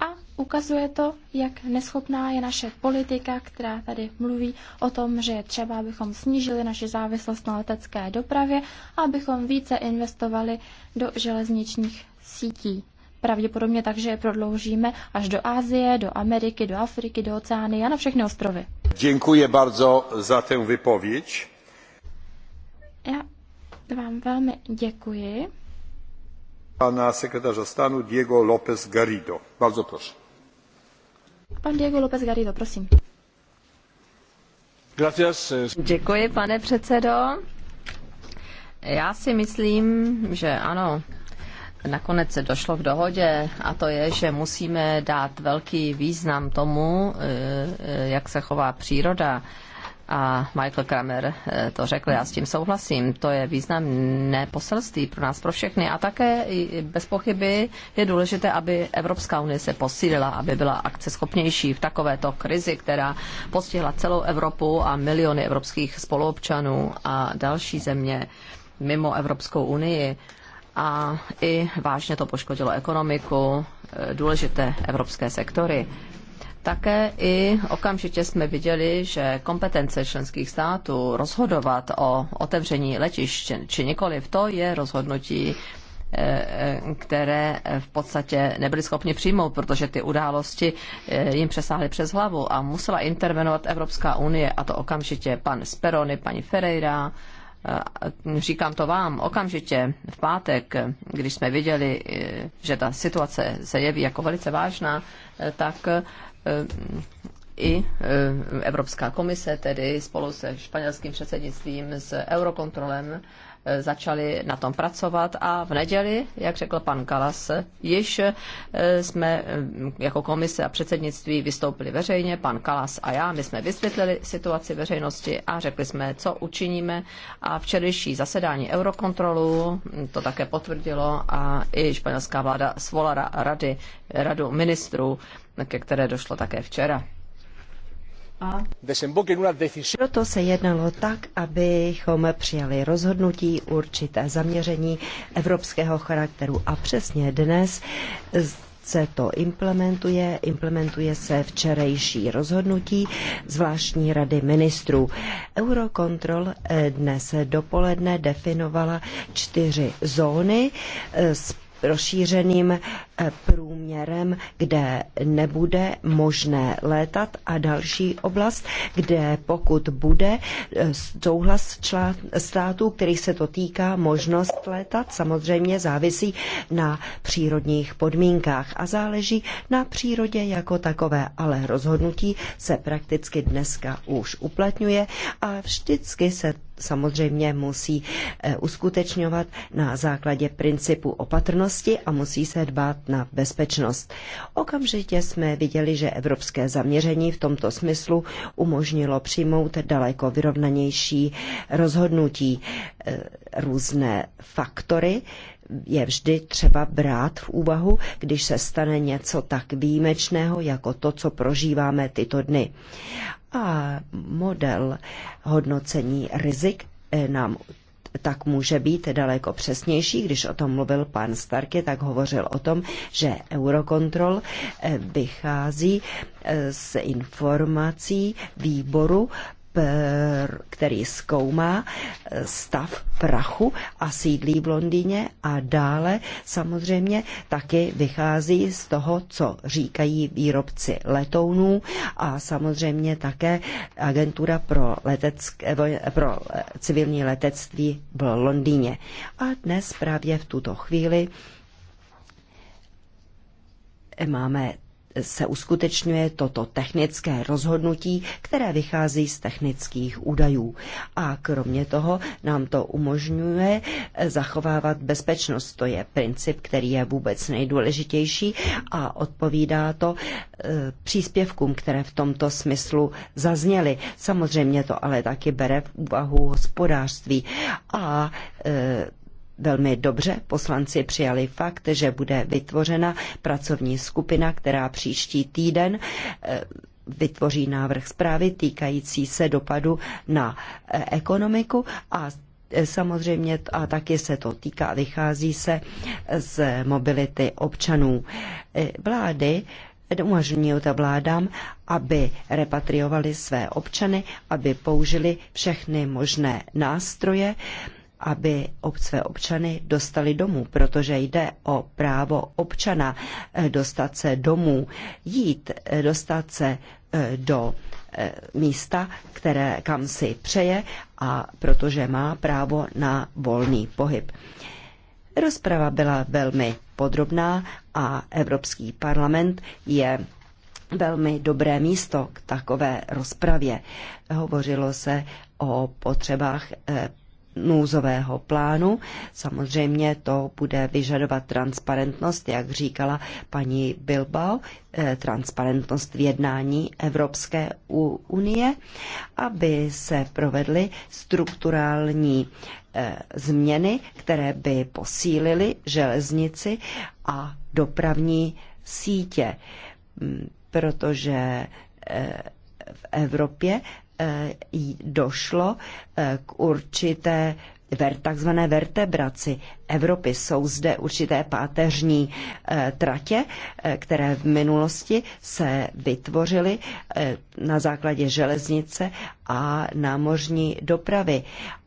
a ukazuje to, jak neschopná je naše politika, která tady mluví o tom, že je třeba, abychom snížili naši závislost na letecké dopravě a abychom více investovali do železničních sítí. Pravděpodobně tak, že je prodloužíme až do Asie, do Ameriky, do Afriky, do oceány a na všechny ostrovy. Děkuji bardzo za tu vypověď. Já vám velmi děkuji. Pana sekretarza stanu Diego López Garrido. Bardzo proszę. Pan Diego López Garrido, prosím. Gracias. Eh, Děkuji, pane předsedo. Já si myslím, že ano, nakonec se došlo k dohodě a to je, že musíme dát velký význam tomu, eh, eh, jak se chová příroda a Michael Kramer eh, to řekl, já s tím souhlasím, to je významné poselství pro nás, pro všechny a také bez pochyby je důležité, aby Evropská unie se posílila, aby byla akceschopnější v takovéto krizi, která postihla celou Evropu a miliony evropských spoluobčanů a další země mimo Evropskou unii a i vážně to poškodilo ekonomiku, eh, důležité evropské sektory. Také i okamžitě jsme viděli, že kompetence členských států rozhodovat o otevření letišť či nikoliv, to je rozhodnutí eh, eh, které v podstatě nebyly schopni přijmout, protože ty události eh, jim přesáhly přes hlavu a musela intervenovat Evropská unie a to okamžitě pan Sperony, paní Ferreira, říkám to vám, okamžitě v pátek, když jsme viděli, že ta situace se jeví jako velice vážná, tak Eh, i eh, Evropská komise, tedy spolu se španělským předsednictvím, s Eurokontrolem, eh, začali na tom pracovat a v neděli, jak řekl pan Kalas, již jsme jako komise a předsednictví vystoupili veřejně, pan Kalas a já, my jsme vysvětlili situaci veřejnosti a řekli jsme, co učiníme a včerejší zasedání Eurokontrolu hm, to také potvrdilo a i španělská vláda svolala rady, radu ministrů ke které došlo také včera. A proto se jednalo tak, abychom přijali rozhodnutí určité zaměření evropského charakteru. A přesně dnes se to implementuje, implementuje se včerejší rozhodnutí zvláštní rady ministrů. Eurokontrol eh, dnes dopoledne definovala čtyři zóny eh, s rozšířeným eh, průměrem, kde nebude možné létat a další oblast, kde pokud bude eh, souhlas států, který se to týká, možnost létat samozřejmě závisí na přírodních podmínkách a záleží na přírodě jako takové, ale rozhodnutí se prakticky dneska už uplatňuje a vždycky se samozřejmě musí eh, uskutečňovat na základě principu opatrnosti a musí se dbát na bezpečnost. Okamžitě jsme viděli, že evropské zaměření v tomto smyslu umožnilo přijmout daleko vyrovnanější rozhodnutí eh, různé faktory, je vždy třeba brát v úvahu, když se stane něco tak výjimečného, jako to, co prožíváme tyto dny. A model hodnocení rizik eh, nám tak může být daleko přesnější. Když o tom mluvil pan Starky, tak hovořil o tom, že Eurokontrol eh, vychází eh, z informací výboru který zkoumá eh, stav prachu a sídlí v Londýně a dále samozřejmě taky vychází z toho, co říkají výrobci letounů a samozřejmě také agentura pro, letecké, eh, pro eh, civilní letectví v Londýně. A dnes právě v tuto chvíli máme se uskutečňuje toto technické rozhodnutí, které vychází z technických údajů. A kromě toho nám to umožňuje eh, zachovávat bezpečnost. To je princip, který je vůbec nejdůležitější a odpovídá to eh, příspěvkům, které v tomto smyslu zazněly. Samozřejmě to ale taky bere v úvahu hospodářství a eh, velmi dobře poslanci přijali fakt, že bude vytvořena pracovní skupina, která příští týden eh, vytvoří návrh zprávy týkající se dopadu na eh, ekonomiku a eh, samozřejmě a taky se to týká, vychází se z mobility občanů. Vlády umožňují to vládám, aby repatriovali své občany, aby použili všechny možné nástroje, aby své občany dostali domů, protože jde o právo občana eh, dostat se domů, jít, eh, dostat se eh, do místa, které, kam si přeje a protože má právo na volný pohyb. Rozprava byla velmi podrobná a Evropský parlament je velmi dobré místo k takové rozpravě. Hovořilo se o potřebách nouzového plánu. Samozřejmě to bude vyžadovat transparentnost, jak říkala paní Bilbao, eh, transparentnost v jednání Evropské unie, aby se provedly strukturální eh, změny, které by posílily železnici a dopravní sítě, mm, protože eh, v Evropě Eh, došlo eh, k určité takzvané vertebraci Evropy. Jsou zde určité páteřní eh, tratě, které v minulosti se vytvořily na základě železnice a námořní dopravy.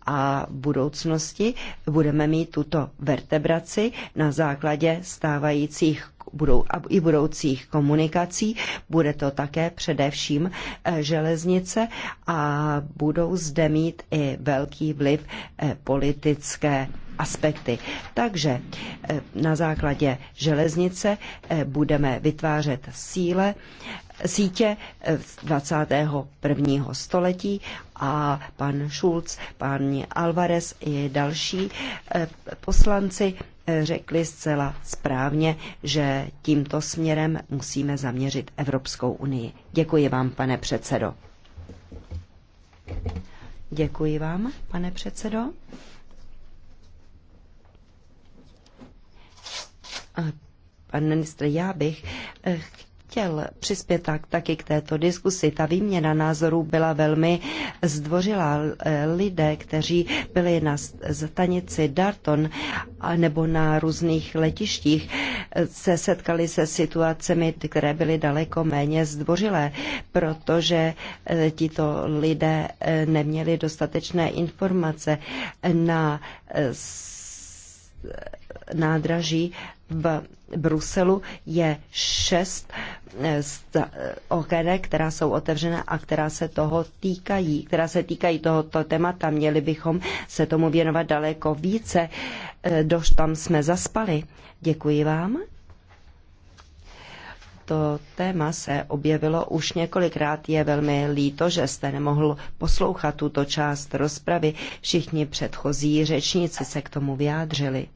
A v budoucnosti budeme mít tuto vertebraci na základě stávajících budou, i budoucích komunikací. Bude to také především eh, železnice a budou zde mít i velký vliv eh, politické aspekty. Takže eh, na základě železnice budeme vytvářet síle, sítě 21. století a pan Schulz, pan Alvarez i další poslanci řekli zcela správně, že tímto směrem musíme zaměřit Evropskou unii. Děkuji vám, pane předsedo. Děkuji vám, pane předsedo. Pane, pan ministr, já bych chtěl eh, chtěl přispět tak, taky k této diskusi. Ta výměna názorů byla velmi zdvořilá. Lidé, kteří byli na stanici Darton nebo na různých letištích, se setkali se situacemi, které byly daleko méně zdvořilé, protože eh, tito lidé eh, neměli dostatečné informace na eh, nádraží v Bruselu je šest eh, eh, okének, která jsou otevřena a která se toho týkají, která se týkají tohoto témata. Měli bychom se tomu věnovat daleko více, eh, dož tam jsme zaspali. Děkuji vám. To téma se objevilo už několikrát. Je velmi líto, že jste nemohl poslouchat tuto část rozpravy. Všichni předchozí řečníci se k tomu vyjádřili.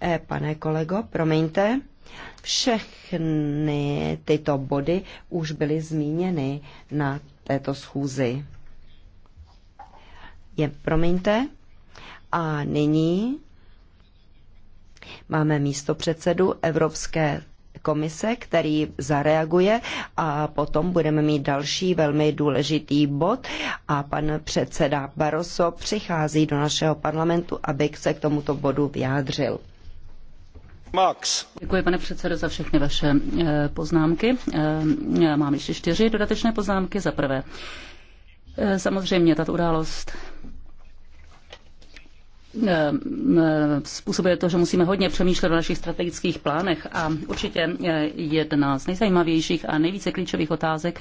Eh, pane kolego, promiňte, všechny tyto body už byly zmíněny na této schůzi. Je, promiňte. A nyní máme místo předsedu Evropské komise, který zareaguje a potom budeme mít další velmi důležitý bod a pan předseda Barroso přichází do našeho parlamentu, aby se k tomuto bodu vyjádřil. Děkuji, pane předsedo, za všechny vaše eh, poznámky. Eh, mám ještě čtyři dodatečné poznámky. Za prvé, eh, samozřejmě tato událost způsobuje to, že musíme hodně přemýšlet o našich strategických plánech a určitě jedna z nejzajímavějších a nejvíce klíčových otázek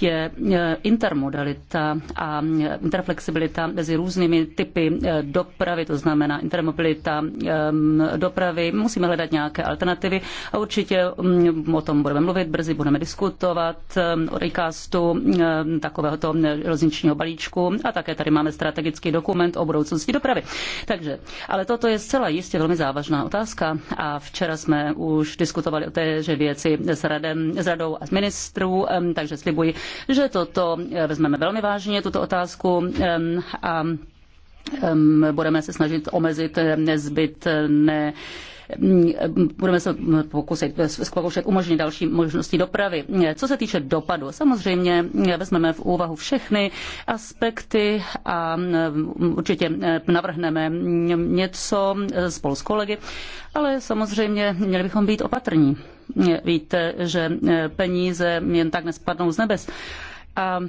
je e, intermodalita a interflexibilita mezi různými typy e, dopravy, to znamená intermobilita e, dopravy. Musíme hledat nějaké alternativy a určitě o tom budeme mluvit brzy, budeme diskutovat o recastu takovéhoto rozničního balíčku a také tady máme strategický dokument o budoucnosti dopravy. Takže, ale toto je zcela jistě velmi závažná otázka a včera jsme už diskutovali o téže věci s, radem, s radou a s ministrů, takže slibuji, že toto eh, vezmeme velmi vážně, tuto otázku a budeme se snažit omezit eh, nezbytné eh, budeme se pokusit zkoušet umožnit další možnosti dopravy. Co se týče dopadu, samozřejmě vezmeme v úvahu všechny aspekty a mm, určitě navrhneme něco spolu s kolegy, ale samozřejmě měli bychom být opatrní Víte, že peníze jen tak nespadnou z nebes. A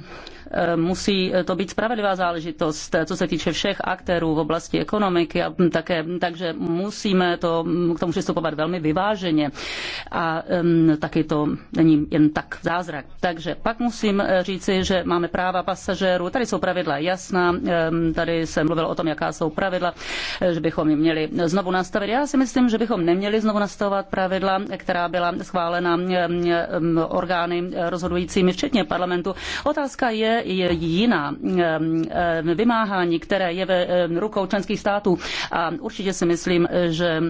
Eh, musí eh, to být spravedlivá záležitost, eh, co se týče všech aktérů v oblasti ekonomiky a také, takže musíme to, mm, k tomu přistupovat velmi vyváženě a taky to není jen tak zázrak. Takže pak musím říci, že máme práva pasažérů, tady jsou pravidla jasná, tady jsem mluvil o tom, jaká jsou pravidla, že bychom je měli znovu nastavit. Já si myslím, že bychom neměli znovu nastavovat pravidla, která byla schválena orgány rozhodujícími, včetně parlamentu. Otázka je, je jiná ehm, ehm, vymáhání, které je ve ehm, rukou členských států a určitě si myslím, že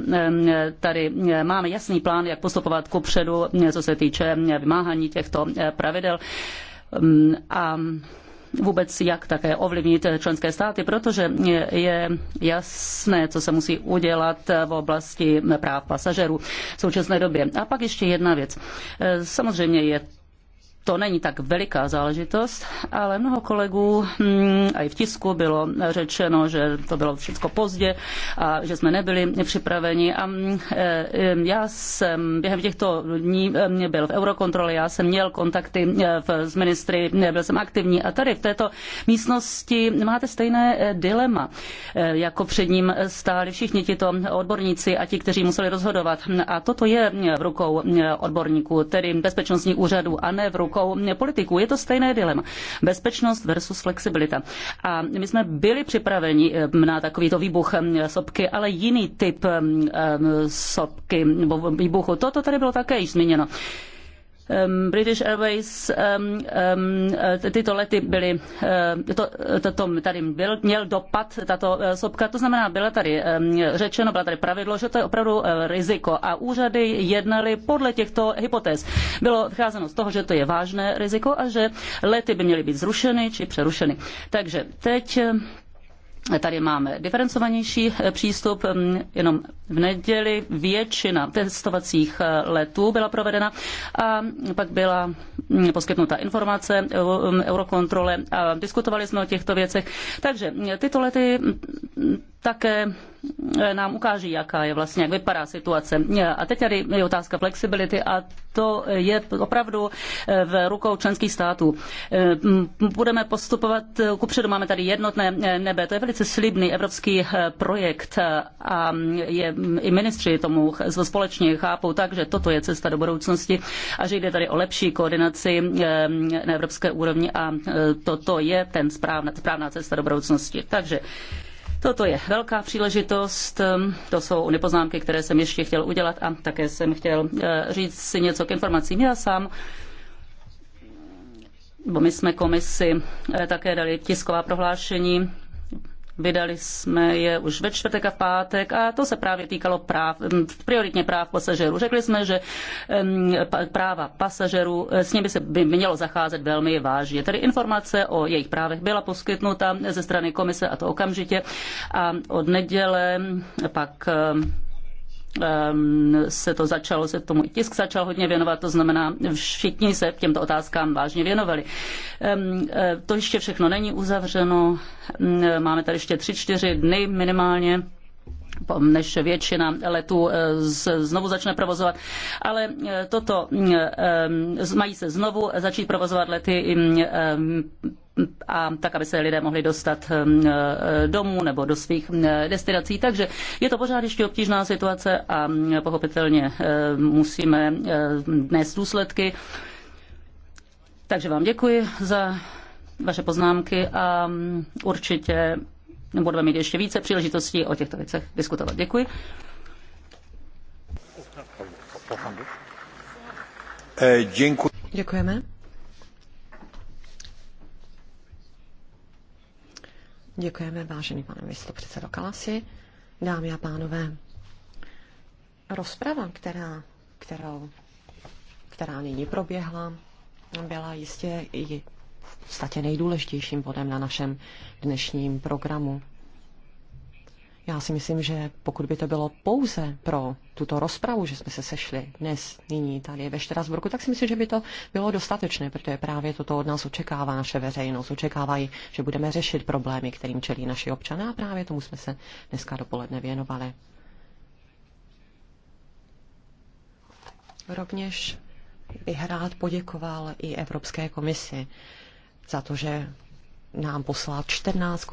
tady máme jasný plán, jak postupovat kupředu, co se týče vymáhání těchto pravidel. A vůbec jak také ovlivnit členské státy, protože je jasné, co se musí udělat eh, v oblasti práv pasažerů v současné době. A pak ještě jedna věc. Eh, samozřejmě je to není tak veliká záležitost, ale mnoho kolegů mm, a i v tisku bylo řečeno, že to bylo všechno pozdě a že jsme nebyli připraveni. A mm, e, e, já jsem během těchto dní e, byl v Eurokontrole, já jsem měl kontakty s ministry, byl jsem aktivní a tady v této místnosti máte stejné dilema, jako před ním stáli všichni tito odborníci a ti, kteří museli rozhodovat. A toto je v rukou odborníků, tedy bezpečnostních úřadů a ne v rukou rukou politiků. Je to stejné dilema. Bezpečnost versus flexibilita. A my jsme byli připraveni eh, na takovýto výbuch eh, sopky, ale jiný typ eh, sopky nebo výbuchu. Toto tady bylo také již zmíněno. Um, British Airways, um, um, tyto lety byly, uh, to, to, to tady byl, měl dopad tato uh, sopka, to znamená, byla tady řečeno, byla tady pravidlo, že to je opravdu uh, riziko a úřady jednaly podle těchto hypotéz. Bylo vycházeno z toho, že to je vážné riziko a že lety by měly být zrušeny či přerušeny. Takže teď Tady máme diferencovanější eh, přístup, mm, jenom v neděli většina testovacích eh, letů byla provedena a pak byla mm, poskytnuta informace mm, Eurokontrole a diskutovali jsme o těchto věcech. Takže tyto lety také eh, nám ukáží, jaká je vlastně, jak vypadá situace. A teď tady je otázka flexibility a to je opravdu eh, v rukou členských států. Eh, budeme postupovat kupředu, máme tady jednotné nebe, to je velice slibný evropský projekt a je, mm, i ministři tomu společně chápou tak, že toto je cesta do budoucnosti a že jde tady o lepší koordinaci na evropské úrovni a toto je ten správná, správná cesta do budoucnosti. Takže Toto je velká příležitost, ehm, to jsou nepoznámky, které jsem ještě chtěl udělat a také jsem chtěl eh, říct si něco k informacím. Já sám bo my jsme komisi eh, také dali tisková prohlášení Vydali jsme je už ve čtvrtek a v pátek a to se právě týkalo práv, mm, prioritně práv pasažerů. Řekli jsme, že mm, práva pasažerů, eh, s nimi se by mělo zacházet velmi vážně. Tedy informace o jejich právech byla poskytnuta ze strany komise a to okamžitě. A od neděle pak eh, Ehm, se to začalo, se tomu i tisk začal hodně věnovat, to znamená, všichni se těmto otázkám vážně věnovali. Ehm, e, to ještě všechno není uzavřeno, ehm, máme tady ještě tři, čtyři dny minimálně než většina letů e, znovu začne provozovat. Ale e, toto mm, mají se znovu začít provozovat lety mm, a tak, aby se lidé mohli dostat hm, eh, domů nebo do svých hm, destinací. Takže je to pořád ještě obtížná situace a hm, pochopitelně eh, musíme dnes eh, důsledky. Takže vám děkuji za vaše poznámky a určitě budeme mít ještě více příležitostí o těchto věcech diskutovat. Děkuji. Děkuji. Děkujeme. Děkujeme, vážený pane předsedo Kalasi. Dámy a pánové, rozprava, která, kterou, která nyní proběhla, byla jistě i v podstatě nejdůležitějším bodem na našem dnešním programu. Já si myslím, že pokud by to bylo pouze pro tuto rozpravu, že jsme se sešli dnes, nyní tady ve Štrasburku, tak si myslím, že by to bylo dostatečné, protože právě toto od nás očekává naše veřejnost. Očekávají, že budeme řešit problémy, kterým čelí naši občané a právě tomu jsme se dneska dopoledne věnovali. Rovněž bych rád poděkoval i Evropské komisi za to, že nám poslal 14